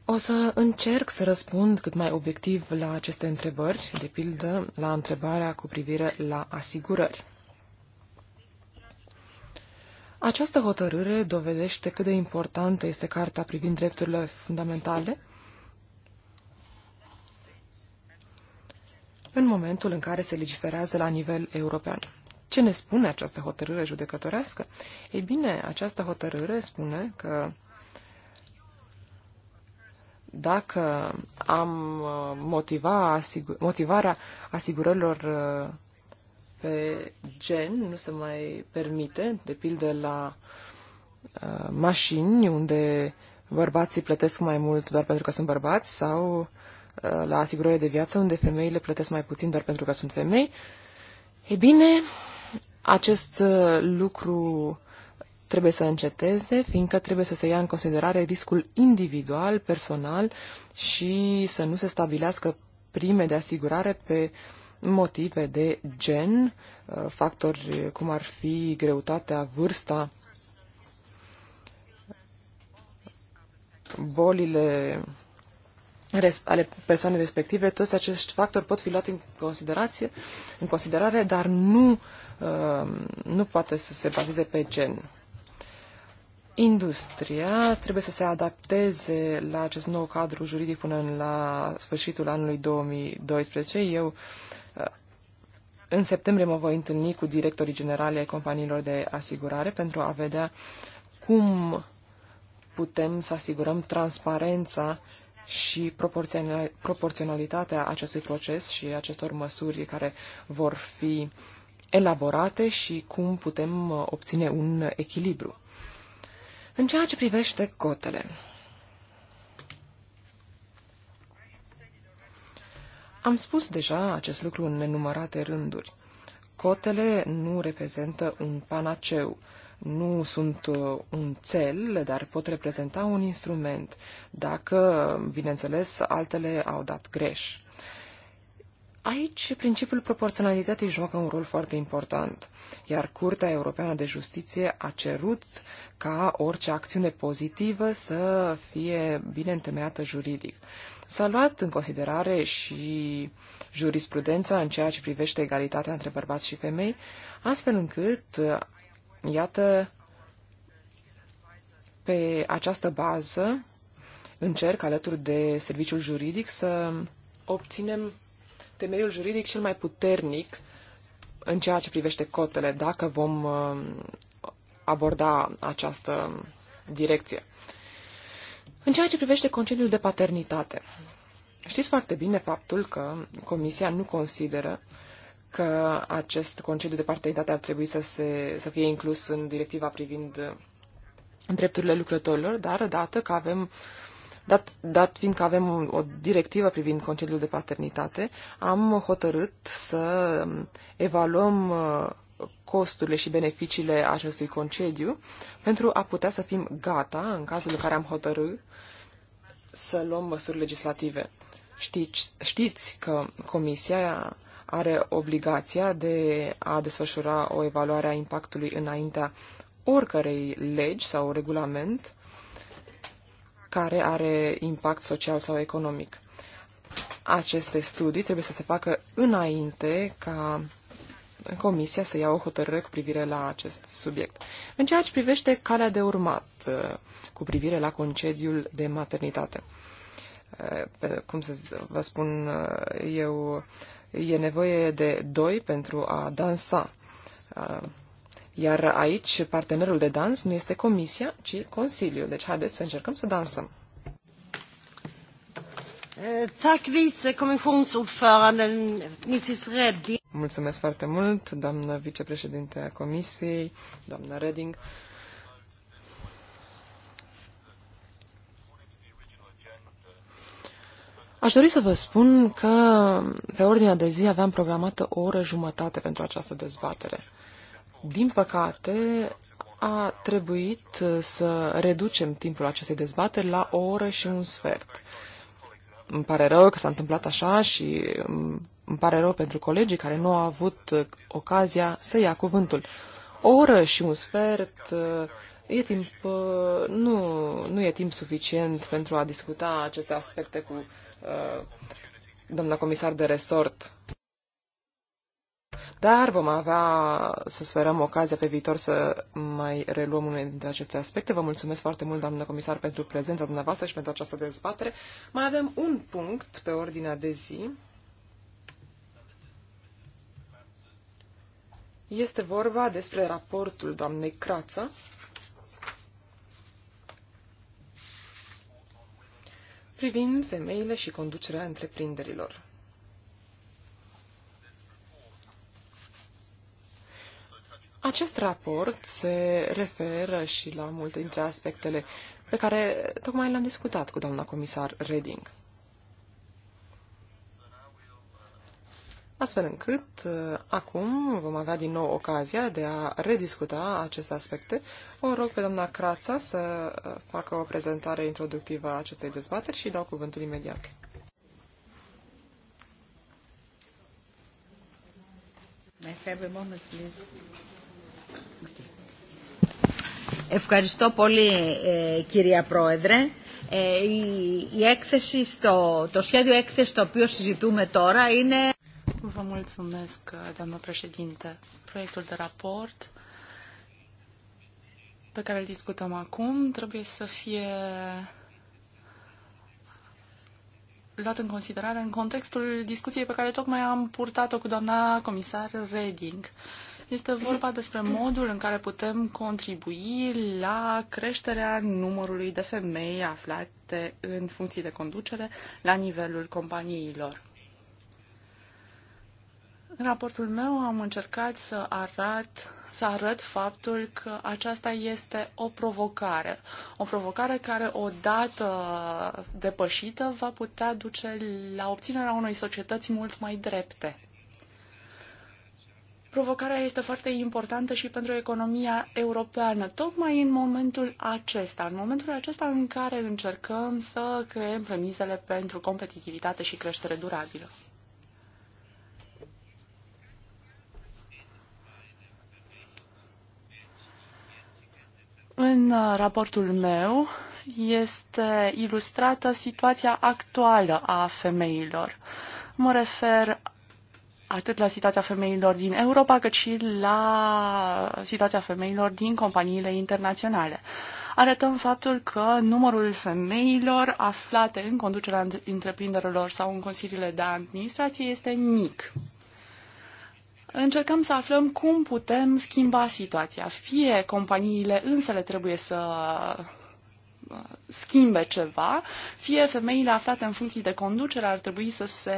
O să încerc să răspund cât mai obiectiv la aceste întrebări, de pildă la întrebarea cu privire la asigurări. Această hotărâre dovedește cât de importantă este Carta privind drepturile fundamentale în momentul în care se legiferează la nivel european. Ce ne spune această hotărâre judecătorească? Ei bine, această hotărâre spune că dacă am uh, motiva asigur, motivarea asigurărilor uh, pe gen nu se mai permite, de pildă la uh, mașini, unde bărbații plătesc mai mult doar pentru că sunt bărbați, sau la asigurările de viață, unde femeile plătesc mai puțin doar pentru că sunt femei. E bine, acest uh, lucru trebuie să înceteze, fiindcă trebuie să se ia în considerare riscul individual, personal și să nu se stabilească prime de asigurare pe motive de gen, uh, factori cum ar fi greutatea, vârsta, bolile ale persoanei respective, toți acești factori pot fi luați în, considerație, în considerare, dar nu, uh, nu poate să se bazeze pe gen. Industria trebuie să se adapteze la acest nou cadru juridic până la sfârșitul anului 2012. Eu uh, în septembrie mă voi întâlni cu directorii generali ai companiilor de asigurare pentru a vedea cum putem să asigurăm transparența și proporționalitatea acestui proces și acestor măsuri care vor fi elaborate și cum putem uh, obține un echilibru. În ceea ce privește cotele, am spus deja acest lucru în nenumărate rânduri. Cotele nu reprezintă un panaceu, nu sunt uh, un cel, dar pot reprezenta un instrument, dacă, bineînțeles, altele au dat greș. Aici principiul proporționalității joacă un rol foarte important, iar Curtea Europeană de Justiție a cerut ca orice acțiune pozitivă să fie bine întemeiată juridic. S-a luat în considerare și jurisprudența în ceea ce privește egalitatea între bărbați și femei, astfel încât, iată, pe această bază încerc, alături de serviciul juridic, să obținem temeiul juridic cel mai puternic în ceea ce privește cotele, dacă vom uh, aborda această direcție. În ceea ce privește concediul de paternitate, știți foarte bine faptul că Comisia nu consideră că acest concediu de paternitate ar trebui să, se, să fie inclus în directiva privind drepturile lucrătorilor, dar dată că avem uh, Dat, dat fiindcă avem o directivă privind concediul de paternitate, am hotărât să um, evaluăm uh, costurile și beneficiile acestui concediu pentru a putea să fim gata, în cazul în care am hotărât, să luăm măsuri legislative. Știți, știți că Comisia are obligația de a desfășura o evaluare a impactului înaintea oricărei legi sau regulament care are impact social sau economic. Aceste studii trebuie să se facă înainte ca Comisia să ia o hotărâre cu privire la acest subiect. În ceea ce privește calea de urmat uh, cu privire la concediul de maternitate. Uh, cum să vă spun uh, eu, e nevoie de doi pentru a dansa iar aici partenerul de dans nu este comisia, ci Consiliul. Deci haideți să încercăm să dansăm. Eh, tack vice kommissionsordföranden Mrs. Redding. Mulțumesc foarte mult, doamnă vicepreședinte a Comisiei, doamnă Redding. Aș dori să vă spun că pe ordinea de zi aveam programată o oră jumătate pentru această dezbatere. Din păcate, a trebuit să reducem timpul acestei dezbateri la o oră și un sfert. Îmi pare rău că s-a întâmplat așa și îmi pare rău pentru colegii care nu au avut uh, ocazia să ia cuvântul. O oră și un sfert uh, e timp, uh, nu, nu e timp suficient pentru a discuta aceste aspecte cu uh, doamna comisar de resort. Dar vom avea, să sperăm, ocazia pe viitor să mai reluăm unele dintre aceste aspecte. Vă mulțumesc foarte mult, doamnă comisar, pentru prezența dumneavoastră și pentru această dezbatere. Mai avem un punct pe ordinea de zi. Este vorba despre raportul doamnei Crață. privind femeile și conducerea întreprinderilor. Acest raport se referă și la multe dintre aspectele pe care tocmai le-am discutat cu doamna comisar Reding. Astfel încât, uh, acum vom avea din nou ocazia de a rediscuta aceste aspecte. O rog pe doamna Crața să uh, facă o prezentare introductivă a acestei dezbateri și dau cuvântul imediat. May I have a moment, please? Ευχαριστώ πολύ ε, κυρία Πρόεδρε. Ε, η, η έκθεση στο, το σχέδιο έκθεση το οποίο συζητούμε τώρα είναι... Vă mulțumesc, doamnă președinte. Proiectul de raport pe care îl discutăm acum trebuie să fie luat în considerare în contextul discuției pe care tocmai am purtat-o cu doamna comisar Reding. Uh, este vorba despre modul în care putem contribui la creșterea numărului de femei aflate în funcții de conducere la nivelul companiilor. În raportul meu am încercat să arăt, să arăt faptul că aceasta este o provocare. O provocare care, odată depășită, va putea duce la obținerea unei societăți mult mai drepte provocarea este foarte importantă și pentru economia europeană, tocmai în momentul acesta, în momentul acesta în care încercăm să creăm premisele pentru competitivitate și creștere durabilă. În uh, raportul meu este ilustrată situația actuală a femeilor. Mă refer atât la situația femeilor din Europa, cât și la situația femeilor din companiile internaționale. Arătăm faptul că numărul femeilor aflate în conducerea întreprinderilor sau în consiliile de administrație este mic. Încercăm să aflăm cum putem schimba situația. Fie companiile însele trebuie să schimbe ceva, fie femeile aflate în funcții de conducere ar trebui să se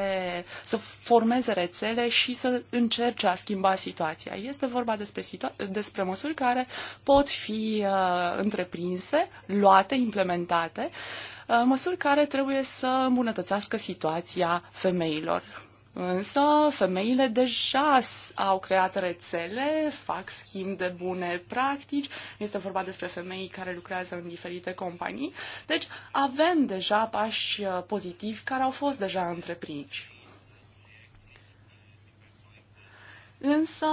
să formeze rețele și să încerce a schimba situația. Este vorba despre, situa- despre măsuri care pot fi uh, întreprinse, luate, implementate, uh, măsuri care trebuie să îmbunătățească situația femeilor. Însă, femeile deja au creat rețele, fac schimb de bune practici, este vorba despre femei care lucrează în diferite companii, deci avem deja pași uh, pozitivi care au fost deja întreprinși. Însă,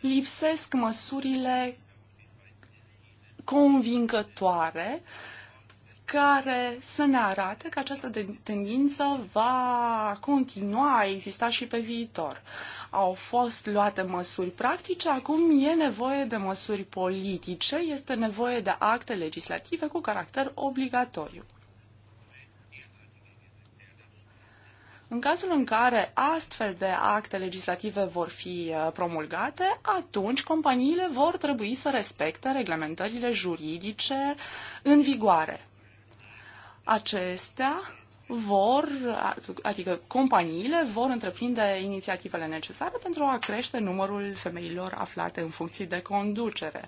lipsesc măsurile convingătoare uh, care să ne arate că această tendință va continua a exista și pe viitor. Au fost luate măsuri practice, acum e nevoie de măsuri politice, este nevoie de acte legislative cu caracter obligatoriu. În cazul în care astfel de acte legislative vor fi uh, promulgate, atunci companiile vor trebui să respecte reglementările juridice în vigoare acestea vor, adică companiile vor întreprinde inițiativele necesare pentru a crește numărul femeilor aflate în funcții de conducere.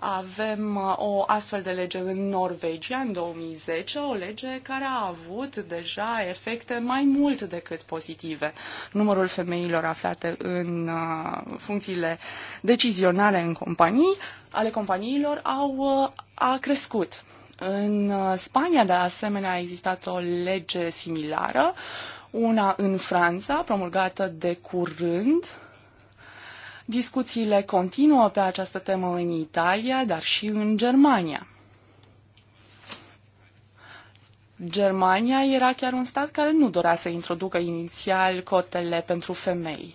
Avem uh, o astfel de lege în Norvegia în 2010, o lege care a avut deja efecte mai mult decât pozitive. Numărul femeilor aflate în uh, funcțiile decizionale în companii, ale companiilor, au, uh, a crescut. În uh, Spania, de asemenea, a existat o lege similară, una în Franța, promulgată de curând. Discuțiile continuă pe această temă în Italia, dar și în Germania. Germania era chiar un stat care nu dorea să introducă inițial cotele pentru femei.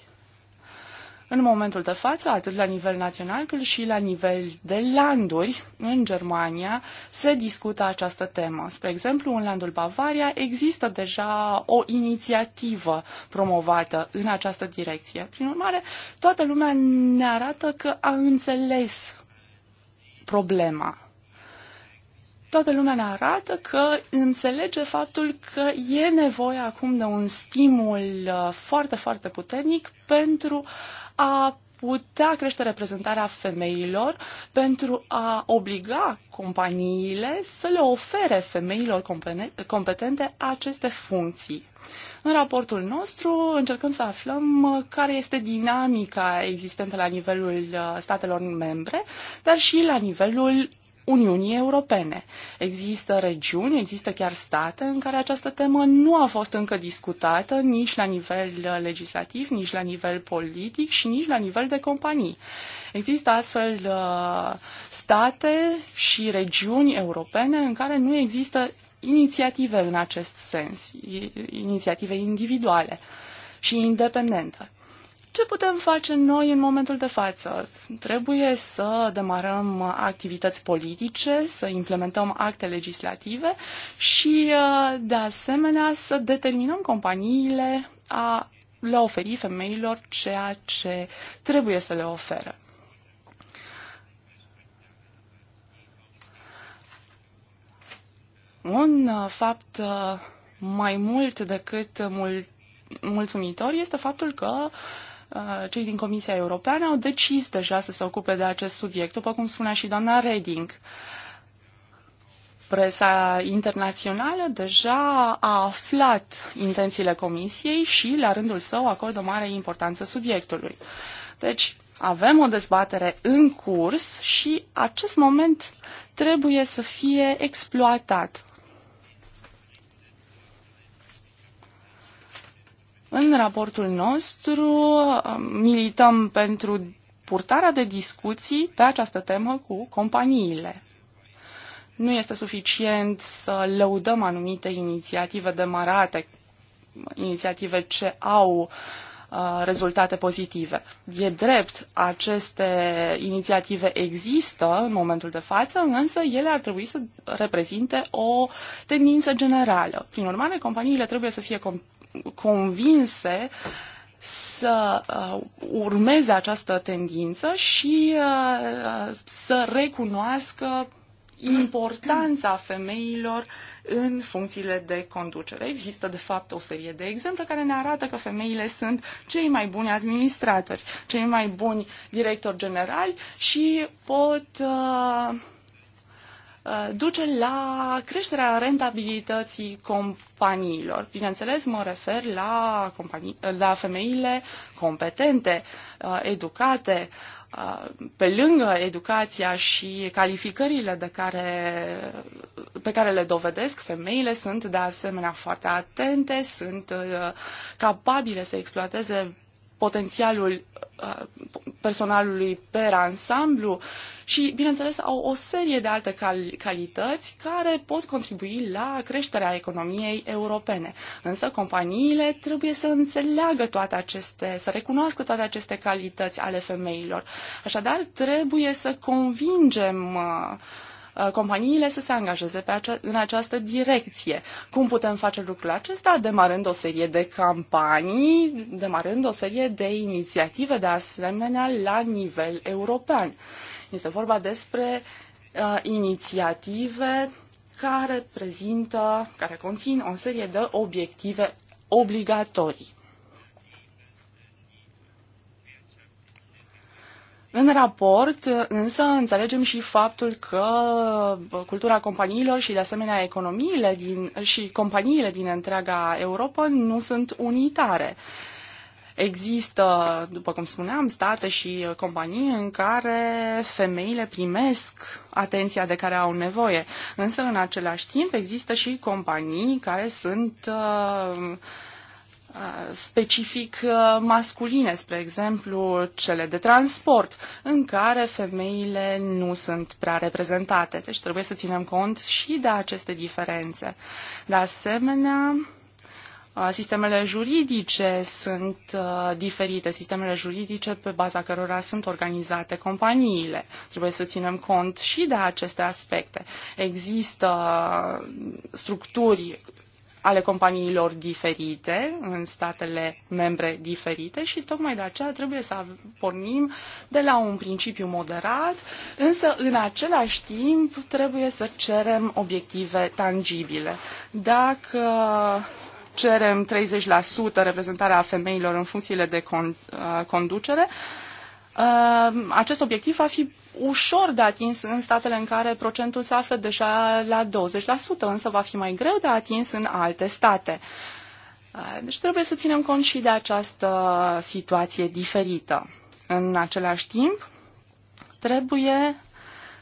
În momentul de față, atât la nivel național cât și la nivel de landuri în Germania, se discută această temă. Spre exemplu, în landul Bavaria există deja o inițiativă promovată în această direcție. Prin urmare, toată lumea ne arată că a înțeles problema toată lumea ne arată că înțelege faptul că e nevoie acum de un stimul uh, foarte, foarte puternic pentru a putea crește reprezentarea femeilor pentru a obliga companiile să le ofere femeilor competente aceste funcții. În raportul nostru încercăm să aflăm uh, care este dinamica existentă la nivelul uh, statelor membre, dar și la nivelul Uniunii Europene. Există regiuni, există chiar state în care această temă nu a fost încă discutată nici la nivel uh, legislativ, nici la nivel politic și nici la nivel de companii. Există astfel uh, state și regiuni europene în care nu există inițiative în acest sens, inițiative individuale și independente. Ce putem face noi în momentul de față? Trebuie să demarăm activități politice, să implementăm acte legislative și, uh, de asemenea, să determinăm companiile a le oferi femeilor ceea ce trebuie să le ofere. Un uh, fapt uh, mai mult decât mult mulțumitor este faptul că uh, Uh, cei din Comisia Europeană au decis deja să se ocupe de acest subiect, după cum spunea și doamna Reding. Presa internațională deja a aflat intențiile Comisiei și, la rândul său, acordă mare importanță subiectului. Deci, avem o dezbatere în curs și acest moment trebuie să fie exploatat. În raportul nostru um, milităm pentru purtarea de discuții pe această temă cu companiile. Nu este suficient să lăudăm anumite inițiative demarate, inițiative ce au uh, rezultate pozitive. E drept, aceste inițiative există în momentul de față, însă ele ar trebui să reprezinte o tendință generală. Prin urmare, companiile trebuie să fie convinse să uh, urmeze această tendință și uh, să recunoască importanța femeilor în funcțiile de conducere. Există, de fapt, o serie de exemple care ne arată că femeile sunt cei mai buni administratori, cei mai buni directori generali și pot uh, Uh, duce la creșterea rentabilității companiilor. Bineînțeles, mă refer la, companii, uh, la femeile competente, uh, educate, pe lângă educația și calificările de care, pe care le dovedesc, femeile sunt de asemenea foarte atente, sunt capabile să exploateze potențialul uh, personalului per ansamblu și, bineînțeles, au o serie de alte cal- calități care pot contribui la creșterea economiei europene. Însă companiile trebuie să înțeleagă toate aceste, să recunoască toate aceste calități ale femeilor. Așadar, trebuie să convingem uh, Uh, companiile să se angajeze pe ace- în această direcție. Cum putem face lucrul acesta? Demarând o serie de campanii, demarând o serie de inițiative de asemenea la nivel european. Este vorba despre uh, inițiative care prezintă, care conțin o serie de obiective obligatorii. În raport, însă, înțelegem și faptul că cultura companiilor și, de asemenea, economiile din, și companiile din întreaga Europa nu sunt unitare. Există, după cum spuneam, state și companii în care femeile primesc atenția de care au nevoie. Însă, în același timp, există și companii care sunt uh, Uh, specific uh, masculine, spre exemplu cele de transport, în care femeile nu sunt prea reprezentate. Deci trebuie să ținem cont și de aceste diferențe. De asemenea, uh, Sistemele juridice sunt diferite, sistemele juridice pe baza cărora sunt organizate companiile. Trebuie să ținem cont și de aceste aspecte. Există structuri ale companiilor diferite în statele membre diferite și tocmai de aceea trebuie să pornim de la un principiu moderat, însă în același timp trebuie să cerem obiective tangibile. Dacă cerem 30% reprezentarea femeilor în funcțiile de uh, conducere, Ehm, acest obiectiv va fi ușor de atins în statele în care procentul se află deja la 20%, însă va fi mai greu de atins în alte state. Ehm, deci trebuie să ținem cont și de această situație diferită. În același timp, trebuie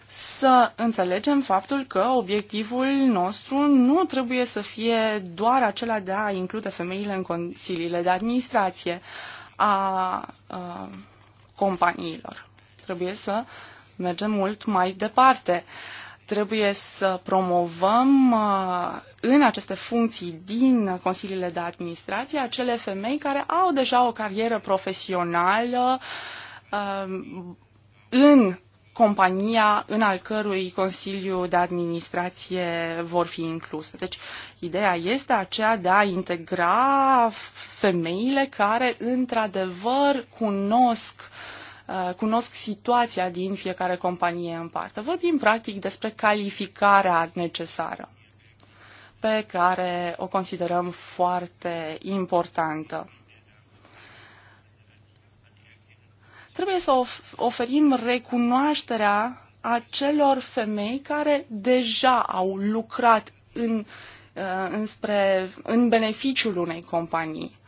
să înțelegem faptul că obiectivul nostru nu trebuie să fie doar acela de a include femeile în consiliile de administrație. A, a ehm, companiilor. Trebuie să mergem mult mai departe. Trebuie să promovăm uh, în aceste funcții din consiliile de administrație acele femei care au deja o carieră profesională uh, în compania în al cărui Consiliu de Administrație vor fi incluse. Deci, ideea este aceea de a integra femeile care, într-adevăr, cunosc uh, cunosc situația din fiecare companie în parte. Vorbim practic despre calificarea necesară pe care o considerăm foarte importantă. Trebuie să oferim recunoașterea acelor femei care deja au lucrat în, uh, înspre, în beneficiul unei companii.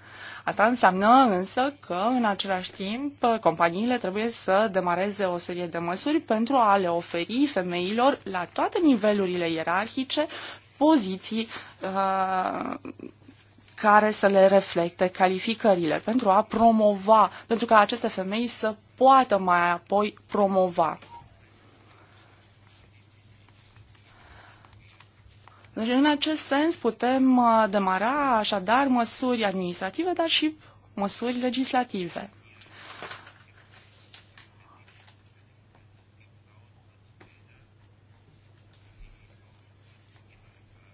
Asta înseamnă însă că, în același timp, companiile trebuie să demareze o serie de măsuri pentru a le oferi femeilor, la toate nivelurile ierarhice, poziții uh, care să le reflecte calificările, pentru a promova, pentru ca aceste femei să poată mai apoi promova. Deci, în acest sens, putem uh, demara așadar măsuri administrative, dar și măsuri legislative.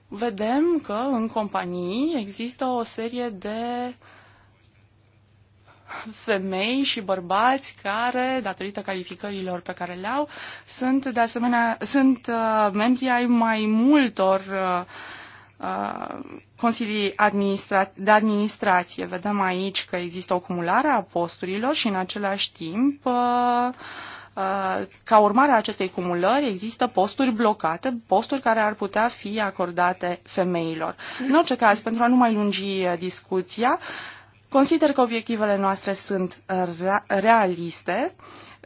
vedem că în companii există o serie de femei și bărbați care, datorită calificărilor pe care le au, sunt de asemenea sunt uh, membri ai mai multor uh, uh consilii administra- de administrație. Vedem aici că există o cumulare a posturilor și în același timp uh, Uh, ca urmare a acestei cumulări există posturi blocate, posturi care ar putea fi acordate femeilor. În orice caz, pentru a nu mai lungi uh, discuția, consider că obiectivele noastre sunt uh, realiste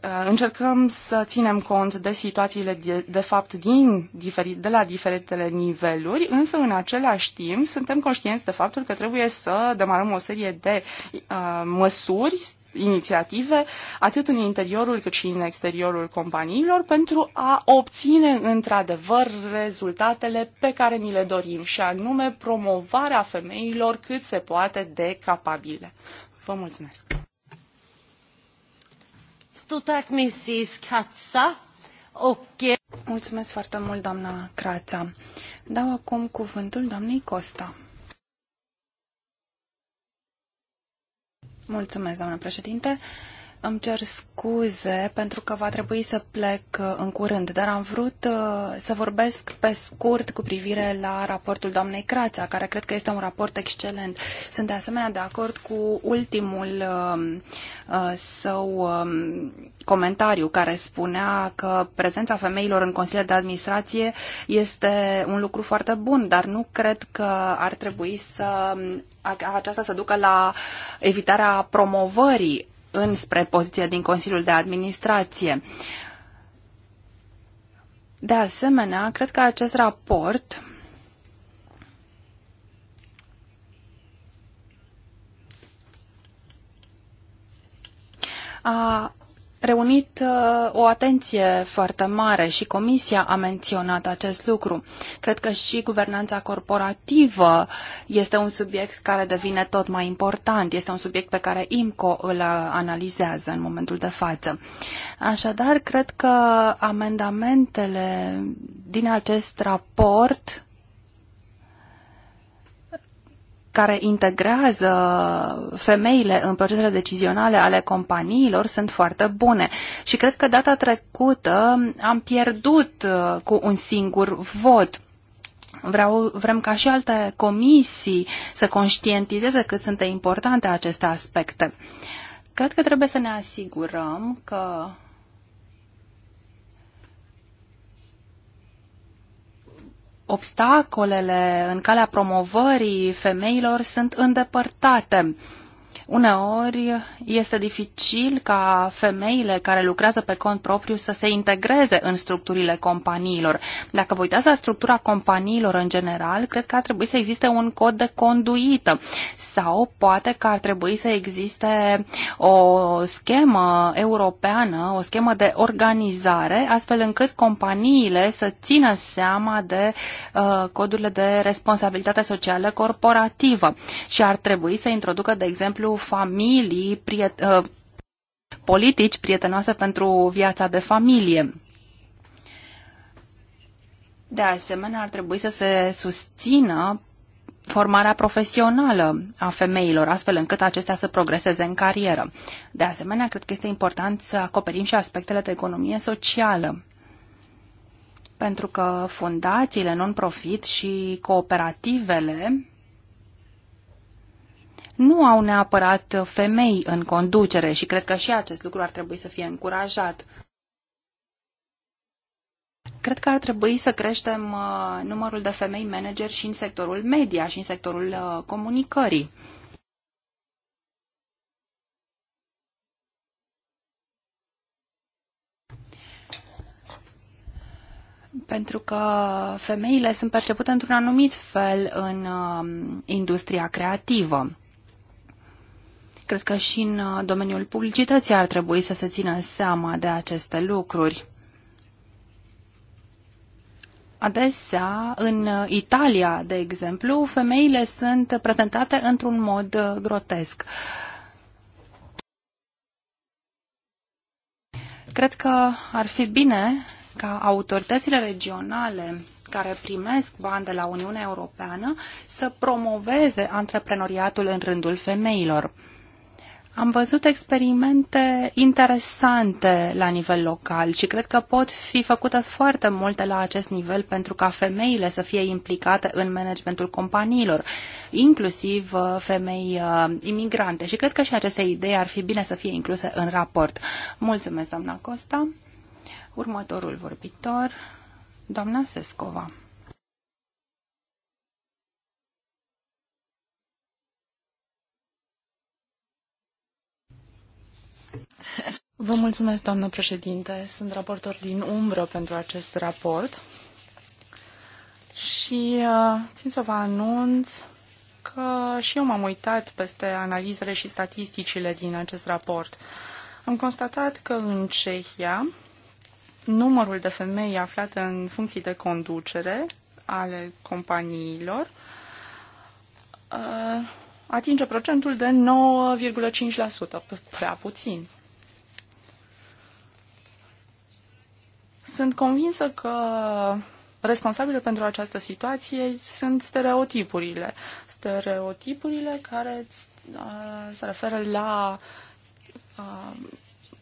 Uh, încercăm să ținem cont de situațiile de, de fapt din diferit, de la diferitele niveluri, însă în același timp suntem conștienți de faptul că trebuie să demarăm o serie de uh, măsuri inițiative, atât în interiorul cât și în exteriorul companiilor, pentru a obține într-adevăr rezultatele pe care ni le dorim, și anume promovarea femeilor cât se poate de capabile. Vă mulțumesc! Totac, Mrs. Katza. Okay. Eh, Mulțumesc foarte mult, doamna Crața. Dau acum cuvântul doamnei Costa. Mulțumesc, doamnă președinte. Îmi cer scuze pentru că va trebui să plec uh, în curând, dar am vrut uh, să vorbesc pe scurt cu privire la raportul doamnei Crața, care cred că este un raport excelent. Sunt de asemenea de acord cu ultimul um, uh, său um, comentariu care spunea că prezența femeilor în Consiliul de Administrație este un lucru foarte bun, dar nu cred că ar trebui să um, aceasta să ducă la evitarea promovării înspre poziția din Consiliul de Administrație. De asemenea, cred că acest raport a reunit uh, o atenție foarte mare și Comisia a menționat acest lucru. Cred că și guvernanța corporativă este un subiect care devine tot mai important. Este un subiect pe care IMCO îl uh, analizează în momentul de față. Așadar, cred că amendamentele din acest raport care integrează femeile în procesele decizionale ale companiilor sunt foarte bune. Și cred că data trecută am pierdut uh, cu un singur vot. Vreau, vrem ca și alte comisii să conștientizeze cât sunt de importante aceste aspecte. Cred că trebuie să ne asigurăm că obstacolele în calea promovării femeilor sunt îndepărtate. Uneori este dificil ca femeile care lucrează pe cont propriu să se integreze în structurile companiilor. Dacă vă uitați la structura companiilor în general, cred că ar trebui să existe un cod de conduită sau poate că ar trebui să existe o schemă europeană, o schemă de organizare, astfel încât companiile să țină seama de uh, codurile de responsabilitate socială corporativă și ar trebui să introducă, de exemplu, pentru familii, priet- uh, politici prietenoase pentru viața de familie. De asemenea, ar trebui să se susțină formarea profesională a femeilor, astfel încât acestea să progreseze în carieră. De asemenea, cred că este important să acoperim și aspectele de economie socială, pentru că fundațiile non-profit și cooperativele nu au neapărat femei în conducere și cred că și acest lucru ar trebui să fie încurajat. Cred că ar trebui să creștem uh, numărul de femei manager și în sectorul media și în sectorul uh, comunicării. pentru că femeile sunt percepute într-un anumit fel în uh, industria creativă. Cred că și în uh, domeniul publicității ar trebui să se țină seama de aceste lucruri. Adesea, în uh, Italia, de exemplu, femeile sunt prezentate într-un mod uh, grotesc. Cred că ar fi bine ca autoritățile regionale care primesc bani de la Uniunea Europeană să promoveze antreprenoriatul în rândul femeilor. Am văzut experimente interesante la nivel local și cred că pot fi făcute foarte multe la acest nivel pentru ca femeile să fie implicate în managementul companiilor, inclusiv uh, femei uh, imigrante. Și cred că și aceste idei ar fi bine să fie incluse în raport. Mulțumesc, doamna Costa. Următorul vorbitor, doamna Sescova. Vă mulțumesc, doamnă președinte. Sunt raportor din umbră pentru acest raport și uh, țin să vă anunț că și eu m-am uitat peste analizele și statisticile din acest raport. Am constatat că în Cehia numărul de femei aflate în funcții de conducere ale companiilor uh, atinge procentul de 9,5%, prea puțin. Sunt convinsă că responsabile pentru această situație sunt stereotipurile. Stereotipurile care uh, se referă la uh,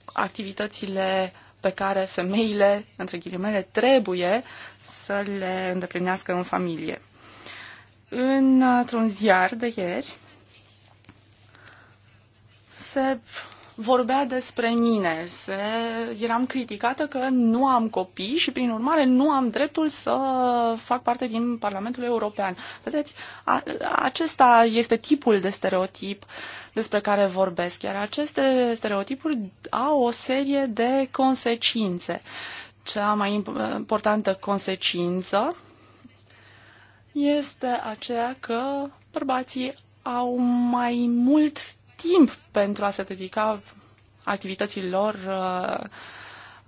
activitățile pe care femeile, între ghilimele, trebuie să le îndeplinească în familie. Într-un ziar de ieri se vorbea despre mine. Se, eram criticată că nu am copii și, prin urmare, nu am dreptul să fac parte din Parlamentul European. Vedeți, a, acesta este tipul de stereotip despre care vorbesc, iar aceste stereotipuri au o serie de consecințe. Cea mai importantă consecință este aceea că bărbații au mai mult timp pentru a se dedica activităților lor, uh,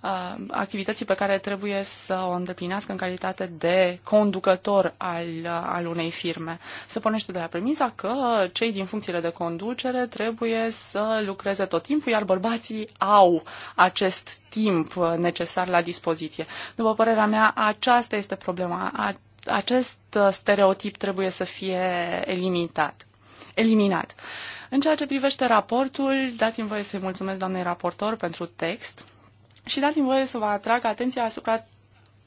uh, activității pe care trebuie să o îndeplinească în calitate de conducător al, uh, al unei firme. Se pornește de la premisa că cei din funcțiile de conducere trebuie să lucreze tot timpul, iar bărbații au acest timp necesar la dispoziție. După părerea mea, aceasta este problema. Acest stereotip trebuie să fie eliminat. eliminat. Uh, în ceea ce privește raportul, dați-mi voie să-i mulțumesc doamnei raportor pentru text și dați-mi voie să vă atrag atenția asupra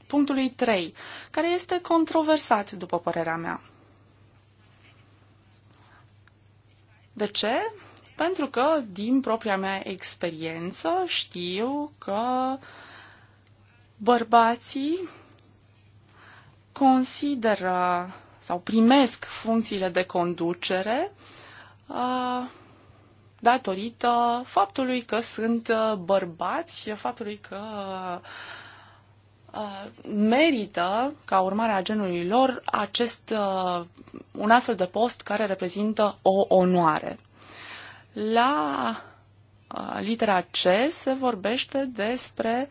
punctului 3, care este controversat, după părerea mea. De ce? Pentru că, din propria mea experiență, știu că bărbații consideră sau primesc funcțiile de conducere uh, datorită faptului că sunt uh, bărbați, faptului că uh, merită, ca urmare a genului lor, acest, uh, un astfel de post care reprezintă o onoare. La litera C se vorbește despre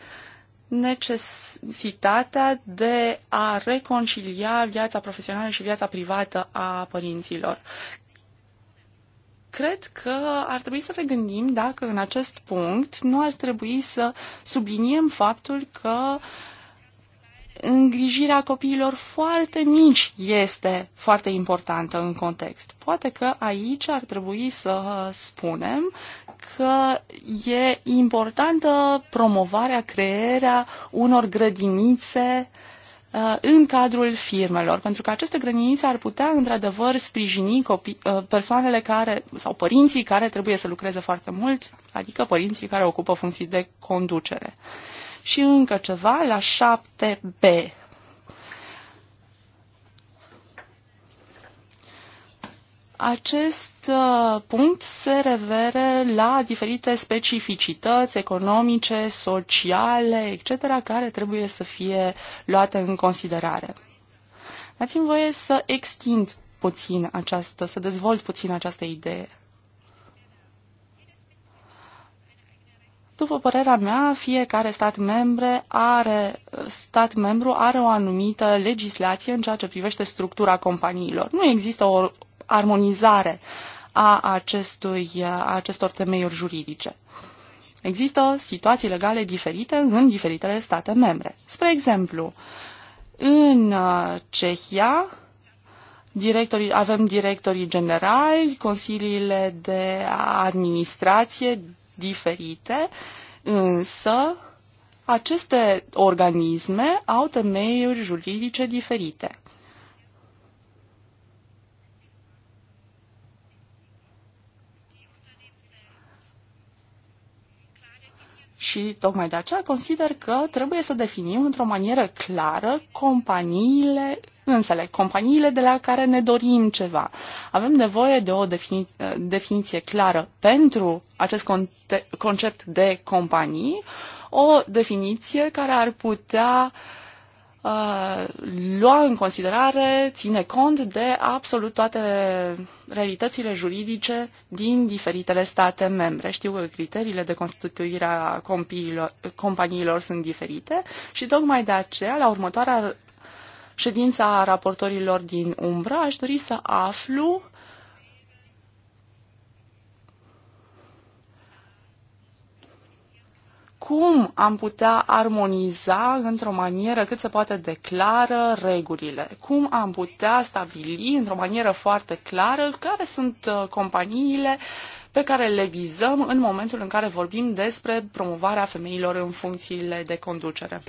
necesitatea de a reconcilia viața profesională și viața privată a părinților cred că ar trebui să regândim dacă în acest punct nu ar trebui să subliniem faptul că îngrijirea copiilor foarte mici este foarte importantă în context. Poate că aici ar trebui să spunem că e importantă promovarea, crearea unor grădinițe uh, Uh, în cadrul firmelor, pentru că aceste grăniți ar putea, într-adevăr, sprijini copii, uh, persoanele care, sau părinții care trebuie să lucreze foarte mult, adică părinții care ocupă funcții de conducere. Și încă ceva, la 7B, Acest uh, punct se revere la diferite specificități economice, sociale, etc., care trebuie să fie luate în considerare. Dați-mi voie să extind puțin această, să dezvolt puțin această idee. După părerea mea, fiecare stat, membre are, stat membru are o anumită legislație în ceea ce privește structura companiilor. Nu există o armonizare a, acestui, a acestor temeiuri juridice. Există situații legale diferite în diferitele state membre. Spre exemplu, în uh, Cehia directorii, avem directorii generali, consiliile de administrație diferite, însă aceste organisme au temeiuri juridice diferite. Și tocmai de aceea consider că trebuie să definim într-o manieră clară companiile însele, companiile de la care ne dorim ceva. Avem nevoie de o defini- definiție clară pentru acest concept de companii, o definiție care ar putea uh, Uh, lua în considerare, ține cont de absolut toate realitățile juridice din diferitele state membre. Știu că criteriile de constituire a companiilor sunt diferite și tocmai de aceea, la următoarea ședința a raportorilor din umbră, aș dori să aflu cum am putea armoniza într-o manieră cât se poate de clară regulile, cum am putea stabili într-o manieră foarte clară care sunt uh, companiile pe care le vizăm în momentul în care vorbim despre promovarea femeilor în funcțiile de conducere.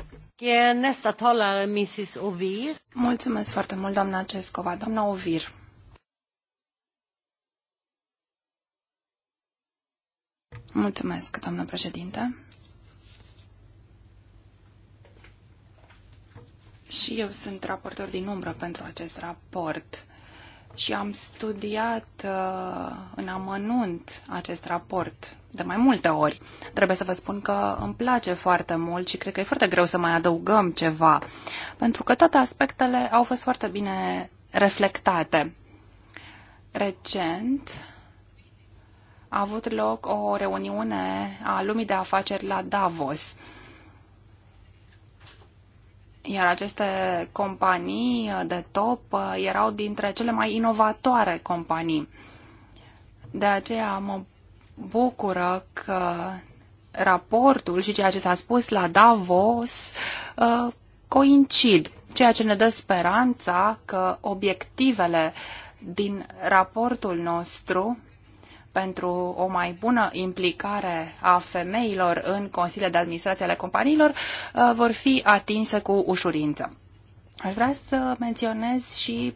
Mulțumesc foarte mult, doamna Cescova. Doamna Ovir. Mulțumesc, doamnă președinte. Și eu sunt raportor din umbră pentru acest raport și am studiat uh, în amănunt acest raport de mai multe ori. Trebuie să vă spun că îmi place foarte mult și cred că e foarte greu să mai adăugăm ceva, pentru că toate aspectele au fost foarte bine reflectate. Recent a avut loc o reuniune a lumii de afaceri la Davos iar aceste companii de top erau dintre cele mai inovatoare companii. De aceea mă bucură că raportul și ceea ce s-a spus la Davos uh, coincid, ceea ce ne dă speranța că obiectivele din raportul nostru pentru o mai bună implicare a femeilor în consiliile de administrație ale companiilor uh, vor fi atinse cu ușurință. Aș vrea să menționez și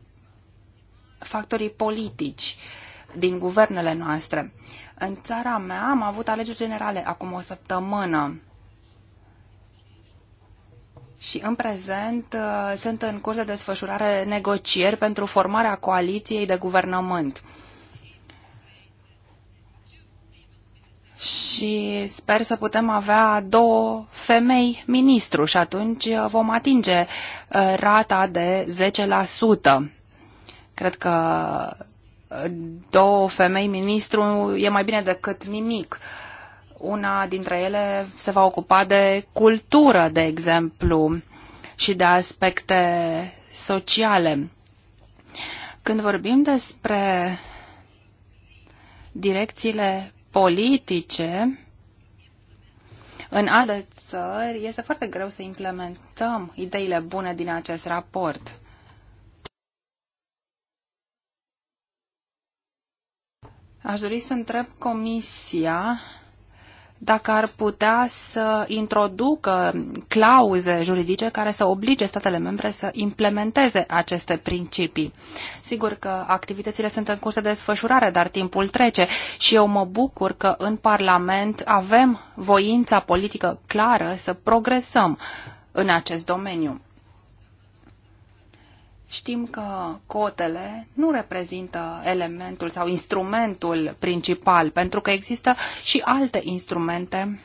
factorii politici din guvernele noastre. În țara mea am avut alegeri generale acum o săptămână și în prezent uh, sunt în curs de desfășurare negocieri pentru formarea coaliției de guvernământ. și sper să putem avea două femei ministru și atunci uh, vom atinge uh, rata de 10%. Cred că uh, două femei ministru e mai bine decât nimic. Una dintre ele se va ocupa de cultură, de exemplu, și de aspecte sociale. Când vorbim despre direcțiile politice în alte țări, este foarte greu să implementăm ideile bune din acest raport. Aș dori să întreb Comisia dacă ar putea să introducă clauze juridice care să oblige statele membre să implementeze aceste principii. Sigur că activitățile sunt în curs de desfășurare, dar timpul trece și eu mă bucur că în Parlament avem voința politică clară să progresăm în acest domeniu. Știm că cotele nu reprezintă elementul sau instrumentul principal, pentru că există și alte instrumente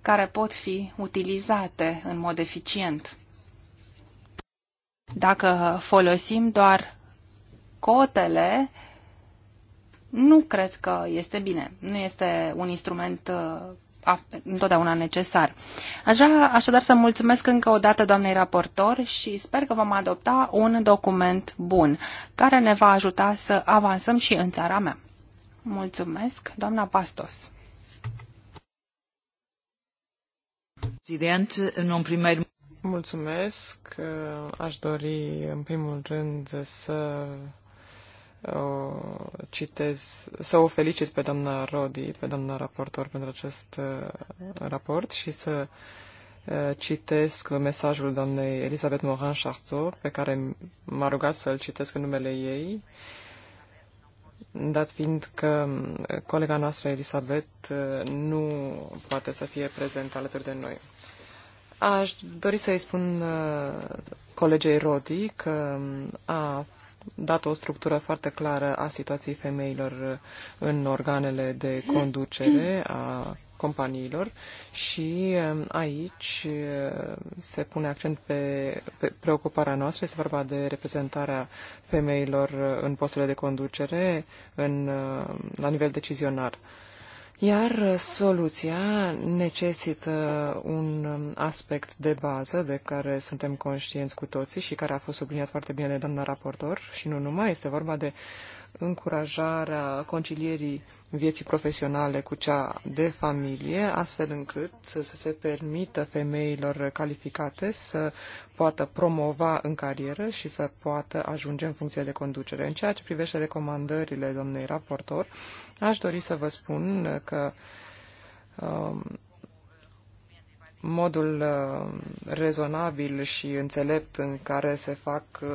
care pot fi utilizate în mod eficient. Dacă folosim doar cotele, nu cred că este bine. Nu este un instrument uh, întotdeauna necesar. Aș vrea așadar să mulțumesc încă o dată doamnei raportor și sper că vom adopta un document bun care ne va ajuta să avansăm și în țara mea. Mulțumesc, doamna Pastos. Mulțumesc. Aș dori în primul rând să citez, să o felicit pe doamna Rodi, pe doamna raportor pentru acest uh, raport și să uh, citesc mesajul doamnei Elisabeth Morin-Chartot, pe care m-a rugat să-l citesc în numele ei, dat fiind că um, colega noastră Elisabeth uh, nu poate să fie prezentă alături de noi. Aș dori să-i spun colegei Rodi că um, a dat o structură foarte clară a situației femeilor în organele de conducere a companiilor și um, aici uh, se pune accent pe, pe preocuparea noastră, este vorba de reprezentarea femeilor uh, în posturile de conducere în, uh, la nivel decizionar. Iar uh, soluția necesită un um, aspect de bază de care suntem conștienți cu toții și care a fost subliniat foarte bine de doamna raportor și nu numai, este vorba de încurajarea concilierii vieții profesionale cu cea de familie, astfel încât să se permită femeilor calificate să poată promova în carieră și să poată ajunge în funcție de conducere. În ceea ce privește recomandările domnei raportor, aș dori să vă spun că um, modul uh, rezonabil și înțelept în care se fac uh,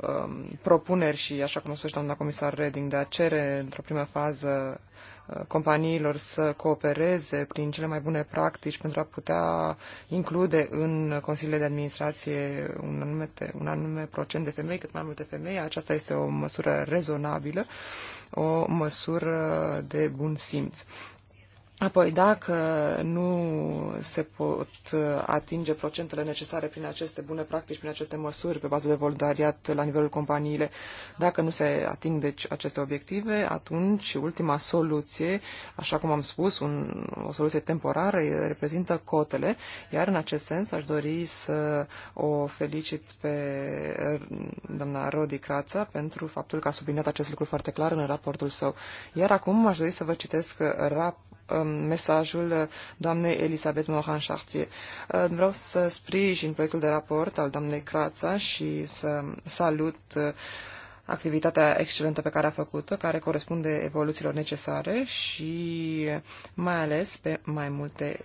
Um, propuneri și, așa cum a spus doamna comisar Reding, de a cere într-o primă fază uh, companiilor să coopereze prin cele mai bune practici pentru a putea include în consiliile de administrație un anume, un anume procent de femei, cât mai multe femei. Aceasta este o măsură rezonabilă, o măsură de bun simț. Apoi, dacă nu se pot atinge procentele necesare prin aceste bune practici, prin aceste măsuri pe bază de voluntariat la nivelul companiile, dacă nu se ating deci, aceste obiective, atunci ultima soluție, așa cum am spus, un, o soluție temporară, reprezintă cotele, iar în acest sens aș dori să o felicit pe er, doamna Rodi Crața pentru faptul că a subliniat acest lucru foarte clar în raportul său. Iar acum aș dori să vă citesc rap Um, mesajul uh, doamnei Elisabeth Mohan Chartier. Uh, vreau să sprijin proiectul de raport al doamnei Crața și să salut uh, activitatea excelentă pe care a făcut-o, care corespunde evoluțiilor necesare și mai ales pe mai multe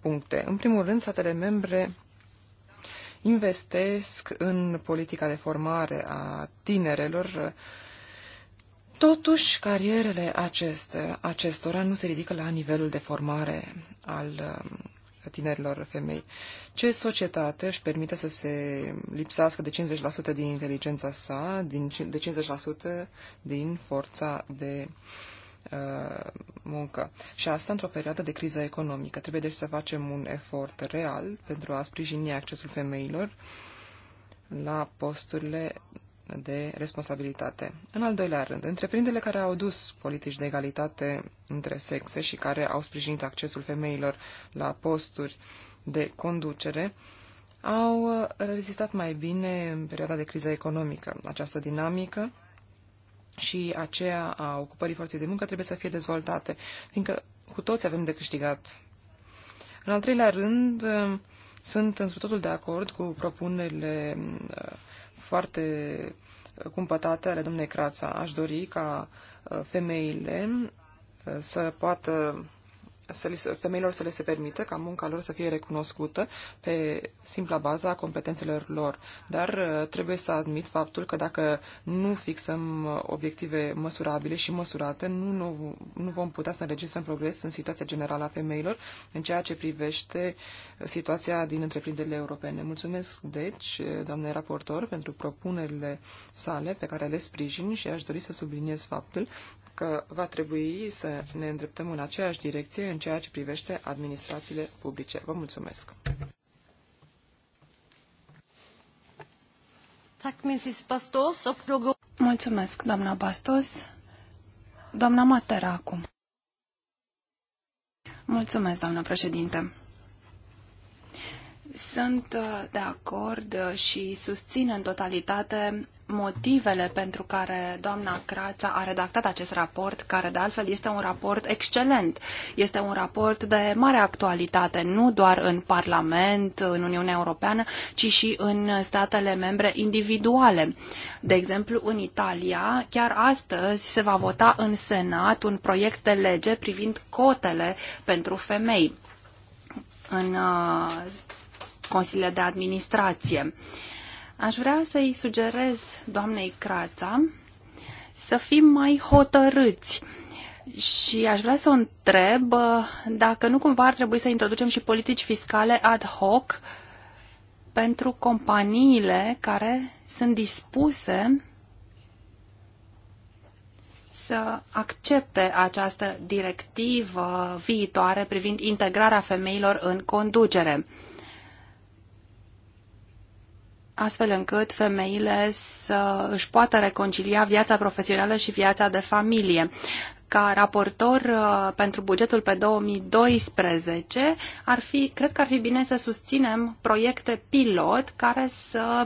puncte. În primul rând, statele membre investesc în politica de formare a tinerelor uh, Totuși, carierele aceste, acestora nu se ridică la nivelul de formare al um, tinerilor femei. Ce societate își permite să se lipsească de 50% din inteligența sa, din, de 50% din forța de uh, muncă. Și asta într-o perioadă de criză economică. Trebuie deci să facem un efort real pentru a sprijini accesul femeilor la posturile de responsabilitate. În al doilea rând, întreprinderile care au dus politici de egalitate între sexe și care au sprijinit accesul femeilor la posturi de conducere au uh, rezistat mai bine în perioada de criză economică. Această dinamică și aceea a ocupării forței de muncă trebuie să fie dezvoltate, fiindcă cu toți avem de câștigat. În al treilea rând, uh, sunt într totul de acord cu propunerile uh, foarte cumpătate ale domnei Crața. Aș dori ca uh, femeile uh, să poată să li, femeilor să le se permită ca munca lor să fie recunoscută pe simpla bază a competențelor lor. Dar uh, trebuie să admit faptul că dacă nu fixăm obiective măsurabile și măsurate, nu, nu, nu vom putea să înregistrăm progres în situația generală a femeilor în ceea ce privește situația din întreprinderile europene. Mulțumesc, deci, uh, doamne raportor, pentru propunerile sale pe care le sprijin și aș dori să subliniez faptul că va trebui să ne îndreptăm în aceeași direcție în ceea ce privește administrațiile publice. Vă mulțumesc! Mulțumesc, doamna Bastos. Doamna Matera acum. Mulțumesc, doamna președinte. Sunt uh, de acord uh, și susțin în totalitate motivele pentru care doamna Crața a redactat acest raport, care de altfel este un raport excelent. Este un raport de mare actualitate, nu doar în Parlament, în Uniunea Europeană, ci și în statele membre individuale. De exemplu, în Italia, chiar astăzi se va vota în Senat un proiect de lege privind cotele pentru femei în uh, consiliile de administrație. Uh, Aș vrea să-i sugerez doamnei Crața să fim mai hotărâți și aș vrea să o întreb uh, dacă nu cumva ar trebui să introducem și politici fiscale ad hoc pentru companiile care sunt dispuse să accepte această directivă viitoare privind integrarea femeilor în conducere astfel încât femeile să își poată reconcilia viața profesională și viața de familie. Ca raportor uh, pentru bugetul pe 2012, ar fi, cred că ar fi bine să susținem proiecte pilot care să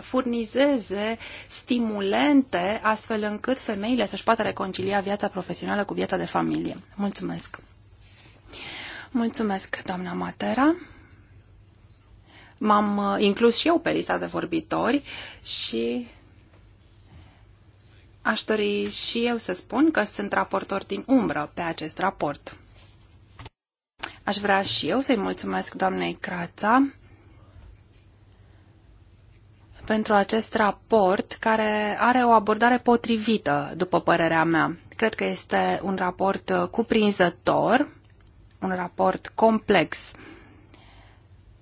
furnizeze stimulente astfel încât femeile să-și poată reconcilia viața profesională cu viața de familie. Mulțumesc! Mulțumesc, doamna Matera! M-am uh, inclus și eu pe lista de vorbitori și aș dori și eu să spun că sunt raportor din umbră pe acest raport. Aș vrea și eu să-i mulțumesc doamnei Crața pentru acest raport care are o abordare potrivită, după părerea mea. Cred că este un raport uh, cuprinzător, un raport complex.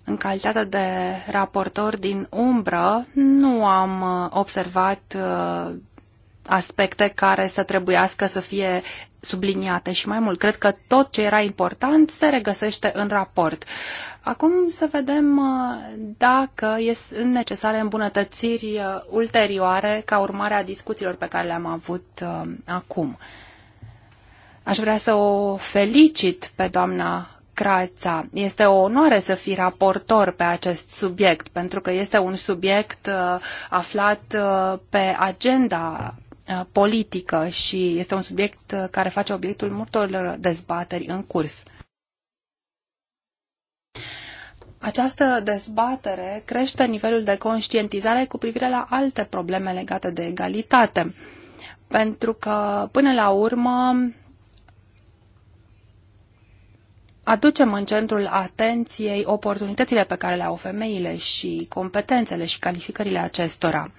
În calitate de raportor din umbră, nu am uh, observat uh, aspecte care să trebuiască să fie subliniate și mai mult. Cred că tot ce era important se regăsește în raport. Acum să vedem uh, dacă sunt necesare îmbunătățiri ulterioare ca urmare a discuțiilor pe care le-am avut acum. Aș vrea să o felicit pe doamna Crața. Este o onoare să fii raportor pe acest subiect, pentru că este un subiect uh, aflat uh, pe agenda uh, politică și este un subiect care face obiectul multor dezbateri în curs. Această dezbatere crește nivelul de conștientizare cu privire la alte probleme legate de egalitate, pentru că, până la urmă, aducem în centrul atenției oportunitățile pe care le au femeile și competențele și calificările acestora.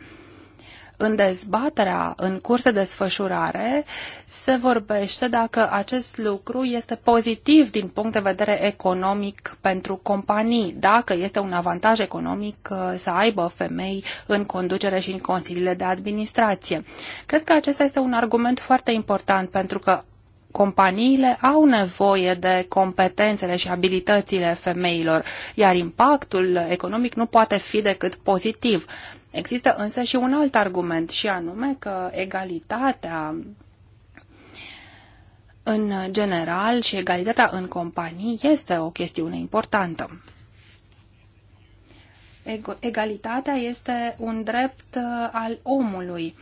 În dezbaterea în curs de desfășurare se vorbește dacă acest lucru este pozitiv din punct de vedere economic pentru companii, dacă este un avantaj economic uh, să aibă femei în conducere și în consiliile de administrație. Cred că acesta este un argument foarte important pentru că companiile au nevoie de competențele și abilitățile femeilor, iar impactul economic nu poate fi decât pozitiv. Există însă și un alt argument și anume că egalitatea în general și egalitatea în companii este o chestiune importantă. Egalitatea este un drept uh, al omului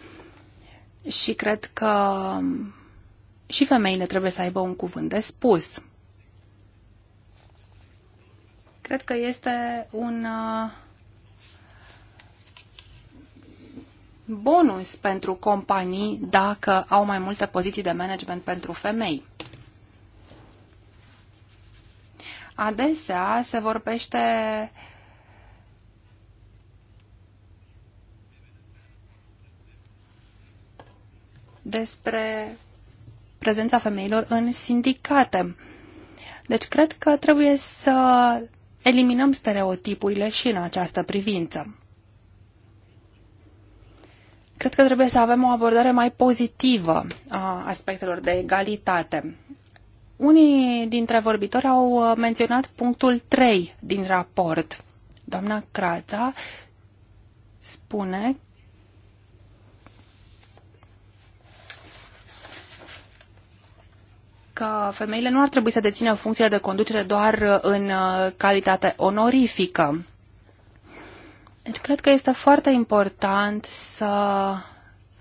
și cred că și femeile trebuie să aibă un cuvânt de spus. Cred că este un uh, bonus pentru companii dacă au mai multe poziții de management pentru femei. Adesea se vorbește despre prezența femeilor în sindicate. Deci cred că trebuie să eliminăm stereotipurile și în această privință. Cred că trebuie să avem o abordare mai pozitivă a aspectelor de egalitate. Unii dintre vorbitori au menționat punctul 3 din raport. Doamna Crața spune că femeile nu ar trebui să dețină funcțiile de conducere doar uh, în uh, calitate onorifică. Deci cred că este foarte important să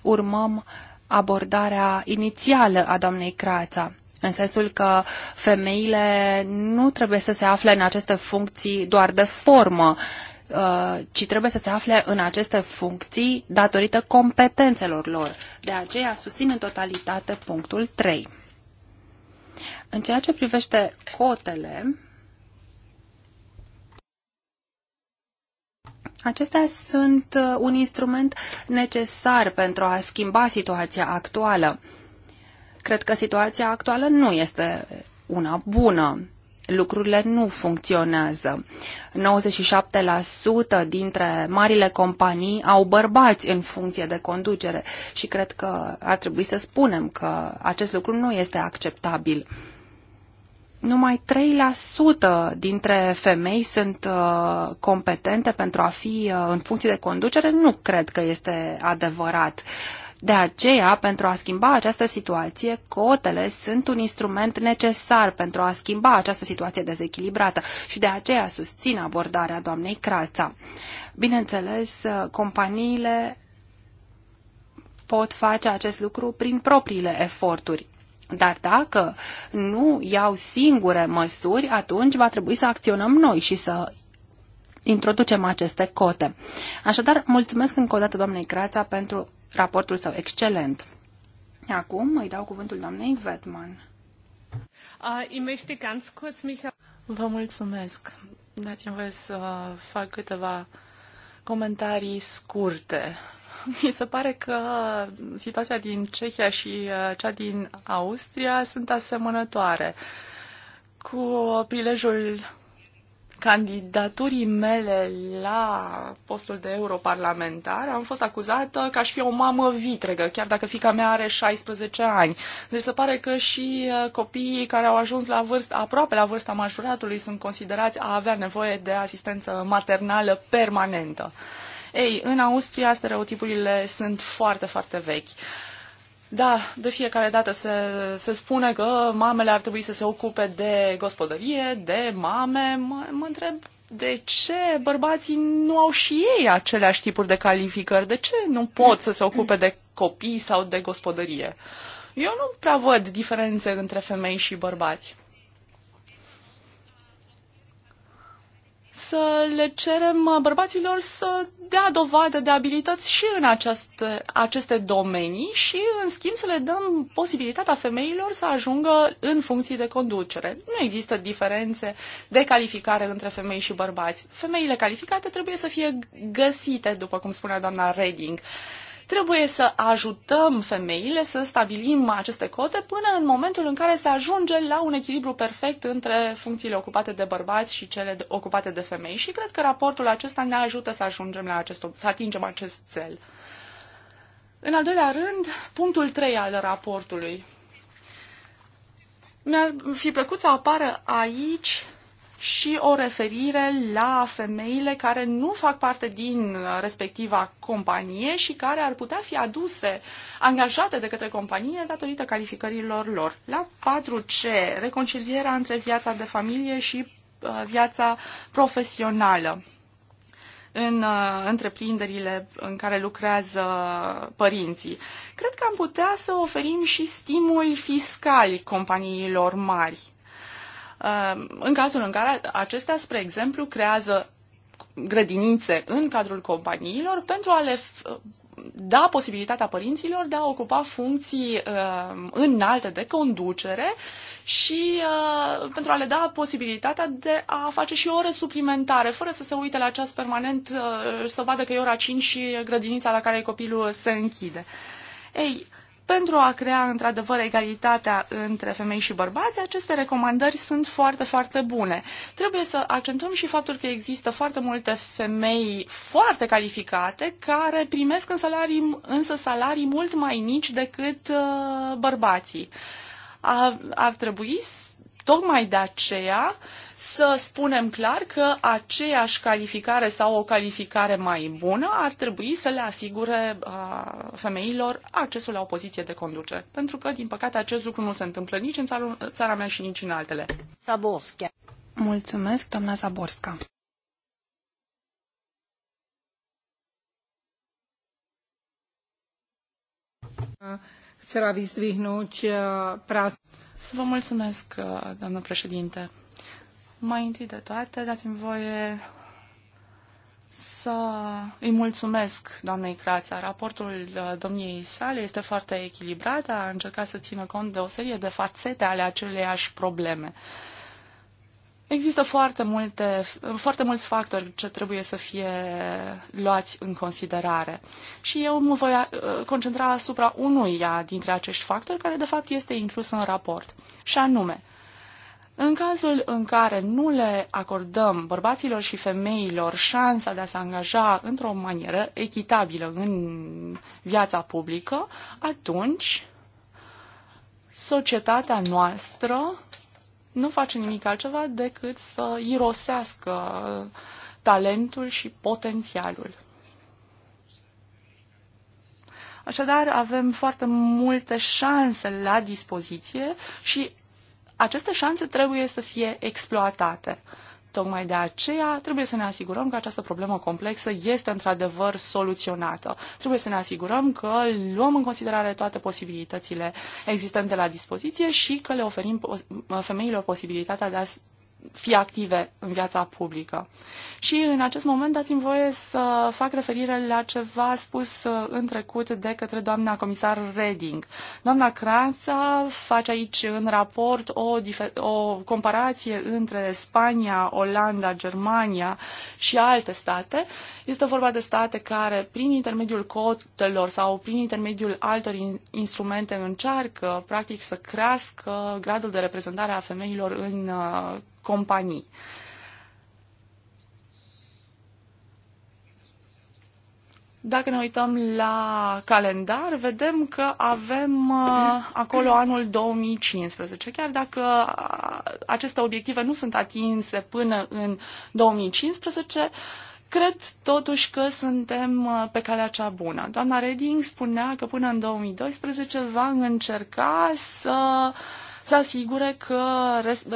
urmăm abordarea inițială a doamnei Crața, în sensul că femeile nu trebuie să se afle în aceste funcții doar de formă, uh, ci trebuie să se afle în aceste funcții datorită competențelor lor. De aceea susțin în totalitate punctul 3. În ceea ce privește cotele, Acestea sunt uh, un instrument necesar pentru a schimba situația actuală. Cred că situația actuală nu este una bună lucrurile nu funcționează. 97% dintre marile companii au bărbați în funcție de conducere și cred că ar trebui să spunem că acest lucru nu este acceptabil. Numai 3% dintre femei sunt uh, competente pentru a fi uh, în funcție de conducere. Nu cred că este adevărat. Uh, de aceea, pentru a schimba această situație, cotele sunt un instrument necesar pentru a schimba această situație dezechilibrată și de aceea susțin abordarea doamnei Crața. Bineînțeles, companiile pot face acest lucru prin propriile eforturi. Dar dacă nu iau singure măsuri, atunci va trebui să acționăm noi și să introducem aceste cote. Așadar, mulțumesc încă o dată doamnei Crața pentru raportul său excelent. Acum îi dau cuvântul doamnei Vetman. Vă mulțumesc. Dați-mi voie să fac câteva comentarii scurte. Mi se pare că situația din Cehia și uh, cea din Austria sunt asemănătoare. Cu prilejul candidaturii mele la postul de europarlamentar, am fost acuzată că aș fi o mamă vitregă, chiar dacă fica mea are 16 ani. Deci se pare că și uh, copiii care au ajuns la vârstă, aproape la vârsta majoratului sunt considerați a avea nevoie de asistență maternală permanentă. Ei, în Austria stereotipurile sunt foarte, foarte vechi. Uh, da, de fiecare dată se, se spune că mamele ar trebui să se ocupe de gospodărie, de mame. Mă, mă întreb de ce bărbații nu au și ei aceleași tipuri de calificări? De ce nu pot să se ocupe de copii sau de gospodărie? Eu nu prea văd diferențe între femei și bărbați. să le cerem uh, bărbaților să dea dovadă de abilități și în aceste, aceste domenii și, în schimb, să le dăm posibilitatea femeilor să ajungă în funcții de conducere. Nu există diferențe de calificare între femei și bărbați. Femeile calificate trebuie să fie găsite, după cum spunea doamna Reding. Uh, Trebuie să ajutăm femeile să stabilim aceste cote până în momentul în care se ajunge la un echilibru perfect între funcțiile ocupate de bărbați și cele ocupate de femei și cred că raportul acesta ne ajută să ajungem la acest, să atingem acest cel. În al doilea rând, punctul 3 al raportului. Mi-ar fi plăcut să apară aici și o referire la femeile care nu fac parte din respectiva companie și care ar putea fi aduse, angajate de către companie datorită calificărilor lor. La 4C, reconcilierea între viața de familie și uh, viața profesională în uh, întreprinderile în care lucrează părinții. Cred că am putea să oferim și stimuli fiscali companiilor mari Ehm, în cazul în care acestea, spre exemplu, creează grădinițe în cadrul companiilor pentru a le da posibilitatea părinților de a ocupa funcții uh, înalte de conducere și uh, pentru a le da posibilitatea de a face și ore suplimentare, fără să se uite la ceas permanent, uh, să vadă că e ora 5 și grădinița la care copilul se închide. Ei, pentru a crea într-adevăr egalitatea între femei și bărbați, aceste recomandări sunt foarte, foarte bune. Trebuie să accentuăm și faptul că există foarte multe femei foarte calificate care primesc în salarii, însă salarii mult mai mici decât uh, bărbații. A, ar trebui tocmai de aceea să spunem clar că aceeași calificare sau o calificare mai bună ar trebui să le asigure a, uh, femeilor accesul la o poziție de conducere. Pentru că, din păcate, acest lucru nu se întâmplă nici în țara, țara mea și nici în altele. Saborska. Mulțumesc, doamna Zaborska. Uh, Vă mulțumesc, uh, doamnă președinte. Mai întâi de toate, dați-mi voie să îi mulțumesc doamnei Crața. Raportul uh, domniei sale este foarte echilibrat, a încercat să țină cont de o serie de fațete ale aceleiași probleme. Există foarte, multe, foarte mulți factori ce trebuie să fie luați în considerare. Și eu mă voi uh, concentra asupra unuia dintre acești factori, care de fapt este inclus în raport, și anume în cazul în care nu le acordăm bărbaților și femeilor șansa de a se angaja într-o manieră echitabilă în viața publică, atunci societatea noastră nu face nimic altceva decât să irosească talentul și potențialul. Așadar, avem foarte multe șanse la dispoziție și aceste șanse trebuie să fie exploatate. Tocmai de aceea trebuie să ne asigurăm că această problemă complexă este într-adevăr soluționată. Trebuie să ne asigurăm că luăm în considerare toate posibilitățile existente la dispoziție și că le oferim femeilor posibilitatea de a fi active în viața publică. Și în acest moment dați-mi voie să fac referire la ceva spus uh, în trecut de către doamna comisar Reding. Doamna Cranța face aici în raport o, o comparație între Spania, Olanda, Germania și alte state. Este vorba de state care, prin intermediul cotelor sau prin intermediul altor in instrumente, încearcă, practic, să crească gradul de reprezentare a femeilor în uh, companii. Dacă ne uităm la calendar, vedem că avem uh, acolo anul 2015. Chiar dacă uh, aceste obiective nu sunt atinse până în 2015, cred totuși că suntem uh, pe calea cea bună. Doamna Reding spunea că până în 2012 va încerca să uh, să asigure că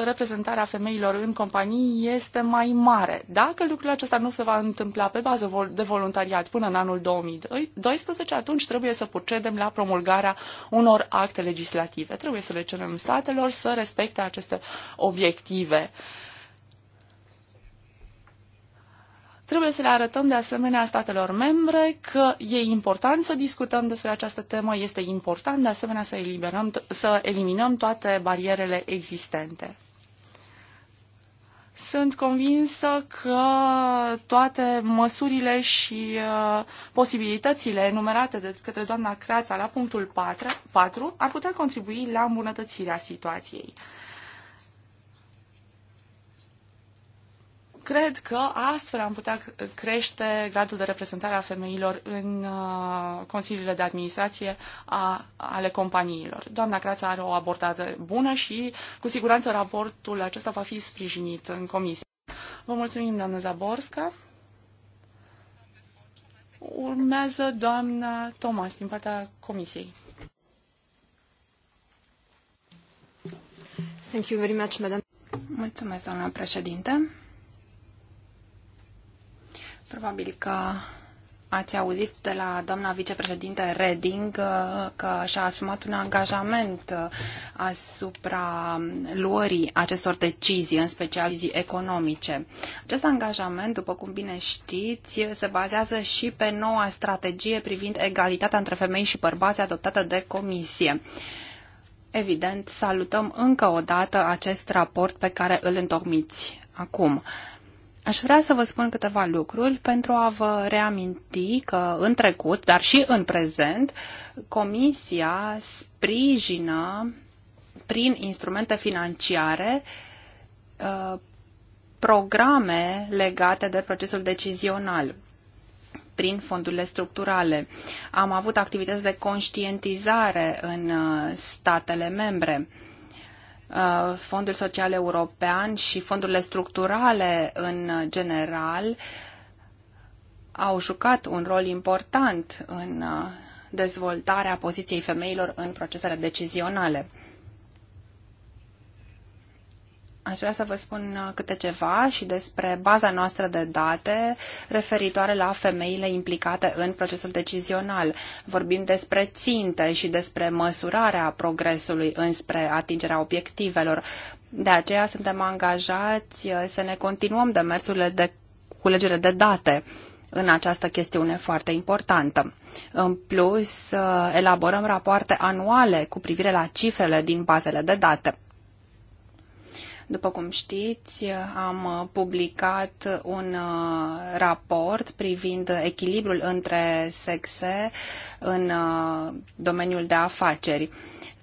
reprezentarea femeilor în companii este mai mare. Dacă lucrul acesta nu se va întâmpla pe bază de voluntariat până în anul 2012, atunci trebuie să procedem la promulgarea unor acte legislative. Trebuie să le cerem statelor să respecte aceste obiective. Uh, Trebuie să le arătăm de asemenea statelor membre că e important să discutăm despre această temă, este important de asemenea să, eliberăm, să eliminăm toate barierele existente. Sunt convinsă că toate măsurile și uh, posibilitățile enumerate de către doamna Creața la punctul 4, 4 ar putea contribui la îmbunătățirea situației. Uh, Cred că astfel am putea crește gradul de reprezentare a femeilor în uh, consiliile de administrație a, ale companiilor. Doamna Crața are o abordare bună și cu siguranță raportul acesta va fi sprijinit în comisie. Vă mulțumim, doamna Zaborska. Urmează doamna Thomas din partea comisiei. Thank you very much, madam. Mulțumesc, doamna președinte. Probabil că ați auzit de la doamna vicepreședinte Reding uh, că și-a asumat un angajament uh, asupra luării acestor decizii, în special decizii economice. Acest angajament, după cum bine știți, se bazează și pe noua strategie privind egalitatea între femei și bărbați adoptată de Comisie. Evident, salutăm încă o dată acest raport pe care îl întocmiți acum. Aș vrea să vă spun câteva lucruri pentru a vă reaminti că în trecut, dar și în prezent, Comisia sprijină prin instrumente financiare uh, programe legate de procesul decizional prin fondurile structurale. Am avut activități de conștientizare în uh, statele membre Uh, Fondul Social European și fondurile structurale în general au jucat un rol important în uh, dezvoltarea poziției femeilor în procesele decizionale. Aș vrea să vă spun uh, câte ceva și despre baza noastră de date referitoare la femeile implicate în procesul decizional. Vorbim despre ținte și despre măsurarea progresului înspre atingerea obiectivelor. De aceea suntem angajați uh, să ne continuăm demersurile de culegere de date în această chestiune foarte importantă. În plus, uh, elaborăm rapoarte anuale cu privire la cifrele din bazele de date. După cum știți, am publicat un uh, raport privind echilibrul între sexe în uh, domeniul de afaceri.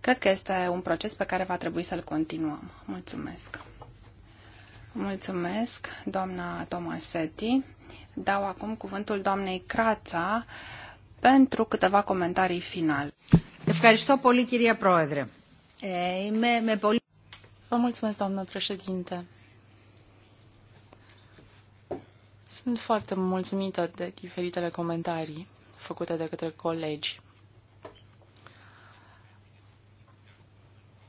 Cred că este un proces pe care va trebui să-l continuăm. Mulțumesc! Mulțumesc, doamna Tomasetti. Dau acum cuvântul doamnei Crața pentru câteva comentarii finale. Mulțumesc, doamna κυρία Πρόεδρε. Είμαι me. Vă mulțumesc, doamnă președinte. Sunt foarte mulțumită de diferitele comentarii făcute de către colegi.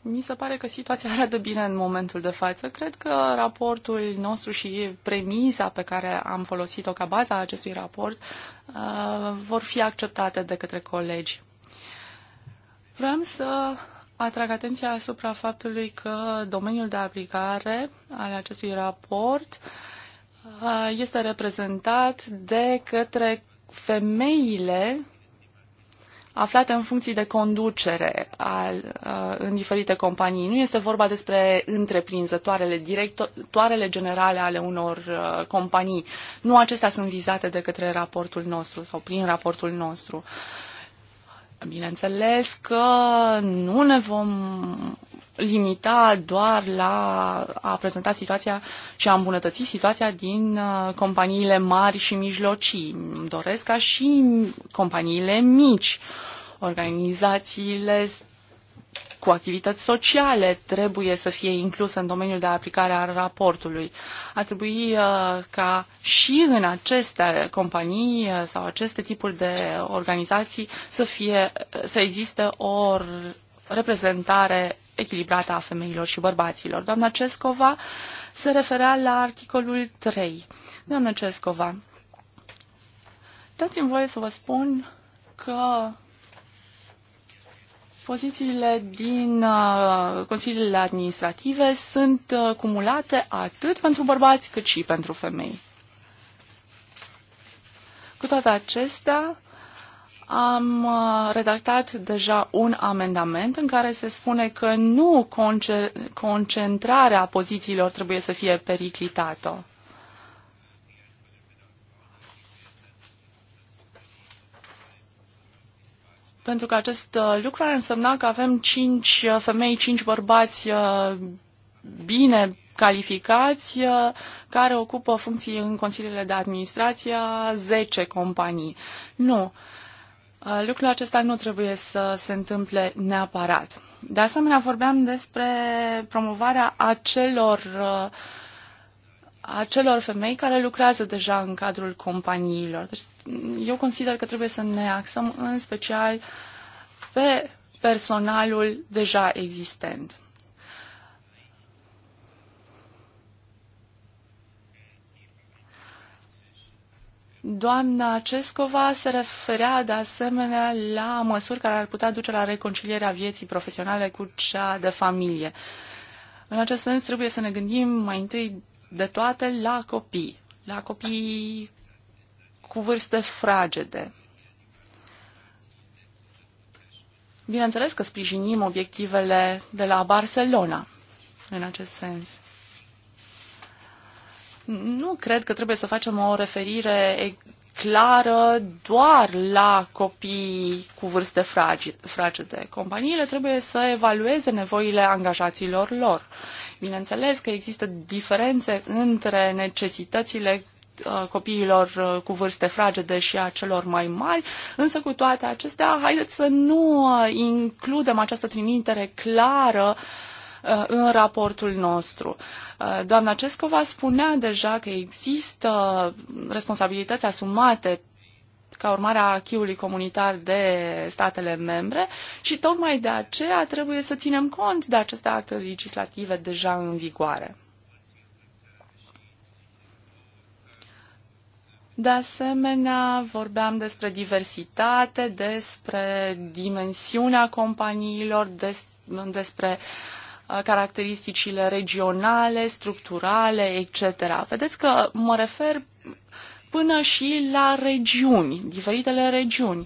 Mi se pare că situația arată bine în momentul de față. Cred că raportul nostru și premisa pe care am folosit-o ca baza acestui raport uh, vor fi acceptate de către colegi. Vreau să atrag atenția asupra faptului că domeniul de aplicare al acestui raport este reprezentat de către femeile aflate în funcții de conducere al, în diferite companii. Nu este vorba despre întreprinzătoarele, directoarele generale ale unor companii. Nu acestea sunt vizate de către raportul nostru sau prin raportul nostru. Uh, Bineînțeles că nu ne vom limita doar la a prezenta situația și a îmbunătăți situația din uh, companiile mari și mijlocii. doresc ca și companiile mici, organizațiile cu activități sociale trebuie să fie inclusă în domeniul de aplicare a raportului. Ar trebui uh, ca și în aceste companii uh, sau aceste tipuri de organizații să, fie, să existe o reprezentare echilibrată a femeilor și bărbaților. Doamna Cescova se referea la articolul 3. Doamna Cescova, dați-mi voie să vă spun că Pozițiile din uh, consiliile administrative sunt uh, cumulate atât pentru bărbați cât și pentru femei. Cu toate acestea, am uh, redactat deja un amendament în care se spune că nu concentrarea pozițiilor trebuie să fie periclitată. pentru că acest uh, lucru ar însemna că avem uh, femei, cinci bărbați uh, bine calificați uh, care ocupă funcții în consiliile de administrație a 10 companii. Nu. Lucrul acesta nu trebuie să se întâmple neapărat. De asemenea, vorbeam despre promovarea acelor uh, acelor femei care lucrează deja în cadrul companiilor. Deci eu consider că trebuie să ne axăm în special pe personalul deja existent. Doamna Cescova se referea de asemenea la măsuri care ar putea duce la reconcilierea vieții profesionale cu cea de familie. În acest sens trebuie să ne gândim mai întâi de toate la copii, la copii cu vârste fragede. Bineînțeles că sprijinim obiectivele de la Barcelona în acest sens. Nu cred că trebuie să facem o referire clară doar la copii cu vârste fragede. Companiile trebuie să evalueze nevoile angajaților lor. Bineînțeles că există diferențe între necesitățile copiilor cu vârste fragede și a celor mai mari, însă cu toate acestea, haideți să nu includem această trimitere clară în raportul nostru. Doamna Cescova spunea deja că există responsabilități asumate ca urmare a achiului comunitar de statele membre și tocmai de aceea trebuie să ținem cont de aceste acte legislative deja în vigoare. De asemenea, vorbeam despre diversitate, despre dimensiunea companiilor, des, despre uh, caracteristicile regionale, structurale, etc. Vedeți că mă refer până și la regiuni, diferitele regiuni.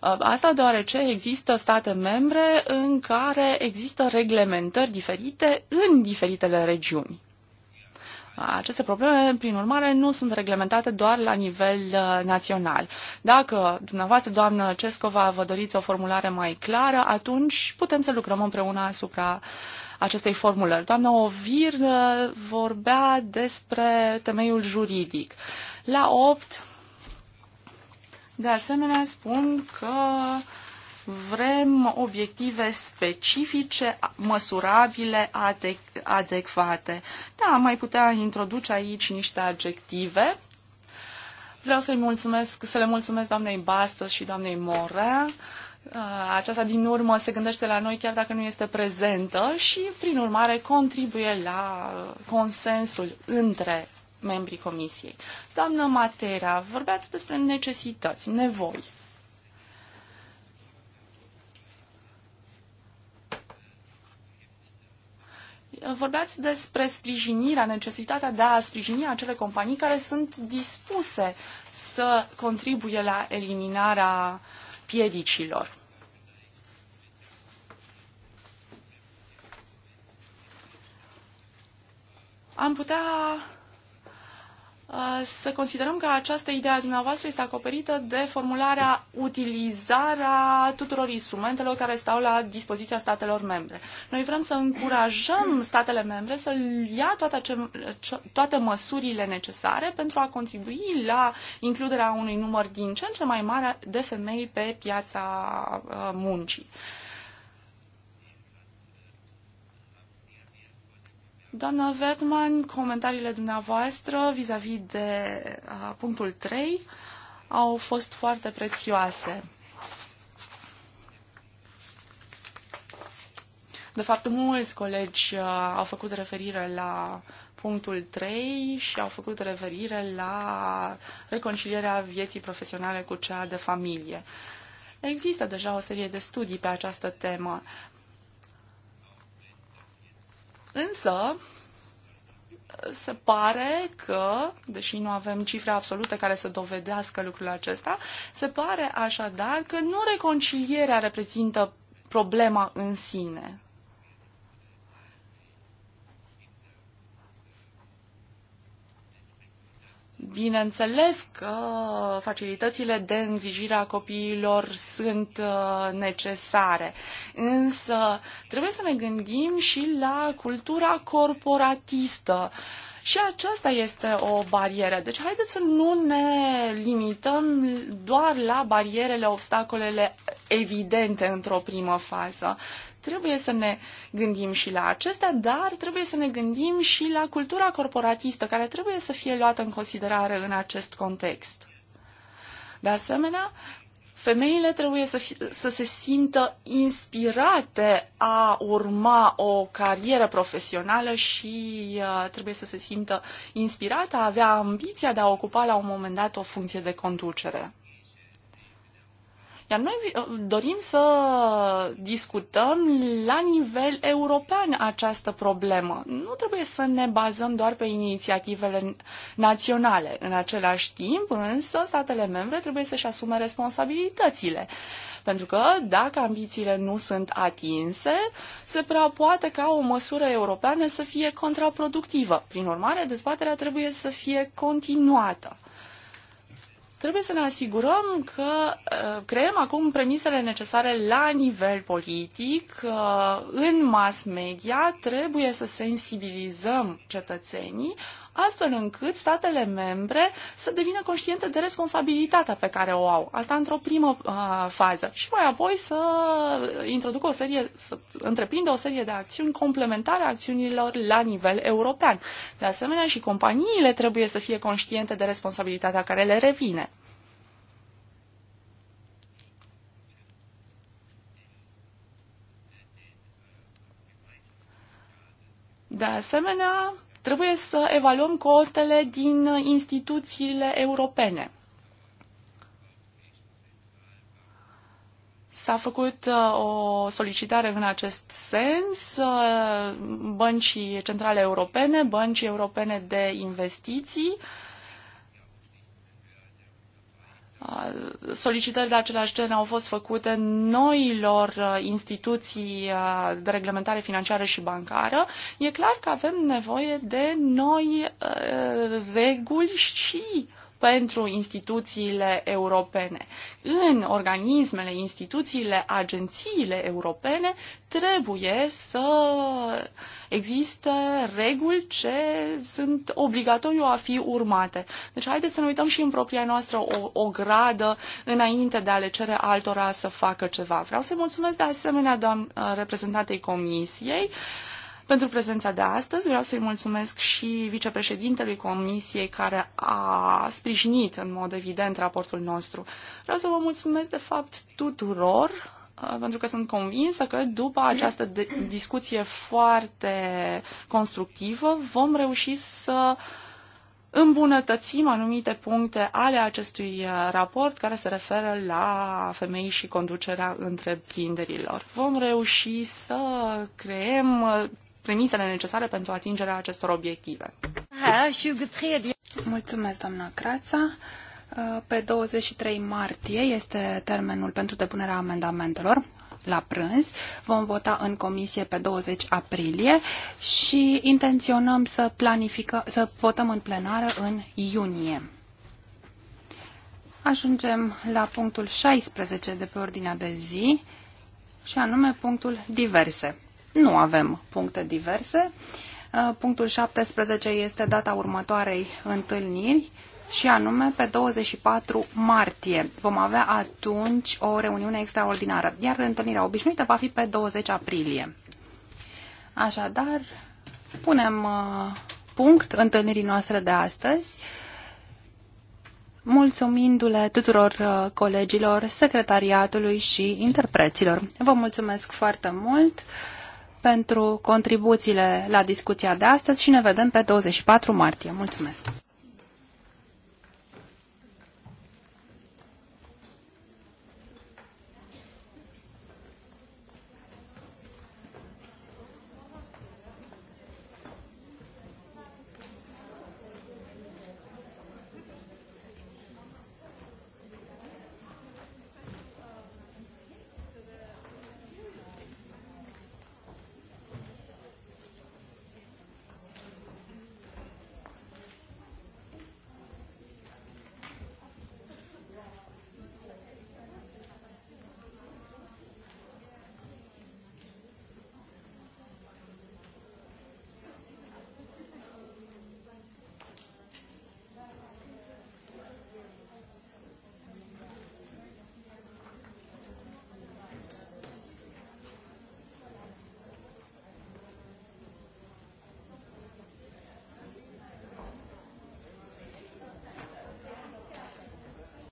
Uh, asta deoarece există state membre în care există reglementări diferite în diferitele regiuni. Aceste probleme, prin urmare, nu sunt reglementate doar la nivel uh, național. Dacă dumneavoastră, doamnă Cescova, vă doriți o formulare mai clară, atunci putem să lucrăm împreună asupra acestei formulări. Doamna Ovir uh, vorbea despre temeiul juridic. La 8, de asemenea, spun că uh, Vrem obiective specifice, măsurabile, adec- adecvate. Da, mai putea introduce aici niște adjective. Vreau să-i mulțumesc, să le mulțumesc doamnei Bastos și doamnei Morea uh, aceasta din urmă se gândește la noi chiar dacă nu este prezentă și, prin urmare, contribuie la uh, consensul între membrii comisiei. Doamnă Matera, vorbeați despre necesități, nevoi. vorbeați despre sprijinirea, necesitatea de a sprijini acele companii care sunt dispuse să contribuie la eliminarea piedicilor. Am putea Uh, să considerăm că această idee a dumneavoastră este acoperită de formularea utilizarea tuturor instrumentelor care stau la dispoziția statelor membre. Noi vrem să încurajăm statele membre să ia toate, ce, toate măsurile necesare pentru a contribui la includerea unui număr din ce în ce mai mare de femei pe piața uh, muncii. Uh, Doamna Vetman, comentariile dumneavoastră vis-a-vis -vis de a, punctul 3 au fost foarte prețioase. De fapt, mulți colegi a, au făcut referire la punctul 3 și au făcut referire la reconcilierea vieții profesionale cu cea de familie. Există deja o serie de studii pe această temă. Însă, se pare că, deși nu avem cifre absolute care să dovedească lucrul acesta, se pare așadar că nu reconcilierea reprezintă problema în sine. Bineînțeles că facilitățile de îngrijire a copiilor sunt uh, necesare, însă trebuie să ne gândim și la cultura corporatistă. Și aceasta este o barieră. Deci haideți să nu ne limităm doar la barierele, obstacolele evidente într-o primă fază. Trebuie să ne gândim și la acestea, dar trebuie să ne gândim și la cultura corporatistă, care trebuie să fie luată în considerare în acest context. De asemenea, femeile trebuie să, fi, să se simtă inspirate a urma o carieră profesională și uh, trebuie să se simtă inspirate a avea ambiția de a ocupa la un moment dat o funcție de conducere. Iar noi dorim să discutăm la nivel european această problemă. Nu trebuie să ne bazăm doar pe inițiativele naționale. În același timp, însă, statele membre trebuie să-și asume responsabilitățile. Pentru că dacă ambițiile nu sunt atinse, se prea poate ca o măsură europeană să fie contraproductivă. Prin urmare, dezbaterea trebuie să fie continuată. Trebuie să ne asigurăm că uh, creăm acum premisele necesare la nivel politic, uh, în mass media, trebuie să sensibilizăm cetățenii astfel încât statele membre să devină conștiente de responsabilitatea pe care o au. Asta într-o primă uh, fază. Și mai apoi să introducă o serie, să întreprindă o serie de acțiuni complementare acțiunilor la nivel european. De asemenea, și companiile trebuie să fie conștiente de responsabilitatea care le revine. De asemenea, Trebuie să evaluăm cohortele din instituțiile europene. S-a făcut uh, o solicitare în acest sens uh, băncii centrale europene, băncii europene de investiții, solicitări de același gen au fost făcute noilor uh, instituții uh, de reglementare financiară și bancară, e clar că avem nevoie de noi uh, reguli și pentru instituțiile europene. În organismele, instituțiile, agențiile europene trebuie să Există reguli ce sunt obligatoriu a fi urmate. Deci haideți să ne uităm și în propria noastră o, o gradă înainte de a le cere altora să facă ceva. Vreau să-i mulțumesc de asemenea doamn- uh, reprezentantei Comisiei pentru prezența de astăzi. Vreau să-i mulțumesc și vicepreședintelui Comisiei care a sprijinit în mod evident raportul nostru. Vreau să vă mulțumesc de fapt tuturor Uh, pentru că sunt convinsă că după această discuție foarte constructivă vom reuși să îmbunătățim anumite puncte ale acestui uh, raport care se referă la femei și conducerea întreprinderilor. Vom reuși să creăm uh, premisele necesare pentru atingerea acestor obiective. Mulțumesc, doamna Crața. Uh, pe 23 martie este termenul pentru depunerea amendamentelor la prânz. Vom vota în comisie pe 20 aprilie și intenționăm să, planificăm, să votăm în plenară în iunie. Ajungem la punctul 16 de pe ordinea de zi și anume punctul diverse. Nu avem puncte diverse. Uh, punctul 17 este data următoarei întâlniri și anume pe 24 martie. Vom avea atunci o reuniune extraordinară, iar întâlnirea obișnuită va fi pe 20 aprilie. Așadar, punem uh, punct întâlnirii noastre de astăzi, mulțumindu-le tuturor uh, colegilor, secretariatului și interpreților. Vă mulțumesc foarte mult pentru contribuțiile la discuția de astăzi și ne vedem pe 24 martie. Mulțumesc!